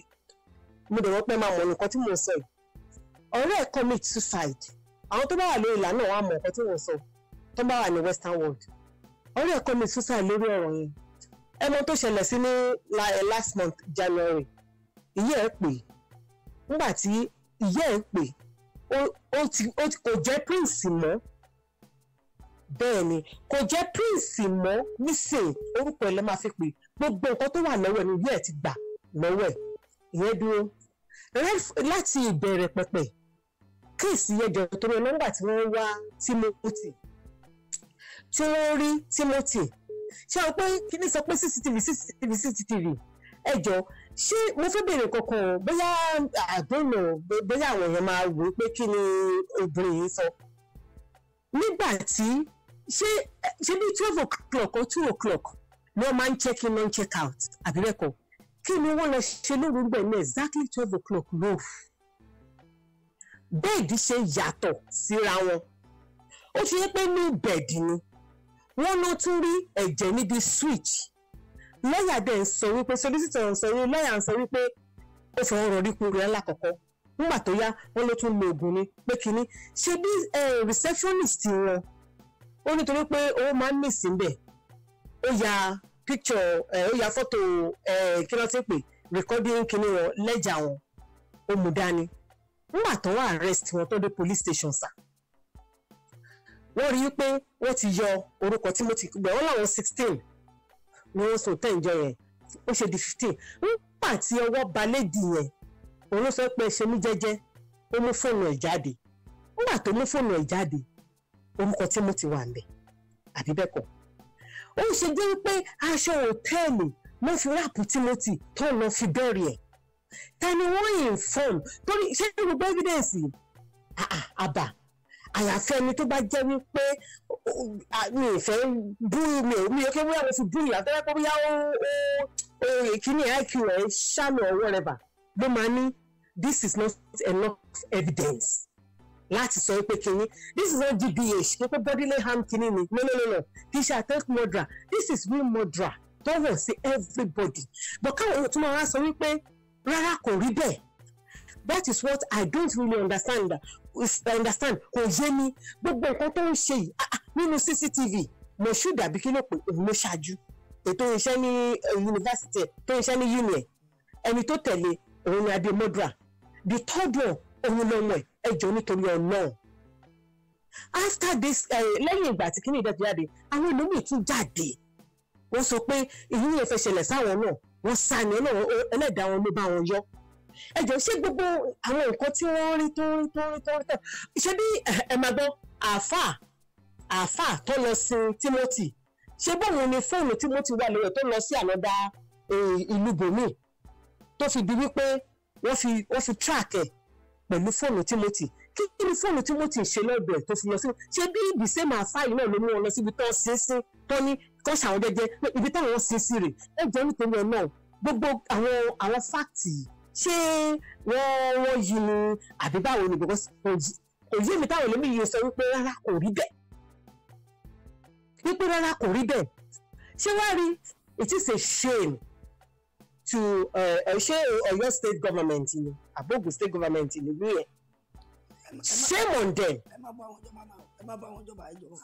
mo dẹ̀ wọ́n pẹ́ máa mọ̀ nǹkan tí mò ń sọ yìí ọ̀rẹ́ ẹ̀ commit suicide àwọn tó bá wà lórí ìlà náà wà mọ̀ nǹkan tí mò ń sọ tó bá wà ní western world ọ̀rẹ́ ẹ̀ commit suicide lórí ọ̀rọ̀ yẹn ẹ mọ̀ tó ṣẹlẹ̀ sí ní eh, last month January ìyá ẹ̀ pè nígbà tí ìyá ẹ̀ pè kò jẹ́ prince mọ́ bẹ́ẹ̀ ni kò jẹ́ prince mọ́ nísìn orúkọ ẹ̀ lẹ́ máa fi pè gbogbo nǹkan tó wà lọ́wọ́ ẹ̀ ní ìyá ẹ̀ ti gbà lọ́wọ́ ẹ̀ ìyẹn dúró láti ìbẹ̀rẹ̀ pẹ̀pẹ̀ kéèsì ẹjọ́ torí nọ́mbà tí wọ́n wá Timothy tí wọ́n rí Timothy ṣé o pé kíní sọ pé CCTV CCTV CCTV ẹjọ́ ṣé mo fẹ́ bèrè kankan bóyá àdónà bóyá àwọn èèyàn máa wò ó pé kí ni obìnrin yìí sọ nígbà tí ṣé ṣé bí twelve o'clock or two o'clock ni wọ́n máa ń check in non check out àbí bẹ́ẹ̀ kọ́ kí ni wọ́n lọ ṣe lóru ń bẹ̀ ní exactly twelve o'clock lóru bẹ́ẹ̀dì ṣe yàtọ̀ síra wọn ó ṣe yẹ pé ní bẹ́ẹ̀dì ni wọ́n lọ tún rí ẹ̀jẹ̀ níbi switch lọ́yà dẹ̀ ń sọ wípé solicitor ń sọ wípé lọ́yà ń sọ wípé ó fọwọ́ rọrí kú rẹ̀ lákọ̀ọ́kọ́ nígbà tó yá wọ́n ló tún lo oògùn ni pé kínní ṣe bí receptionist wọn ó nítorí pé owó máa ń mì sí bẹ́ẹ̀ ó ya picture ẹ̀ eh, ó ya fọ́tò ẹ̀ eh, kí ló ti pè recording kinní wọn lẹ́jà wọn ó mú dání nígbà tó wà arrest wọn tó dé police station sá wọ́n rí i pé wọ́n ti yọ orúkọ Timothy gbẹ̀ wọ́n làwọn sixteen ni wọ́n sùn tẹ́ǹjọ yẹn ó ṣe di fifteen nígbà tí ọwọ́ balẹ̀ dì yẹn òun ló sọ pé ṣe mí jẹ́jẹ́ ó mú fóònù ẹ̀ jáde nígbà tó mú fóònù ẹ̀ jáde orúkọ Timothy wà ń bẹ̀ àbí bẹ́ẹ̀ kọ́ ó ṣe dé wípé aṣọ òtẹ́ẹ̀lì ló fi ráàpù Timothy tó lọ fi bẹ̀rẹ̀ ẹ̀ ta ni wọ́n inform torí ṣé gbogbo evidence àbà àyàfẹ́ ni tó bá jẹ́ wípé mi ì fẹ́ bú mi ò mi ò kí wíyà mo fi bú ìyá tó yẹ kó bóyá ó ó ìkíní IQ rẹ̀ ṣàlù ọ̀wọ́ rẹ̀ bà ló máa ní this is not enough evidence láti sọ pé kinní this is not GBH pé pé bodily harm kinní ni no no no no kì í ṣe attempt murder this is real murder tó wọ̀ sí everybody but káwọn èèyàn tún máa wá sọ wípé rárá kò rí bẹ́ẹ̀ that is what I don't really understand understand kò yé mi gbogbo nǹkan tó ń ṣe yìí ah, ah, nínú CCTV mo ṣùdà àbí kí ló pè òun ló ṣáájú ètò iṣẹ́ ní yunifásitì eh, tó iṣẹ́ ní union ẹni tó tẹ̀lé òun ni adé mọ́dúrà the third one òun lọ́mọ ẹ̀ ẹ jọ nítorí ọlọ́run after this lẹ́yìn ìgbà tí kíní ìdẹ́tù jáde àwọn ẹlòmíì tún jáde wọ́n sọ pé èyí yẹn fẹ́ ṣẹlẹ̀ sáwọn náà wọ́n sá ni ẹlẹ́dàá wọn ló bá wọn yọ ẹ jọ ṣé gbogbo àwọn nǹkan tí wọ́n rí tó rí tó rí tó rí tẹ̀ ṣé bí ẹ máa gbọ́ àáfàá àáfàá tó lọ sin Timothy ṣé bóun ni fóònù Timothy wà lórí ẹ̀ tó lọ sí ànádà eh, ìlú bòmíì tó fi di wípé wọ́n fi wọ́n fi track ẹ̀ pẹ̀lú fóònù Timothy kí ni fóònù Timothy ṣe lọ́dọ̀ ẹ̀ tó fi lọ sí ṣé bí ibi ṣe máa fáyì náà ló mú wọn lọ síbi tó ń sin sí tó ní kọ́ṣà àwọn jẹjẹ ibi táwọn sin sí rè ẹ jẹ́ nítorí ẹ náà gbogbo àwọn àwọn fáàtì ṣé wọ́n wọ́n yí ni àbí báwo ni because òyí mi táwọn olómi yìí sọ wípé rárá kò rí bẹ́ẹ̀ wípé rárá kò rí bẹ́ẹ̀ ṣé wàá rí it is a shame to eh, eh, ṣé Ọ̀yọ́ state government ni. You know? abogun state government nílùú yẹn shame on them. ẹ má bú àwọn ìjọba náà ẹ má bú àwọn ìjọba ìjọba.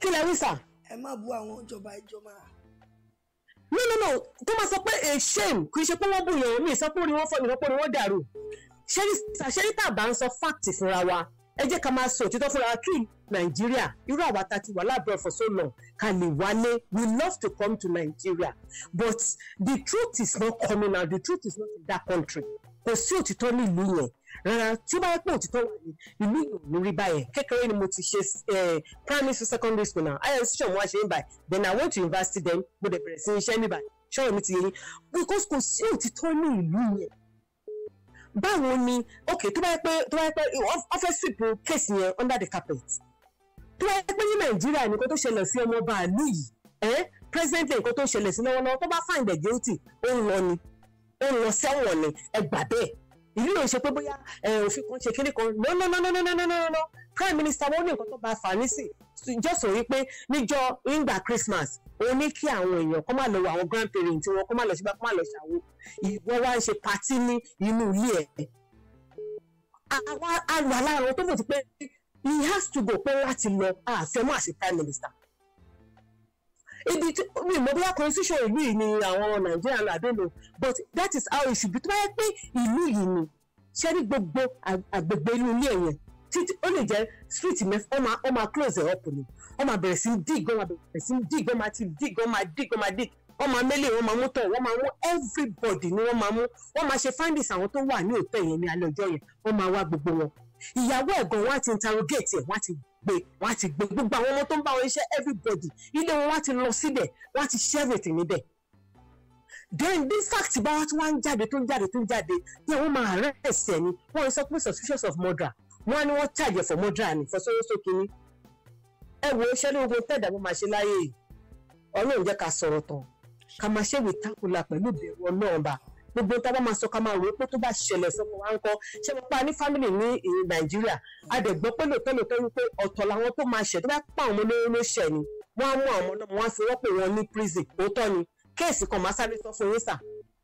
kí lẹ wí sà. ẹ má bú àwọn ìjọba ìjọba. no no no tó máa sọ pé a shame kì í ṣe pé wọ́n bù yẹn mi ìsọpọ̀ orí wọn fọ́ ìrọ́pọ̀ orí wọn dàrú ṣẹ́rí tàbá ń sọ fact fúnra wa ẹ jẹ́ ká máa sọ òtítọ́ fúnra kí nàìjíríà irú àwa ta ti wà lábẹ́ for so long ká lè wálé we love to come to Nigeria but the truth is not coming out the truth is not in that country kò sí òtítọ́ ní ìlú yẹn rárá tí ó bá yẹ pé òtítọ́ wà ní ìlú yìí ò ní rí báyẹn kékeré ni mo ti ṣe eh, primary school secondary school náà ayọ̀ ṣíṣàn mo wá ṣe ń báyìí then I went to university then mo dẹ̀ bẹ̀rẹ̀ sí iṣẹ́ níbàyìí ṣọ́ọ̀ mi ti yẹ yín because kò sí òtítọ́ ní ìlú yẹn báwo ni ok tó bá yẹ pé tó bá yẹ pé wọ́n kéèsì yẹn under the carpet tó bá yẹ pé ní nàìjíríà nìkan tó ṣẹlẹ̀ sí ọmọ ọba àlú yìí president nǹkan tó ṣẹlẹ̀ sí lọ́wọ́lọ́wọ́ tó bá find the guilty ó ń lọ ni ó ń lọ sẹ́wọ̀n ni ẹ gbà bẹ́ẹ̀ ìlú yóò ṣe pé bóyá òfin kan ṣe kínní kan no no no no no no no no prime minister wọn ní nǹkan tó bá fà á nísìn jọ́sọ̀ wípé níjọ́ ìgbà Christmas ó ní kí àwọn èèyàn kó má lọ wo àwọn grandparents wọn kó má lọ síbá kó má lọ ṣàwo ìwọ wá ń ṣe patí ní inú ilé ẹ̀ àwa àlọ́ wọn tó mọ̀ sí pé he has to go pé láti lọ àfẹ́mọ́ àti prime minister ibi tí mi mọ̀ bóyá constitution ìlú yìí ni àwọn nàìjíríà lọ àbẹ̀lò but that is how it should be tó bá yẹ pé ìlú yìí ni ṣẹ́rí gbogbo àgbègbè inú ilé yẹn títí ó lè jẹ́ street mẹ́fà ọmọ ọmọ close ẹ̀ up ni ọmọ bẹ̀rẹ̀ sí dig ọmọ bẹ̀rẹ̀ sí dig ọmọ ti dig ọmọ dig ọmọ dig ọmọ mẹ́lẹ̀ wọn máa mú tọ̀ wọ́n máa mú everybody ni wọ́n máa mú wọ́n máa ṣe findings àwọn tó wà ní òtẹ́ yẹn ní alẹ́ ọjọ́ yẹn wọ́n máa wá gbogbo wọn ìyàwó ẹ̀gbọ́n wọn á ti interrogate ẹ̀ wọ́n á ti gbé wọ́n á ti gbé gbogbo àwọn ọmọ tó ń bá wọn ṣe everybody ilé wọn wá ti lọ síbẹ̀ wọ́n á ti ṣe everything níbẹ̀ then bí fact bá wá tí wọ́n ń jáde tó ń jáde tó ń jáde yẹ wọ́n máa arrest ẹ̀ ni wọ́n sọ pé suspicious of murder wọ́n á ní wọ́n tàjẹ̀ fọ̀ mọ́dúrà ní fọ́sọ́wọ́sọ́ kínní ẹ wo iṣẹ́ ní ogun tẹ́ẹ̀dá bó máa ṣe láyé yìí ọlọ́run jẹ́ ká sọ̀rọ̀ tán ká máa ṣèwé tákùlà pẹ̀lú ìbẹ̀rù ọlọ́run bá gbogbo tá a bá máa sọ ká máa rò ó pé tó bá ṣẹlẹ̀ sọ́kọ̀ wa ń kọ́ ṣé mo pa ní fámìlì ní eh, nàìjíríà a dẹ̀ gbọ́ pé lóòótọ́ lóòótọ́ wípé ọ̀tọ̀ làwọn tó máa ṣẹ̀ tó bá pa àwọn olóyún ló ṣẹ̀ ni wọ́n á mú àwọn ọmọ náà á fi wọ́n pè ní prison òótọ́ ni kéèsì kan màá sáré sọ fún yín sà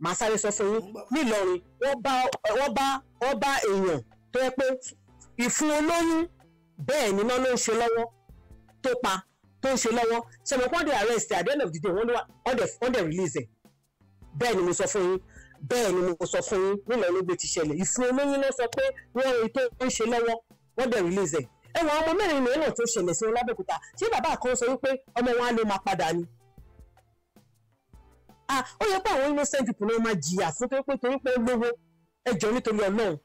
màá sáré sọ fún yín nílọrin wọ́n bá wọ́n bá èèyàn tó yẹ pé ìfún olóyún bẹ́ẹ̀ ni náà ló ń ṣe lọ́wọ́ tó pa tó ń ṣe lọ́wọ́ ṣe mo kọ́ dé arrest at the end of the day wọ́n dẹ̀ release ẹ̀ bẹ́ẹ̀ ni mo sọ fún yín bẹ́ẹ̀ ni mo sọ fún yín nílẹ̀ olóògbé ti ṣẹlẹ̀ ìfún olóyún ló sọ pé wọ́n rí tó ń ṣe lọ́wọ́ wọ́n dẹ̀ release ẹ̀ ẹ̀wọ̀n ọmọ mẹ́rin mìíràn náà tó ṣẹlẹ̀ sí wọn lábẹ́òkúta ṣé bàbá kan sọ wípé ọmọ wọn á ló máa padà ni. Ah, ó yẹ pé àwọn innocent people náà máa jìyà fún pé torí pé lówó ẹjọ́ nítorí Ọlọ́run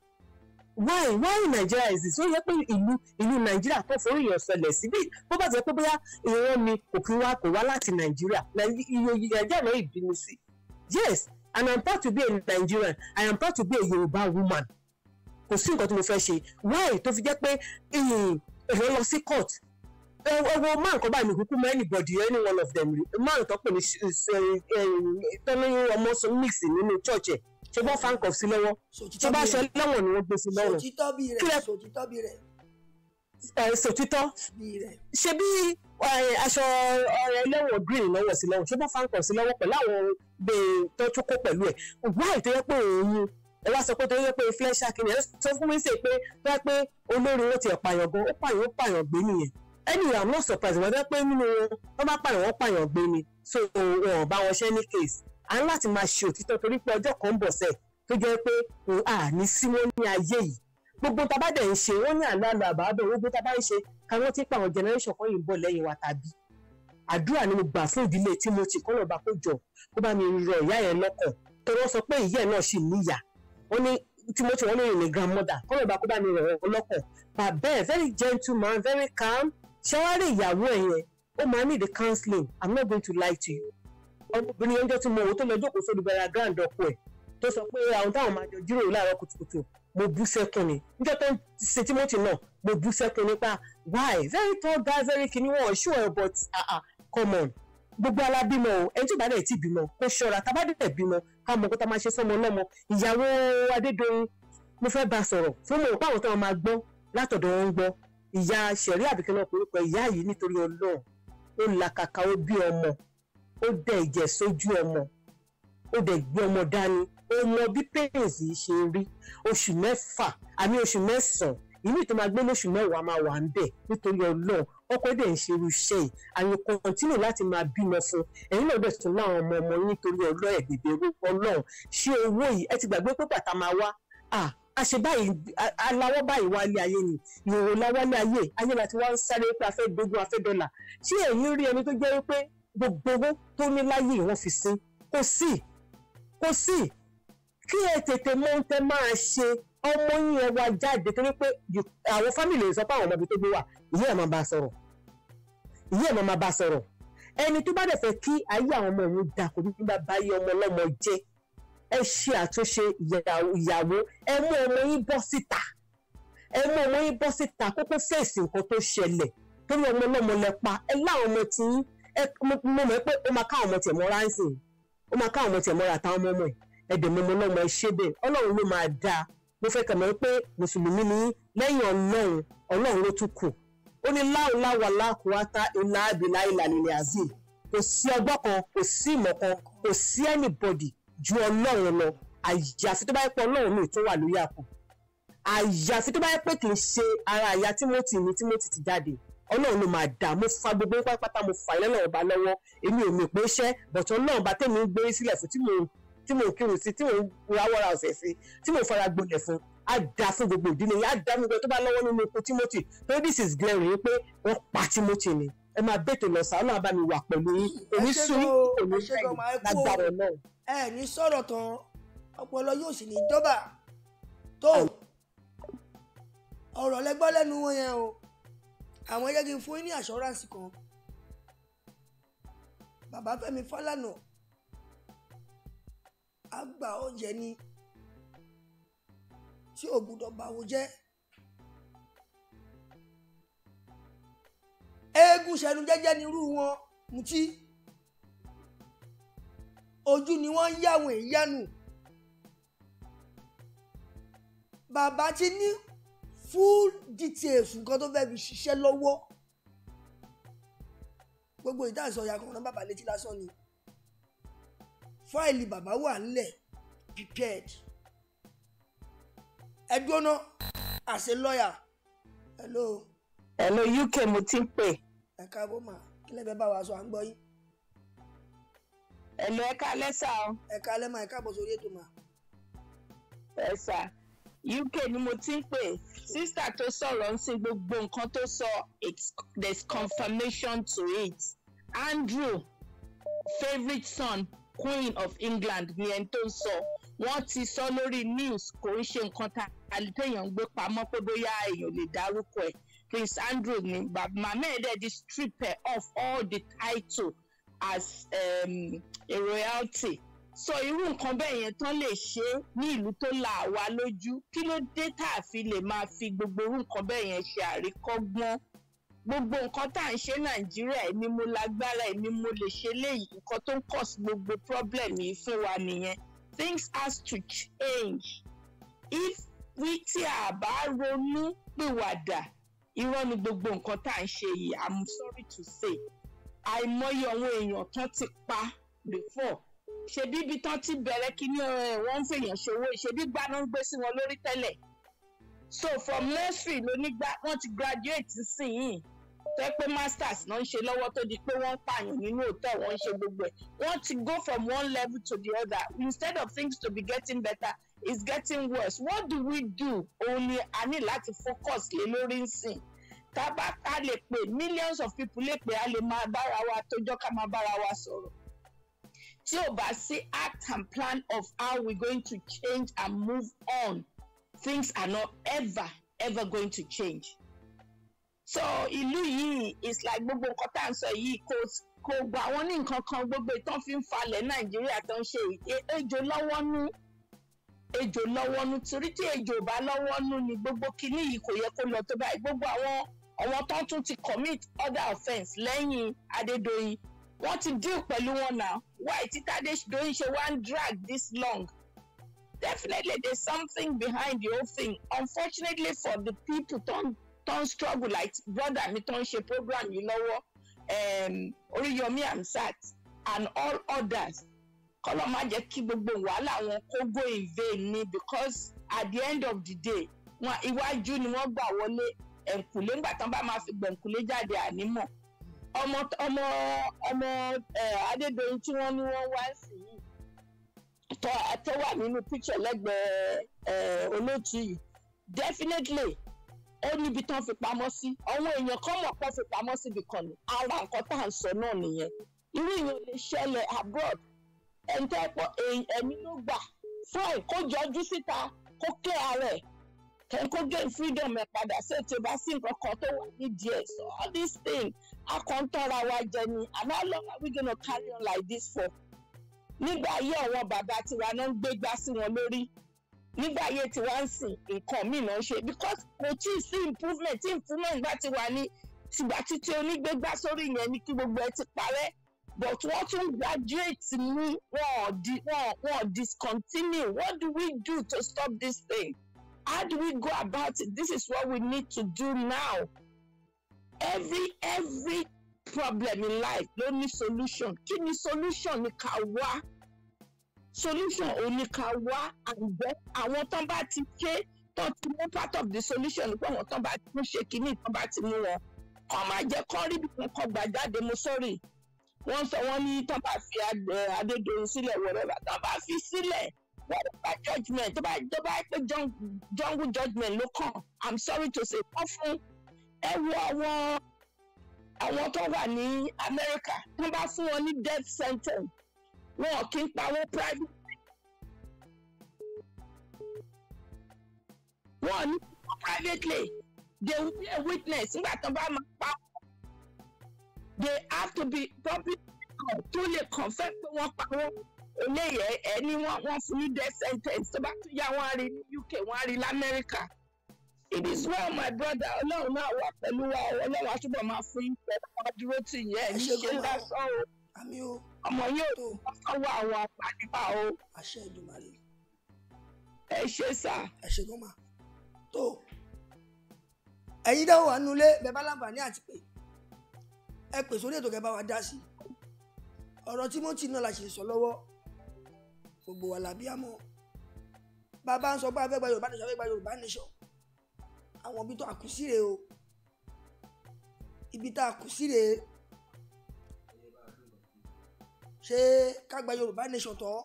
why why Nigeria is this ó yẹ pé ìlú ìlú Nigeria tó forí yàn sọlẹ̀ síbí bó bá jẹ́ pé bóyá ìran mi kò kí wá kò wá láti Nigeria Nigeria náà ìbínú sí yes and am proud to be a Nigerian I am proud to be a Yoruba woman kò sí nǹkan tí mo fẹ́ ṣe why tó fi jẹ́ pé èrò lọ sí court ẹwọ máa nǹkan báyìí kúkú mọ anybody any one of them máa ń tọ́pọ̀ ní tọ́lẹ́yìn ọmọ mix nínú church ẹ̀ ṣe bọ́ fáńkọ̀ sí lọ́wọ́ tó bá ṣe lọ́wọ́ ni wọ́n gbé sí lọ́rùn. sòtítọ́ bí rẹ̀ sòtítọ́ bí ṣe bí aṣọ ẹlẹ́wọ̀n green lọ́wọ́ sí lọ́wọ́ ṣe bọ́ fáńkọ̀ sí lọ́wọ́ pẹ̀lú àwọn bẹ́ẹ̀ tó tún kó pẹ̀lú ẹ̀ wáyé tó yẹ pé òun ẹ wá sọ pé tó yẹ pé fletcher kìíní ẹ sọ fún mi sè pé tó yẹ pé olórí wọn ti ẹ̀ pààyàn gan ó pààyàn ó pààyàn gbé nìyẹn anyway i'm not surprised wọ́n jẹ́ pé nínú wọn bá pààyàn wọ́n pààyàn gbé ni so wọn ò bá wọn ṣe ní case a ní láti máa ṣe òtítọ́ torí pé ọjọ́ kan ń bọ̀ sẹ́ẹ̀ tó jẹ́ pé a ní sí wọn ní ayé yìí gbogbo tá a bá dẹ̀ ń ṣe wọ́n ní àlọ́ àlọ́ àbábọ̀ gbogbo tá a bá ń ṣe ká wọ́n ti pa àwọn generation kan yìí ń bọ̀ lẹ́yìn wa tàbí àdúrà ni mo gbà fún ìdílé Timothy kọ́nà bá kó jọ kó bá mi rọ ìyá yẹn lọ́kàn tó wọ́n sọ pé ìyá ẹ̀ náà ṣì níyà wọ́n ní Timothy wọ́n lóyún ní grandmother kọ́nà bá kó bá mi rọ ọ̀ lọ́kàn bàbá ẹ̀ very gentle man very calm ṣẹ́wárì ìyàwó ẹ̀ yẹn ó máa the counseling I'm not going to lie to you ọmọbìnrin yẹn jẹ́ tí mo wò tó lọ jókòó sórí bẹ̀rẹ̀ grand ọkọ ẹ̀ tó sọ pé àwọn táwọn máa jọ jíròrò láàárọ̀ kùtùkùtù mo bú sẹ́kùn ni níjọ́ tó ń ṣe Timothy náà mo bú sẹ́kùn nípa why very tall guy very kìíní wọn ṣú ẹ but ah ah come on gbogbo alábímọ o ẹni tí ò bá dẹ̀ ti bímọ kó ṣọ́ra tá a bá dẹ̀ bímọ ká mọ̀ kó tá a máa ṣe sọ́mọ lọ́mọ ìyàwó Adédoyin mo fẹ́ bá sọ̀rọ̀ fún mo báwọn tó máa gbọ́ látọ̀dọ̀ wọn gbọ́ ìyá sẹ̀rí àbíkẹ́ náà pé ìyá yìí nítorí Ọlọ́run ó làkàkà ó bí ọmọ ó dẹ ìjẹ sójú ọmọ ó dẹ gbé ọmọ dání ó mọ bí parents yìí ṣe rí oṣù mẹ́fà àmì oṣù mẹ́sàn-án ìmí tó máa gbé lóṣù mẹ́wàá máa wà ń bẹ̀ nítorí ọlọ́run ọkọ dẹ̀ ń ṣerú iṣẹ́ yìí àyè kọ́ńtínù láti máa bímọ fún ẹ̀yin náà dẹ̀ tún láwọn ọmọ ọmọ yín nítorí ọlọ́ ẹ̀ bèbè ọlọ́run ṣé owó yìí ẹ ti gbàgbé pé bàtà máa wá àṣẹ báyìí aláwọ̀ báyìí wálé ayé ni ìhòòhò láwálé ayé ayé láti wá ń sáré pé a fẹ́ dogun a fẹ́ dọ́là ṣé ẹ̀yin rí ẹni tó jẹ́ wípé gbogbo owó tó ní láyé wọn fi sí kò sí kò sí kí ẹ tètè mọ ohun tẹ máa ṣe ọmọ yín ẹ wá jáde torí pé àwọn fámìlì sọ pé àwọn ọmọbi tó gbé wà ìyá ẹ̀ máa bá sọ̀rọ̀ ìyá ẹ̀ máa bá sọ̀rọ̀ ẹni tó bá dẹ̀ fẹ́ kí ayé àwọn ọmọ òun dà kó nígbà báyé ọmọ ọlọ́mọ jẹ́ ẹ ṣe àtúnṣe ìyàwó ẹ mú ọmọ yín bọ́ síta ẹ mú ọmọ yín bọ́ síta kókó fèsì nǹkan tó ṣẹlẹ̀ torí ọmọ ọlọ́mọ lẹ pa ẹ láwọn ọmọ tí yín mo mọ̀ pé ó máa ká àwọn ọmọ tiẹ̀ mọ́ra ń sìn ó máa ká àwọn ọmọ tiẹ̀ mọ́ra àtàwọn ọmọ ọmọ ẹ̀ ẹ̀dẹ̀ mímọ́ lọ́mọ ẹ ṣe bẹ́ẹ̀ ọlọ́run ló máa dáa mo fẹ́ kàn mọ́ pé mùsùlùmí ni lẹ́yìn ọlọ́run ọlọ́run ló tún kù ó ní láòláwà láàkúwátá ilà abìlà ìlànà ilẹ̀ azeem kò sí ọgbọ́n kan kò sí ìmọ̀ kan kò sí anybody ju ọlọ́run lọ àyàfi tó bá yẹ pé ọlọ́run mi tó wà lórí àpò àyàfi tó bá yẹ pé kì í ṣe ara àyà Timothy ni Timothy ti jáde ọlọ́run ló máa dà mo fa gbogbo yín pátá mo fà ilé ọlọ́run ọba lọ́wọ́ èmi ò mì pé iṣẹ́ but ọlọ́run ọba tèmi ń gbé sílẹ̀ fún tí mo kírun sí tí mo rawọ́ra ọ̀sẹ̀ sí tí mo fara gbolẹ̀ fún á da fún gbogbo ìdílé yìí á da fún gbogbo tó bá lọ́wọ́ nínú ikú Timothy pé this is glory pé wọ́n pa Timothy ni ẹ máa bètò lọ sàánú àbá mi wà pẹ̀lú èmi sún èmi sẹ́yìn lágbára náà. ẹ ní sọ̀rọ̀ àwọn ẹjẹ́ kí fún ní assurance kan bàbá Fẹ́mi Fálànà àgbà ọ̀jẹ̀ ni tí ò gbúdọ̀ báwo jẹ́ eégún ṣẹnu ni nírú wọn mutí ojú ni wọ́n ń yàwọ̀ èyí yánu bàbá ti ní full details nǹkan tó fẹ́ẹ́ fi ṣiṣẹ́ lọ́wọ́ gbogbo ìdáhùn sọ̀yà kan náà bàbá létí lásán ni fáìlì bàbá wà nílẹ̀ prepared ẹ dúró as a lawyer hello. hello UK mo ti ń pè. ẹ káàbọ̀ mà kí lẹ́bẹ̀ẹ́ bá wa sọ à ń gbọ́ yín. hello ẹ kálẹ́ sá o. ẹ kálẹ́ mà ẹ sórí ètò mà. ẹ sá. UK ni mo ti ń pè sísà tó sọ̀rọ̀ ń sin gbogbo nǹkan tó sọ there is confirmation to it Andrew favourite son Queen of England ni ẹni tó ń sọ wọ́n ti sọ lórí news kò ń ṣe nǹkan tá àlùtẹ̀yàn ń gbé pamọ́ pé bóyá èèyàn lè dárúkọ ẹ̀ Prince Andrew ni màmá ẹ̀ dẹ̀ di strip her of all the title as um, a royalty sọ irú nǹkan bẹ́ẹ̀ yẹn tán lè ṣe é ní ìlú tó la àwa lójú kí ló dé tá a fi lè máa fi gbogbo irú nǹkan bẹ́ẹ̀ yẹn ṣe àríkọ́gbọ́n gbogbo nǹkan tá à ń ṣe nàìjíríà èmi mo lágbára èmi mo lè ṣe léyìí nǹkan tó ń cause gbogbo problem yìí fún wa nìyẹn things has to change if we tí a bá ronú pìwàdà irọ́ ni gbogbo nǹkan tá à ń ṣe yìí i'm sorry to say àìmọye àwọn èèyàn tán ti pa before ṣebí ibi tán ti bẹ̀rẹ̀ kíní eh, wọ́n ń fèèyàn ṣòwò ṣebí gbaná ń gbé sí wọn lórí tẹ́lẹ̀ so from nursery lónígbà wọ́n ti graduate nísìnyìí tẹ́ pé masters náà ń ṣe lọ́wọ́ tó di pé wọ́n ń pààyàn nínú òótọ́ wọ́n ń ṣe gbogbo ẹ̀ wọ́n ti go from one level to the other instead of things to be getting better it's getting worse what do we do Only ni a ní láti focus lé lórí nsìn tábà a lè pè millions of people lè pè a lè máa bára wa tójọ́ ká máa bára wa sọ̀rọ̀ tí ò bá sí act and plan of how we going to change and move on things are not ever ever going to change so ìlú yìí is like gbogbo nǹkan tá à ń sọ yìí kò kò gbà wọ́n ní nǹkan kan gbogbo ìtàn fi ń falẹ̀ nàìjíríà tó ń ṣe e, ejò lọ́wọ́ nú ejò lọ́wọ́ nú torí tí ejò bá lọ́wọ́ nú ni gbogbo kinní yìí kò yẹ kó lọ tó báyìí gbogbo àwọn àwọn tó tún ti commit other offence lẹ́yìn adédọ̀yìn wọ́n ti deal pẹ̀lú wọn now why tí Tade Doyin ṣe wá drag this long definitely there's something behind the whole thing unfortunately for the people ton ton struggle like brother mi ton ṣe program yìí lọ́wọ́ um, Oríyọmí Hamzat and all others kọ́lọ́ má jẹ́ kí gbogbo wàhálà wọn kó go in vain ni because at the end of the day wọn iwájú ni wọ́n gbà wọlé ẹ̀ǹkùlé ńgbà tán bá máa fi gbẹ̀ǹkùlé jáde ànímọ̀ ọmọ ọmọ ọmọ Adédoyin tí wọ́n ní wọ́n wá sí yìí tó wà nínú picture lẹ́gbẹ̀ẹ́ olóòtú yìí definitely ó níbi tán fi pamọ́ sí àwọn èèyàn kan mọ̀ kán fi pamọ́ síbi kan ní ara nǹkan tá à ń sọ náà nìyẹn irú èèyàn lè ṣẹlẹ̀ abroad ẹni tó pọ̀ ẹ̀mí ló gbà fine kó jọjú síta kó kẹ́ ara ẹ̀ kẹ́ńkó gain freedom ẹ̀ padà ṣètò bá sí nǹkan kan tó wà nídìí ẹ̀ so all these things a kàn ń tọ́ra wa jẹ ni and how long are we gonna carry on like this for nígbà ayé àwọn bàbá tiwa náà ń gbégbá sí wọn lórí nígbà ayé tiwa ń sìn nǹkan míì náà ṣe because kò tí ì sí improvement tí improvement bá ti wà ní tìgbà títí onígbégbá sórí yẹn ni kí gbogbo ẹ ti parẹ́ but wọ́n tún graduate ní wọ́n di wọ́n wọ́n discontinue what do we do to stop this thing how do we go about it this is what we need to do now every every problem in life ló ní solution kí ni solution ni ká wá solution ò ní ká wá àgbẹ̀ àwọn tán bá ti ṣe tán ti mú part of the solution nípa àwọn tán bá ti mú ṣe kínní tán bá ti mú wọn kàn máa jẹ́ kán rí bíkan kan gbà jáde mo sọ́rí wọ́n sọ wọ́n ní tán bá fi eh, Adédoyin sílẹ̀ wọ̀rẹ́bà tán bá fi sílẹ̀ wọ́n bá judgement tó bá tó bá pé jungle judgement ló kàn i'm sorry to say kán fún ẹ wo àwọn àwọn tó wà ní Amẹ́ríkà wọ́n bá fún wọn ní death sentence wọn ò kí ń pawó private wọn ní pawó privately they will be a witness nígbà tó bá máa pa they have to be public tó lè confess pé wọ́n pa wọ́n eléyẹ̀ ẹni wọ́n fún ní death sentence tó bá tún yá wọ́n rí ní UK wọ́n á rí l'Amẹ́ríkà it is well my brother ọlọ́run náà wà pẹ̀lú wa ọlọ́run aṣọ́bọ̀ máa fún yín pẹ̀lú wa dúró tì yẹ ẹ̀ ní ṣe lásán o ọmọ yóò tó sọ́wọ́ àwọn apàdébà o. àṣẹ Èdùmàrè. ẹ ṣe sà. ẹ ṣe gọ́mà tó ẹ̀yin dáhùn wà nulẹ̀ bẹ́ẹ̀ bá láǹfààní àti pé ẹ pè sórí ètò kẹbà wa dá sí ọ̀rọ̀ Timothy náà la ṣe sọ lọ́wọ́ gbogbo wa làbí àmọ́ bàbá ń sọ pé a fẹ́ gba Yorùbá nation a fẹ́ gba Yorùbá nation àwọn ibi tó àkú sí rèé o ibi tá a kù sí rèé ṣé ká gba Yorùbá nation tán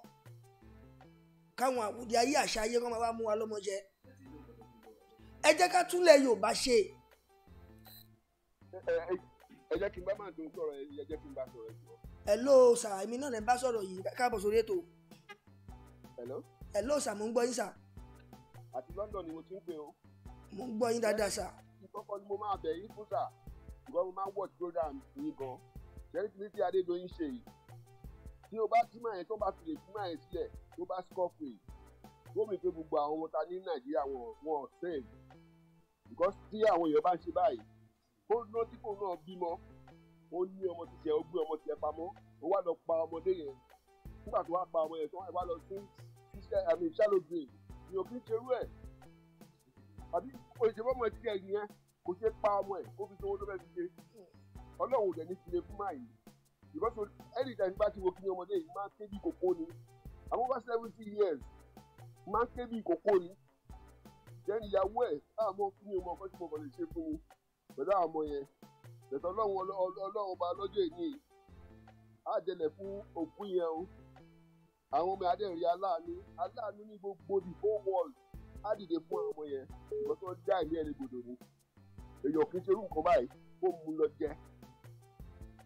káwọn àwùjọ ayé àṣà ayé kan máa wá mú wa lọ́mọ jẹ ẹ jẹ́ ká túnlẹ̀ Yorùbá ṣe. ẹ jẹ́ kí n bá máa dùn sọ̀rọ̀ ẹ jẹ́ kí n bá sọ̀rọ̀ jù. hello sir èmi náà lè bá sọ̀rọ̀ yìí káàbọ̀ sórí ètò. hello. hello sir mo ń gbọ́ yín sir. àti London ni mo ti ń pè o mo ń gbọ́ yín dáadáa sá. ìkọ́kọ́ ni mo máa bẹ̀ yín fún sà ìgbọ́n mo máa ń watch program yín gan ṣẹ́rí tí tí Adédoyin ṣe yìí tí o bá túmọ̀ yẹn tó bá fi lè túmọ̀ yẹn sílẹ̀ tó bá scoff yìí wọ́n mi pé gbogbo àwọn ọmọ ta ní Nàìjíríà wọn wọn save because tí àwọn èèyàn bá ń ṣe báyìí ó ná dípò náà bímọ ó ní ọmọ tìjẹ ó gbé ọmọ tìjẹ pamọ́ ó wá lọ pa ọmọdé yẹn nígbà tó wá pa ọmọ yẹn tó wá lọ sí ṣálódé ni òbí ṣerú ẹ̀ àbí kò ṣe fọmọ títí ẹyìn yẹn kò ṣe pa ọmọ ẹ kó fi sanwó ló fẹẹ fi ṣe Ọlọ́run ò dẹ ní file fún máa yìí ìbáṣọ ẹnì ìtàn nípa tí mo kí ni ọmọdé yìí máa ń ké bí kòkó ni àmọ́ bá seventy years máa ń ké bí kòkó ni jẹ́ni ìyàwó ẹ̀ káàmọ́ kí ni ọmọ ọkàn tí mo kàn lè ṣe fún mi pẹ̀lú àwọn ọmọ yẹn bẹ̀tẹ̀ Ọlọ́run Ọlọ́run ọba lọ́jọ́ èní àjẹlẹ̀ fún òkú yẹn o àwọn ọmọ adẹ́rìn aláàánú aláàánú ní gbogbo the whole world á dìde fún ọmọ yẹn ìwọ tó ń dá ìlú ẹni gbòdò ni èèyàn kì í ṣerú nǹkan báyìí kó mú lọ jẹ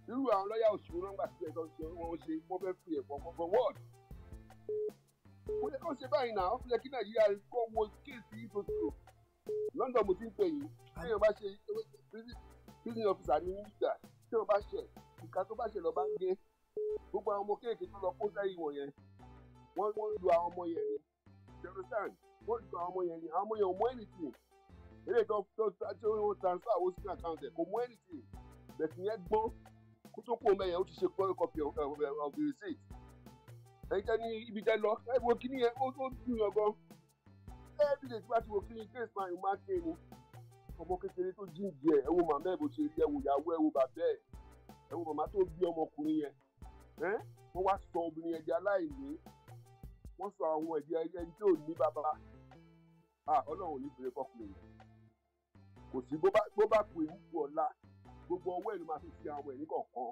irú àwọn lọ́yà òṣèlú nọ́mbà tí ẹ̀sán ṣe wọ́n ṣe wọ́n fẹ́ fi ẹ̀fọ́ gbọ́ngbọ́n wọ́ọ̀d mo yẹ kó ṣe báyìí náà ó fi yẹ kí nàìjíríà kó wo kéèsì yìí tó London mo ti ń pè yín tí èèyàn bá ṣe prison officer ní nígbà tí èèyàn bá ṣe ìka tó bá ṣe lọ bá ń gé gbogbo àwọn ọmọ kéèké tó lọ kó sẹ́yìn wọ̀nyẹn wọ́n lu àwọn ọmọ yẹn ní jẹ́rọ̀sán wọ́n ti sọ àwọn ọmọ yẹn ni àwọn ọmọ yẹn ò mọ anything eré tó tó tí wọ́n transfer owó sínú account ẹ̀ kò mọ anything bẹ̀sì yẹn gbọ́n kó tó kó mẹ́yẹn ó ti ṣe photocopy of the receipt ẹ̀yin tẹ́ ní ibi tẹ́ lọ ẹ wo kíní yẹn ó tó dùn yàn gan every day tí wọ́n ti wo kíní case man máa ké ni ọmọ kékeré tó jíǹde ẹ̀ ẹ wo màmá ẹ̀ bó ṣe rí ẹ wo ìyàwó ẹ wo bàbá ẹ̀ ẹ wo màmá tó bí ọmọkùnrin yẹn ẹ́ wọ́n wá sọ obìnrin ẹ̀dí aláìní wọ́n sọ àwọn ẹ̀dí ẹni tí ò ní bàbá Ah, ọlọ́run ò ní bèrè fọkùnrin kò sí bó bá ku ìwúkú ọ̀la gbogbo ọwọ́ ẹ̀ ló máa fi fi àwọn ẹ̀rí kọ̀ọ̀kan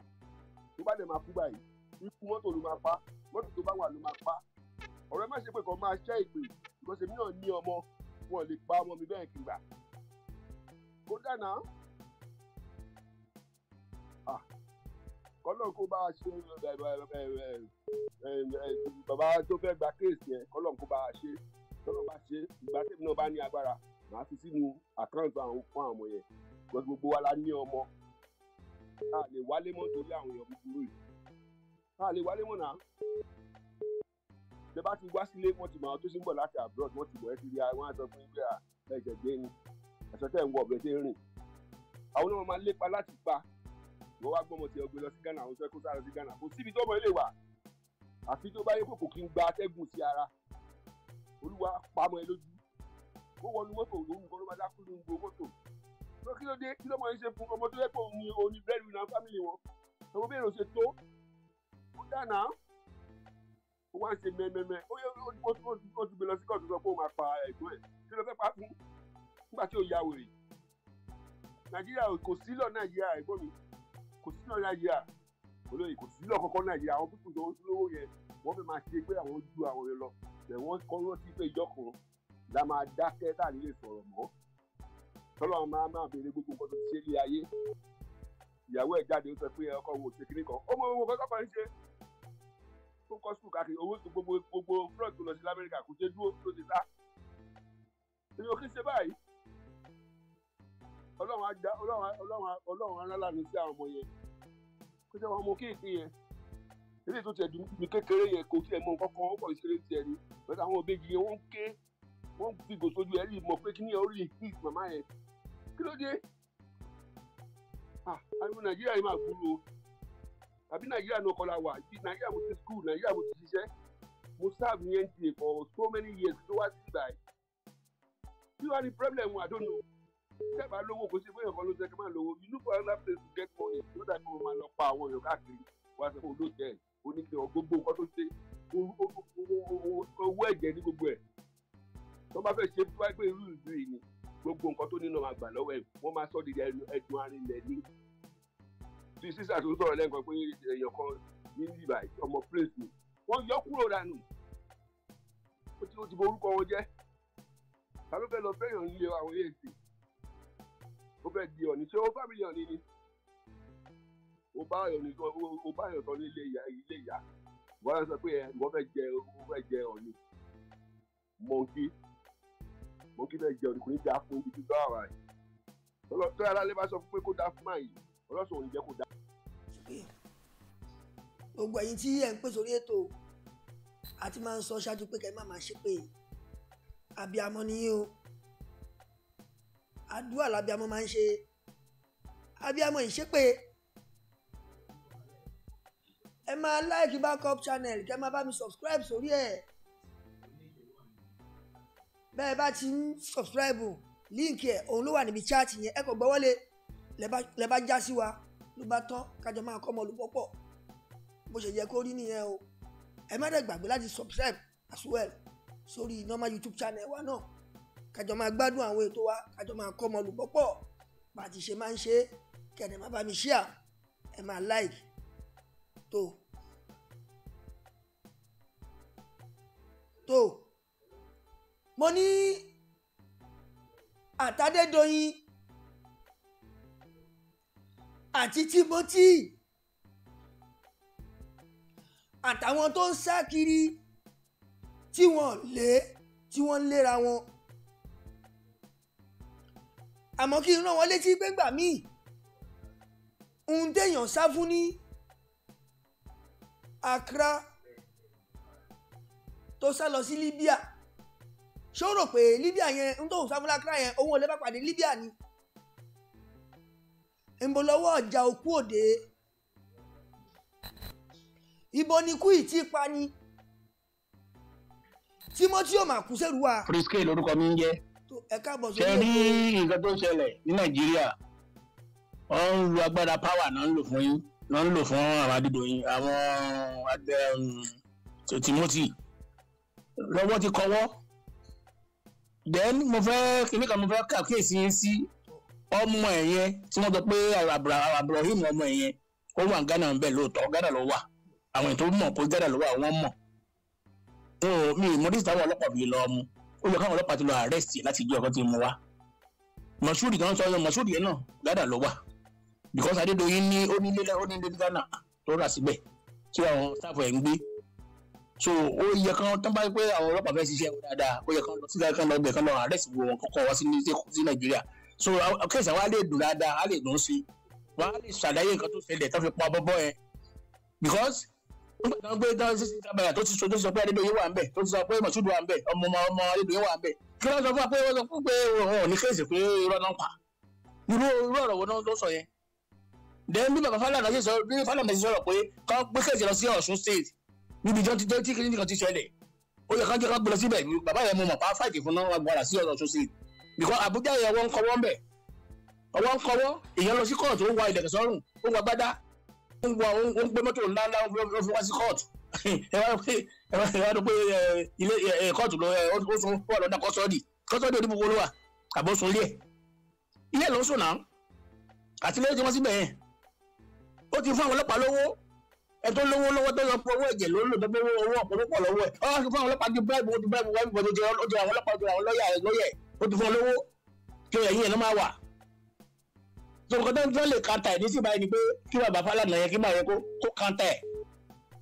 tó bá dẹ̀ máa kú báyìí ikú mọ́tò ló máa pa mọ́tò tó bá wà ló máa pa ọ̀rọ̀ ẹ má ṣe pé kàn máa ṣẹ́ ìpè ìgbọ̀nsẹ̀ mi náà ní ọmọ wọn lè pa ọmọ mi bẹ́ẹ̀ kìgbà kó dànà ah, kọ́lọ́n kó bá a ṣe bàbá tó fẹ́ gba kéèsì yẹn kọ́lọ́n kó bá a ṣe tọ́lọ́ bá ṣe ìgbà tẹ́mi náà bá ní agbára màá fi sínú àkáǹtì àwọn fún àwọn yẹn because gbogbo wa la ní ọmọ a lè wálé mọ́ torí àwọn èèyàn búburú yìí a lè wálé mọ́ náà ìjọba ti wá sílé wọn ti mọ àwọn tó ṣe ń bọ̀ láti abroad wọn ti bọ̀ ẹ́ ti wọn á sọ fún ìgbéra ẹ̀jẹ̀ gbé ni ẹ̀sọ́ tẹ̀ ń wọ ọ̀bẹ tẹ́ ń rìn àwọn náà máa lépa láti pa wọ́n wá gbọ́mọ tí ọ lọ sí Ghana àwọn sọ sára sí Ghana kò síbi tó ọmọ ilé wà àfi tó bá yẹ kó kò kí ń gba atẹ́gùn sí ara olúwa pamọ́ ẹ lójú kó wọnú mọ́tò òun kọ́ ló máa dákú ní gbogbo mọ́tò lọ kí ló dé kí ló máa ń ṣe fún ọmọ tó yẹ kó ní oní bẹ́ẹ̀rù náà fámìlì wọn ọmọ bẹ́ẹ̀ ló ṣe tó ó dáná ó wá ń ṣe mẹ́mẹ́mẹ́ ó yẹ ó ti gbé lọ sí kóòtù sọ pé ó máa pa ẹ̀gbọ́n ẹ̀ kí ló fẹ́ pa fún nígbà tí ó ya wèrè nàìjíríà kò sílọ̀ nàìjíríà ẹ̀gbọ́n mi kò sílọ̀ nàìjíríà olóyè kò sílọ̀ kọ́kọ́ nàìjíríà àwọn pípùn tó ń lówó yẹn wọ́n fẹ́ máa ṣe pé àwọn ju àwọn yẹn lọ àṣẹ wọn kọ́ rántí pé ìjọ kan la máa dákẹ́ tá à ní lè sọ̀rọ̀ mọ́ tọ́lọ́ máa máa béèrè gbogbo nǹkan tó ti ṣe ní ayé ìyàwó ẹ̀ jáde ó sọ pé ọkọ wo ṣe kíní kan ó mọ owó kọ́kọ́ ń ṣe ó kọ́ sùkúl káàkiri owó gbogbo gbogbo fraud tó lọ sí lamẹ́ríkà kò ṣe dúró tó ti sá èmi ò kí ń ṣe báyìí ọlọ́run á já ọlọ́run á ọlọ́run á ọlọ́run á rán lánàá sí àwọn ọmọ yẹn kó jẹ́ wọn mú yẹn eléyìí tó tiẹ̀ dùn mí kékeré yẹn kò tiẹ̀ mọ nǹkan kan ó kàn ṣeré tiẹ̀ ni bẹ́ẹ̀ àwọn òbejì yẹn wọ́n ń ké wọ́n fi gò sójú ẹ̀ rí mọ̀ pé kí ni ó lè kí màmá yẹn kí ló dé àwọn ah, nàìjíríà yìí máa burú o àbí nàìjíríà náà kọ́ la wà àbí nàìjíríà mo ti school nàìjíríà mo ti ṣiṣẹ́ mo serve ní NTA for so many years tó wá sí ibà yìí kí wàá ní problem I don't know sẹ́ẹ̀bà lówó kò sí fún èèyàn kan ló jẹ́ kí n máa lówó you look for another place to get money so that you go máa lọ pa àwọn èèyàn káàkiri wá sọ fún olóòtú ẹ̀ ó ní kí ọ gbogbo nǹkan tó ṣe owó ẹ̀jẹ̀ ní gbogbo ẹ̀ tó bá fẹ́ ṣe fún ẹgbẹ́ irú ìlú yìí ni gbogbo nǹkan tó nínú àgbà lọ́wọ́ ẹ̀ wọ́n máa sọ di ẹdun arinlẹ̀ ní. tí sísà tó sọ̀rọ̀ lẹ́ǹkan pé èèyàn kan ní bíbà ọmọ plate ni wọ́n yọ kúrò dànù ó ti ó ti bo orúkọ wọn jẹ́ ta ló fẹ́ lọ fẹ́yàn nílé àwọn èèyàn sí ó fẹ́ di ọ̀nì ṣé ó fámìlì ọ̀nì ni o bá ọ̀nì kan o bá ọ̀nì kan ní ilé ìyá ilé ìyá wọ́n á sọ pé ẹ wọ́n fẹ́ jẹ wọ́n fẹ́ jẹ ọ̀nì mọ̀nkí mọ̀nkí fẹ́ jẹ ọ̀nì kò ní dáa fún ibi tó dáa wà yìí tó yàrá lè bá sọ fún pé kó dáa fún máa yìí ọlọ́sùn ò ní jẹ́ kó dáa. gbogbo ẹ̀yin tí ẹ ń pè sórí ètò àti máa ń sọ ṣáájú pé kẹ́ ẹ má máa ṣépè ni yín o àdúrà làbíamọ máa ń ṣe abiamọ ìṣépè ẹ máa like backup channel kẹ́ máa bá mi subscribe sórí ẹ̀ bẹ́ẹ̀ bá ti ń subscribe líǹkì ẹ̀ òun ló wà níbi chat yẹn ẹ kò gbọ́ wọlé lẹ́ bá já sí wa ló bá tán kájọ máa kọ́ ọmọ olùpọ̀pọ̀ bó ṣe yẹ kó rí nìyẹn o ẹ má dẹ̀ gbàgbé láti subscribe as well sórí normal youtube channel wa náà kájọ máa gbádùn àwọn ètò wa kájọ máa kọ́ ọmọ olùpọ̀pọ̀ bá a ti ṣe máa ń ṣe kẹ̀dẹ̀ má bá mi share ẹ máa like tó tó mo ní àtàdédọyìn àti Timothy àtàwọn tó ń sá kiri tí wọ́n lé tí wọ́n ń léra wọn àmọ́ kí n rán wọn létí pé gbà míì ohun téèyàn sá fún ní Accra tó sá lọ sí Libya ṣé ó rò pé Libya yẹn ń tóun sáfúnlá Accra yẹn òun ò lè bá pàdé Libya ni ìbò lọ́wọ́ ọjà òkú òde ibo ni kú ìtì pani Timothy ò máa kú sẹ́rù wa. Friske lorúkọ mi ń jẹ́ ṣe rí nǹkan tó ń ṣẹlẹ̀ ní Nàìjíríà wọ́n agbára power náà ń lò fún yín náà ń lò fún àwọn Adédoyin àwọn adé um, Timothy lọ́wọ́ ti kọ́wọ́ then mo fẹ́ kíní kan mo fẹ́ kàkíyèsí yín sí ọmọ ẹ̀ yẹn tí wọ́n sọ pé Abraham ọmọ ẹ̀ yẹn ó wà Ghana ń bẹ̀ lóòótọ́ Ghana ló wà àwọn ètò mọ̀ pé Ghana ló wà wọ́n mọ̀ tó mi ì mọ̀rí ìsìtàwọn ọlọ́pàá fi lọ ọmú ó yẹ káwọn ọlọ́pàá ti lọ arrest láti gbé ọkọ tí mo wá mọ̀ṣúrì náà sọ mọ̀ṣúrì yẹn náà Ghana ló wà because Adédoyin ní ó nílé ó nílé ní Ghana tó rà síbẹ̀ tí àwọn staff ẹ̀ ń gbé so ó yẹ kán tán bá pé àwọn ọlọ́pàá fẹ́ ṣiṣẹ́ wọn dáadáa ó yẹ kán lọ síta kán lọ gbẹ kán lọ arrest wo wọn kọ́kọ́ wá sí Nàìjíríà so kẹsàn-án wa lè dùn dáadáa a lè dùn sí wọn á lè ṣàlàyé nǹkan tó ṣẹlẹ̀ tó fi pa bọ́bọ́ yẹn because nígbà tó ń gbé tán sí kábàyà tó ti sọ tó ti sọ pé Adédoyin wà ń bẹ̀ tó ti sọ pé Moshood wà ń bẹ̀ ọmọ ọmọ Adédoyin wà ń bẹ̀ kí wọ́n sọ fún wa pé wọ́n sọ fún pé òun ò ní kéèsì pé irọ́ náà pa irú irú ọ̀rọ̀ wo náà ló sọ yẹn then bí bàbá Fálànà ṣe sọ bí Fálànà ṣe sọ̀rọ̀ pé kán gbé kéèsì lọ sí Ọ̀ṣun state níbi ìjọ títí tí kìnìkan ti ṣẹlẹ̀ ó yẹ kán jẹ́ kán gbé lọ síbẹ̀ ni bàbá yẹn mo mọ̀ pa fáìtì fún náà gbọ́dọ̀ sí Ọ̀ṣun state because Àbújá yẹn wọ́n ń kọ́wọ́ ń bẹ̀ ọwọ́ ń kọ́wọ́ èèyàn lọ sí kóòtù ó wa ìlẹ̀kẹ̀ sọ́rùn ó wa gbádá ó ń gbé mọ́tò ńláńlá ó fi wá sí kóòtù *laughs* ẹ wá pé ẹ wá pé ilé kóòtù ló ó sùn wà lọ́dà kọ́sọ́ọ̀dì kọ́sọ́ọ̀dì oníbùkún ló wà àbọ̀sùn ilé ẹ̀ ilé ẹ̀ ló sùn náà àtìlẹ́yìn tí wọ́n síbẹ̀ yẹn ó ti fún àwọn ọlọ́pàá lówó ẹ tó lówó lọ́wọ́ tó lọ fún owó ẹ̀jẹ̀ ló ń fún owó ọ̀pọ̀lọpọ̀ lọ́wọ́ ẹ̀ ó ti fún àwọn ọlọ́pàá ti bíráìbù ó ti bíráìbù wẹ́ẹ̀bù ó ti jẹ àwọn ọlọ́pàá ó ti àwọn lọ́yà lọ́yẹ̀ ó ti fún ọ lówó kí ẹ̀yìn ẹ̀ ló máa wà. sọ̀rọ̀ tó ń tán lè kanta ẹ̀ ní sì báyìí ni pé kí bàbá Fálànà yẹn kí bàbá yẹn kó kanta ẹ̀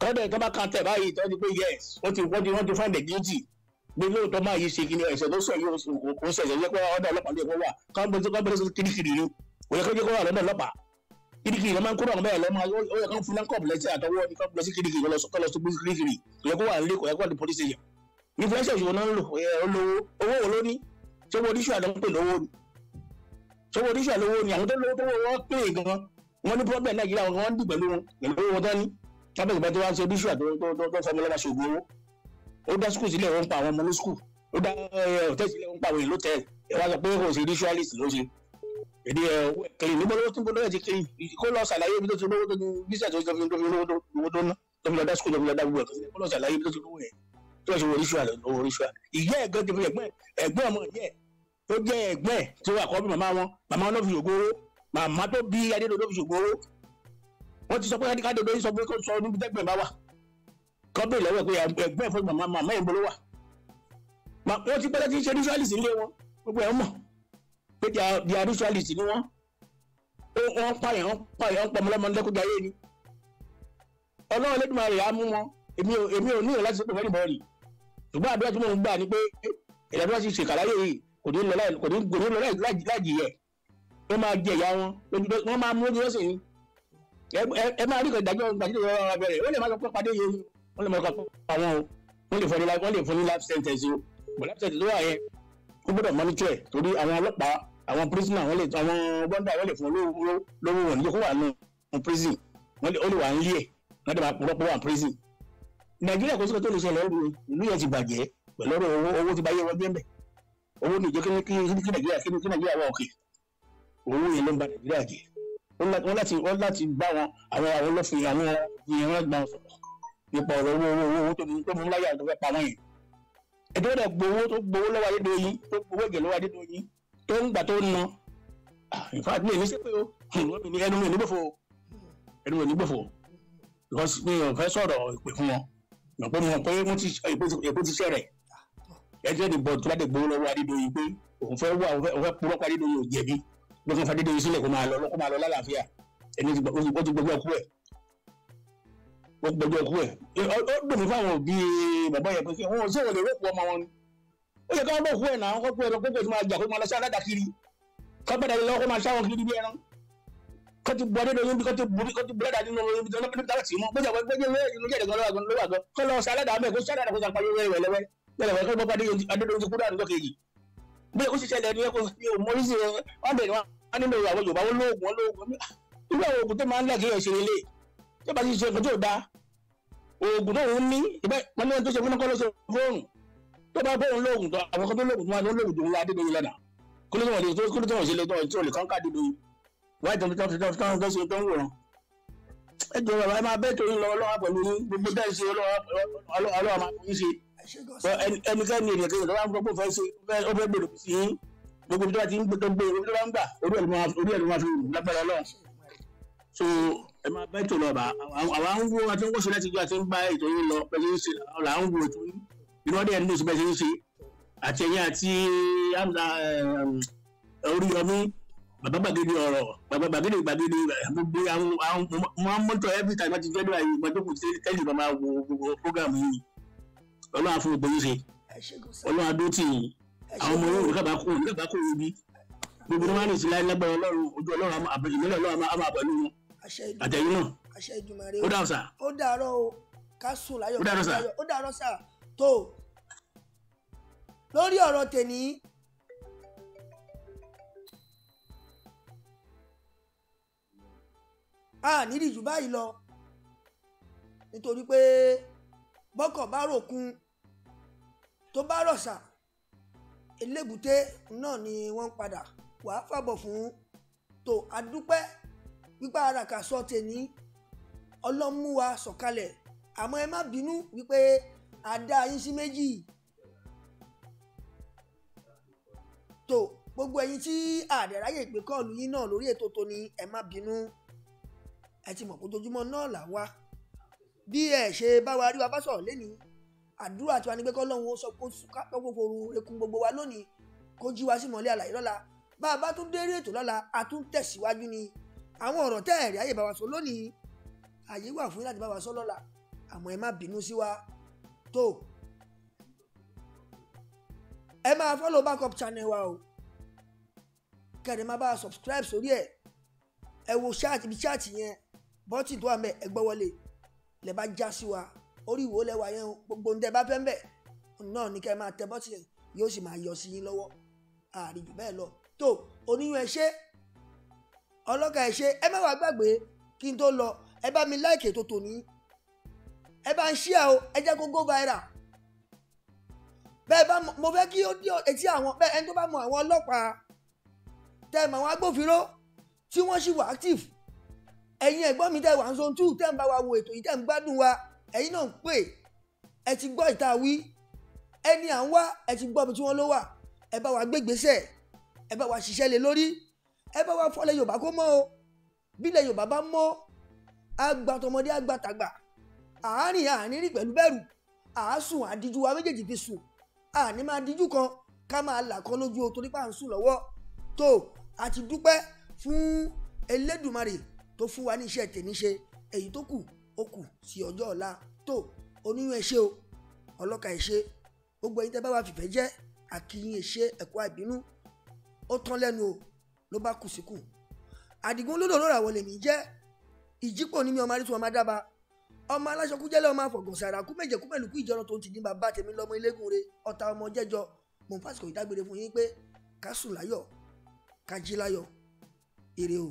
kọ́dẹ̀ tó bá kanta ẹ̀ báyìí tó ti pé yẹ kirikiri ló máa ń kó àwọn bẹ́ẹ̀ lọ́mọ ó yẹ kán fún lankop lẹ́sẹ̀ àtọwọ́ ní kán lọ sí kirikiri kó lọ sí kirikiri kò yẹ kó wà nílé kò yẹ kó wà ní police station influencer òṣùwọ̀n náà ń lò olówó owó wo ló ní ṣé owó oníṣòwò àdán pè lówó ni ṣé owó oníṣòwò lówó ni àwọn tó lówó tó wọ́n pè gan wọ́n ní problem nàìjíríà wọn wọ́n dì pẹ̀lú wọn pẹ̀lú owó tán ní tábìlì ìgbà tó wá ń ṣe oníṣòwò tó fọmọ lọ́ba ṣògùn owó ó dá skul sílẹ̀ wọ́n pa àwọn ọmọ ní skul ó dá hòtẹ́ẹ̀lì sílẹ̀ wọ́n pa àwọn ìlú tẹ́ẹ̀ ẹ wá sọ èdè ẹ kìlìn níbo lówó tó ń gbọdọ̀ ẹ̀ ti kìlìn kó lọ sàlàyé ibi tó ti lówó tó ti bísẹ̀ tó ti lọ́wọ́ tó fi lówó tó ná tó fi lọ́dá sukùl tó fi lọ́dá gbogbo ẹ̀ kó lọ sàlàyé ibi tó ti lówó yẹn tó fi wọlé ṣùgbọ́n lọ́wọ́ orí ṣùgbọ́n ìyá ẹ̀ gan ti fi ẹ̀gbọ́n ẹ̀gbọ́n ọmọ ìyá ẹ̀ tó jẹ́ ẹ̀gbọ́n tí wọ́n àkọ́bí màmá wọn màmá wọn ló fi ṣògo owó màmá tó bí adédodo fi ṣògo owó wọ́n ti sọ pé adédodo yìí sọ pé di arúṣọ́lìsì ni wọ́n wọ́n pààyàn wọ́n pààyàn wọ́n pọ̀mọ́ lọ́mọdé kó jayé ni ọlọ́run lẹ́dùnmọ́ rẹ̀ á mú wọn èmi ò níyàn láti sọ́kùn fẹ́ẹ́ bọ́ọ̀lì ṣùgbọ́n àdúrà tí mò ń gbà ni pé ìdádúrà ti ṣèkàláyé yìí kò ní lọ láìjìyẹ wọ́n máa jẹ ìyá wọn wọ́n máa mú ojú lọ́sìn yìí ẹ máa rí ìdájọ́ gbàdúrà ìyá wọn abẹ́rẹ́ wọ́n lè máa lọ pé padé yẹn wọ́n lè máa lọ pé àwọn o wọ́n lè fọ́ ní life sentence o bọ̀ life ó gbọ́dọ̀ mọ́nítọ̀ ẹ̀ torí àwọn ọlọ́pàá àwọn prisoner wọ́n lè àwọn bọ́ńdà wọ́n lè fún olówó lówó wọn níjẹ́ kó wà nù prison wọ́n lè ó lè wà ń lé ẹ̀ wọ́n lè máa purọ́ pé wà ní prison. nàìjíríà kò síkò tó lè ṣẹlẹ̀ ìlú yẹn ti bàjẹ́ pẹ̀lú ọ̀rọ̀ owó owó ti bá yé wọ́n bẹ́ẹ̀ owó ní ìjọ kí nàìjíríà kí nàìjíríà wà òkè owó yẹn ló ń ba nàìjíríà jẹ́ wọ́n láti wọ́n láti bá wọn àwọn àwọn olófin àwọn ìyẹn wọ́n gbà wọn sọ̀rọ̀ nípa ọ̀rọ̀ owó owó owó tó mú láyà tó fẹ́ pa wọ́n yẹn ẹbí rẹ gbowó tó gbowó lọ́wọ́ Adédoyin tó gbowó ẹ̀jẹ̀ lọ́wọ́ Adédoyin tó ń gbà tó ń nà nǹkan àti èmi ṣépè o ẹnu mi ò ní gbòfò ẹnu mi ò ní gbòfò because mi ò fẹ́ sọ̀rọ̀ ìpè fún wọn nàpọ̀ mọ̀ pé èpo ti ṣe rẹ̀ ẹjọ́ ìdìbò tó bá dé gbowó lọ́wọ́ Adédoyin pé òun fẹ́ wà òun fẹ́ purọ́ pa Adédoyin ò jẹ̀bi ló fún Adédoyin sílẹ̀ kó máa lọ lálàáfíà ẹni ó ti gbogbo ẹkú ẹ̀ wọ́n gbẹjọ́ ikú ẹ̀ ó dùn mí fáwọn òbí bàbá yẹn pé kí wọ́n ṣé wọ́n lè rọ́pò ọmọ wọn ni ó yẹ káwọn bọ̀ kú ẹ̀ náà wọ́n kọ́kọ́ ẹ̀rọ kókò tó máa jà kó máa lọ sí alága kiri kọ́pẹ́ dàbí lọ́wọ́ kó máa ṣáwọn kiri bí ẹran kó ti bọ́ dédé oyún bí kó ti borí kó ti bọ́ dàdí nínú oyún bí tó lọ́pẹ́ dàbí tìmọ́ bó ṣe àwọn ẹgbẹ́ lé inú jẹ́rẹ̀ gan lọ́wọ́ gan kó lọ sí alága mẹ́ kó sí alága kó sàpá yóò rẹ̀ lẹ́wẹ́ lẹ́wẹ́ kó gbọ́pá dédé oyún ti kúrò àdúgbò kejì bí ó sì ṣẹlẹ̀ ní ẹkọ mi ò mọ orí sí wọn bẹ̀rẹ̀ wọn nínú àwọn Yorùbá wọn lóògùn wọn lóògùn irú àwọn oògùn tó máa ń tó bá ti ṣe nǹkan tó dáa oògùn tó ń ní ìbẹ́ wọn ní wọn tó ṣe fún ọkọ ló ṣe fóònù tó bá bóun lóògùn tó àwọn kan tó lóògùn tó máa ní lóògùn tó ń lọ adédọ̀yìn lẹ́nà kó ló tó wọn lè kó ló tó wọn ṣe lè tó wọn lè kọ́ńkà adédọ̀yìn wáyé tó ń tó ń tó ń tó ń tó ń ṣe tó ń wòran. ẹ jọ̀wọ́ bàbá máa bẹ́ẹ̀ torí lọ ọlọ́wà pẹ̀lú gbogbo dẹ́ẹ̀ ṣe ọlọ́wà máa fi ṣe ẹnikẹ́ni ènìyàn tó bá ń gbọ́ fẹ́ ṣe ó fẹ́ gbèrò sí gbogbo tó bá ti ń gbé orí ẹ̀ ló máa fi lágbára Ọlọ́run ẹ máa bẹ́ẹ̀ tó lọ bá àwa ń wo àti ń wọ́sọ láti gbé àti ń gba ètò yín lọ pẹ̀lú ṣe là ń wo ètò yín inú ọdẹ ẹni oṣù bẹ́ẹ̀ ṣe ń ṣe àti ẹ̀yìn àti Hamza um, um, Oríyọmí bàbá gbàgede ọ̀rọ̀ bàbá gbàgede gbàgede gbogbo àwọn àwọn mọ́tò every time láti jẹ́ bíra ìgbà tó kù sí tẹ́lẹ̀ wo gbogbo program yìí ọlọ́run àfọwọ́ gbòòrò ṣe ọlọ́run adó tì yín àwọn ọmọ yóò kábàá kó kábàá kó ibi gbogbo ní wọn á lè ṣe láyé lágbára ọlọ́run ojú ọlọ́run àbẹ̀lẹ̀ ọlọ́run àbẹ̀lẹ̀ wọn àtẹ̀yìn náà àṣẹ Èdùmàrè ó dàrọ sà ó dàrọ o ká sùn láyọ̀ ó dàrọ sà ó dàrọ sà tó lórí ọ̀rọ̀ tèmi. a nídìí jù báyìí lọ nítorí pé bọ́kọ̀ bá ròkun tó bá rọ̀ṣà elébùté náà ni wọ́n ń padà wàá fàbọ̀ fún tó a wípé àràkà sọ tèmi ọlọ́múwa sọ̀kalẹ̀ àmọ́ ẹ má bínú wípé a dá yín sí méjì tó gbogbo ẹ̀yin tí àdẹ̀ráyè pé kọ́ọ̀lù yín náà lórí ètò tó ní ẹ má bínú ẹ ti mọ̀ pé ojoojúmọ́ náà là wá bí ẹ ṣe bá wa rí wa bá sọ̀rọ̀ lẹ́ni àdúrà tí wàá ní pé kọ́lọ́hún ó sọ kó fòrò ekun gbogbo wa lónìí kó jí wa sí mọ́lẹ̀ àlàyé lọ́la bá a bá tún dé rí ètò lọ́la a tún tẹ̀síwájú ni àwọn ọ̀rọ̀ tẹ́ ẹ̀rí ayé bá wa sọ lónìí àyè wà fún yín láti bá wa sọ lọ́la àmọ́ ẹ má bínú sí wa tó ẹ máa follow backup channel wa o kẹ́ni máa bá subscribe sórí ẹ̀ ẹ wo ṣáàtì ibi ṣáàtì yẹn bọ́tì tó wà mẹ́ ẹ gbọ́ wọlé lẹ bá já sí wa orí ìwò lẹ́wà yẹn gbogbo ń tẹ bá fẹ́ ń bẹ̀ náà ní kẹ́ máa tẹ bọ́tì yẹn yóò sì máa yọ sí yín lọ́wọ́ àrídù bẹ́ẹ̀ lọ tó oníyàn ẹ ṣe ọlọ́gà ẹ̀ ṣe ẹ má wàá gbàgbé kí n tó lọ ẹ bá mi láìkè tó tòní ẹ bá ń ṣíà o ẹ jẹ́ kó go viral bẹ́ẹ̀ bá mo fẹ́ kí ó dé etí àwọn bẹ́ẹ̀ ẹni tó bá mọ àwọn ọlọ́pàá tẹ́ mọ àwọn agbófinró tí wọ́n ṣì wà active ẹ̀yin ẹ̀gbọ́n mi tẹ́ wà ń zone two tẹ́ ń bá wa wo ètò yìí tẹ́ ń gbádùn wa ẹ̀yin náà ń pè ẹ ti gbọ́ ìta wí ẹni à ń wá ẹ ti gbọ́ ibi tí wọ́n ló wà ẹ bá wa gbégbèsè ẹ bá wa ṣiṣẹ́ lé lórí ẹ bá wa fọlẹ̀ yorùbá kó mọ́ o bílẹ̀ yorùbá bá mọ́ agbatọmọdé agbatàgbà àárín àárín rí pẹ̀lú bẹ̀rù àásùn àdíjú wa méjèèjì fi sùn àní máa díjú kan ká máa là kan lójú o torí pé à ń sùn lọ́wọ́ tó àti dúpẹ́ fún Elédùmarè tó fún wa ní iṣẹ́ tèmi ṣe èyí tó kù ó kù sí ọjọ́ ọ̀la tó oníyún ẹ o ọlọ́ka ẹ ṣé gbogbo ẹ̀yin tẹ́ bá wa fìfẹ́ jẹ́ àkíyín ẹ ṣé àbínú ó tán lẹ́nu o ló bá kù síkù àdìgún lódò lóra wọlé mi jẹ́ ìjípò ní mi ọmọ arísun ọmọ adába ọmọ aláṣọkú jẹ́lẹ̀ ọmọ àfọ̀gànṣe àràkú méjèkú mẹ́lùkú ìjọra tó ń ti ní bàbá tèmi lọ́mọ elégún re ọ̀tá ọmọ jẹ́jọ mò ń fásitì ìdágbére fún yín pé ká sùn láyọ̀ ká jí láyọ̀ ire o.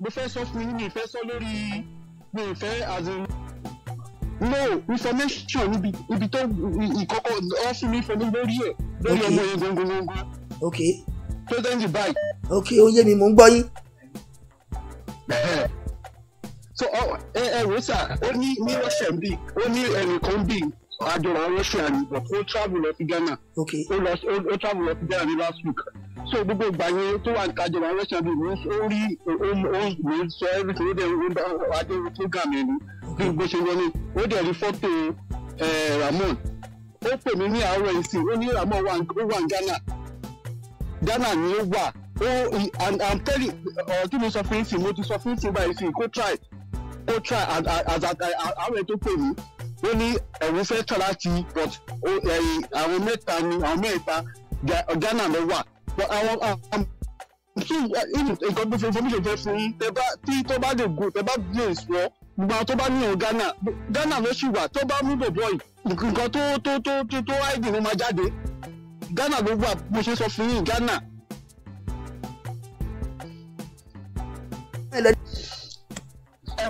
mo fẹ́ sọ fún yín mi fẹ́ sọ lórí mi fẹ́ azin no information níbi níbi tó ìkọ́kọ́ ọ fún mi information lórí ẹ̀ lórí ọmọ yẹn gbọngbọngbọ. ok. president dubai. ok ó yé mi mò ń gbọ́ yín. so ẹ ẹ wò sà ó ní ní russia ń bì ó ní ẹnìkan bì àjọrò russia ní but ó travel lọ sí ghana. ok ó lọ ó travel lọ sí ghana ní last week so gbogbo ìgbà yẹn tó wà ní àjọrò russia bí ó rí ó rí ó rí sọ everything ó dẹ̀ ó dẹ̀ adé program yẹn ni bó ṣe wọlé ó dẹ̀ rí fọ́tò Ramon ó pè mí ní àárọ̀ ó ní Ramon ó wà Ghana Ghana ni ó wà ó and i'm telling ọ̀rọ̀ tí mo sọ fún ìsìn mo ti sọ fún ìsìn báyìí sí kó try kó try as àwọn ètò pè mí ó ní ẹ̀rù fẹ́ tọ́ láti but àwọn mẹ́ta ni àwọn mẹ́ta Ghana ló wà but àwọn nǹkan tó fi information jẹ fún yín tẹ bá tí tó bá lè gùn tẹ bá lè sọ gbogbo àwọn tó bá ní ìhàn Ghana Ghana ló sì wà tó bá mú bòbọ yìí nǹkan tó tó tó tó tó áìdì ló máa jáde Ghana ló wà mo ṣe sọ fún yín Ghana. ẹ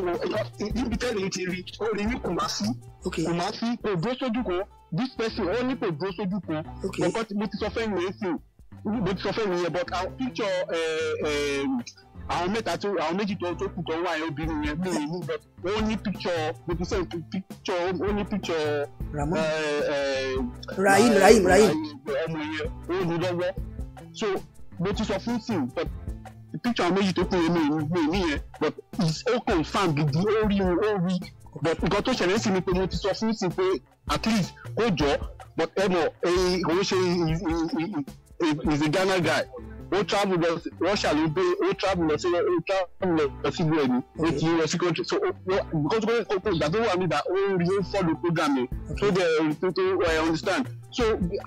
wo níbi tẹ́lẹ̀ ti rí ó rí ní Kùmásí Kùmásí kò dúró sójú kan this person ó ní kò dúró sójú kan nǹkan mo ti sọ fẹ́ mi ẹ̀ sìn mo ti sọ fẹ́ mi yẹn but picture. Eh, eh, àwọn mẹ́ta tó àwọn méjì tó tó kù tó wà yẹn obìnrin yẹn mi ò mú bẹ ó ní picture represent picture ó ní picture. ramon eh, eh, eh, rahim rahim rahim. ọmọ yẹn ó ní lọ́wọ́ so mo ti sọ fún sin but picture àwọn méjì tó kù yẹn mi ò mú mi yẹn but ó confam gidi ó rí ó rí but nǹkan tó ṣẹlẹ̀ sí mi pé mo ti sọ fún sin pé at least kó jọ but ẹ mọ̀ èyí kò ń ṣe he is a Ghana guy ó travel lọ Russia ló dé ó travel lọ sí ó travel lọ sí ìlú ẹni ó ti lọ sí country so because kò kò kò ìgbà tó wà nígbà ó rí ó follow program yẹn so they to to understand so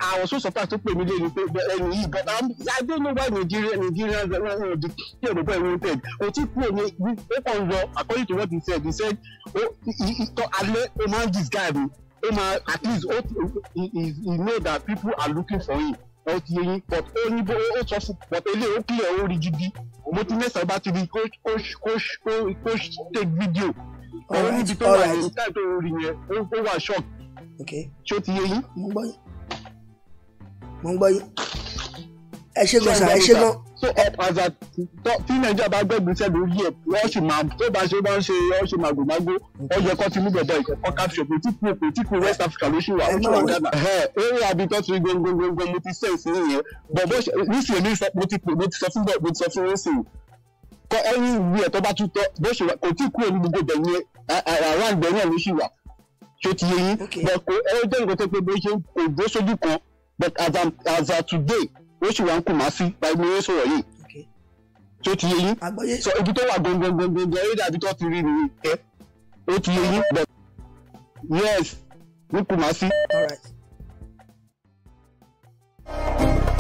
àwọn so surprise tó pè mí lé ni pé ẹni yìí but I don't know why Nigeria Nigeria wọn ò di kí ọ̀dọ̀ bọ́ ẹ̀wọ̀n tẹ̀ o ti kúrò ní ó kàn lọ according to what he said he said ó ìtọ́ alẹ́ ó máa ń disguise ó máa at least ó he he know that people are looking for him ẹ ti yẹ yín but ó ní bó ó sọ fún but ilé ó clear ó rí gidi mo ti mẹ́sàn-án bá ti rí kó kó kó kó take video ọ̀rọ̀ níbi tó wà ní táì tó rí yẹn ó wà shock ṣó ti yẹ yín. mo ń gbọ́ yín mo ń gbọ́ yín ẹ ṣe gan sa ẹ ṣe gan so up as a tí nàìjíríà bá gbẹ̀gbẹ̀ sẹ́ lórí ẹ̀ wọ́n sì máa tó bá ṣe wọ́n ṣe wọ́n ṣe màgòmágó ọjọ́ kan ti mú bẹ̀bẹ̀ ìkọ̀kọ́ capture pé tí kò pé tí kò West Africa ló ṣì wà ó ṣì wà Ghana eré abitọ́ ti gbogbogbò mo ti sẹ́yìn sí yẹn bọ̀bọ̀ nísìnyí ní sọ mo ti pè mo ti sọ fún bẹ́ẹ̀ mo ti sọ fún ẹ̀sìn kọ ẹ̀yìn ìwé ẹ̀ tó bá tún tọ́ bó ṣe wà kò tí kúrò ní gbogbo bẹ̀yẹn àwọn àgbẹ̀ náà ló ṣì wà ṣó ti yẹ yín bọ̀ kò ẹ jẹ́ nǹkan tó pé bó ṣe kò dó sójú kan but as, as of today ó sì wá ń Kumasi báyìí ni ó sọ̀rọ̀ yìí tó ti yé yín sọ ibi tó wà gangan gangan dàbí tó ti rí nìyí kẹ́ ó ti yé yín bẹ̀ yes ní Kumasi. All right.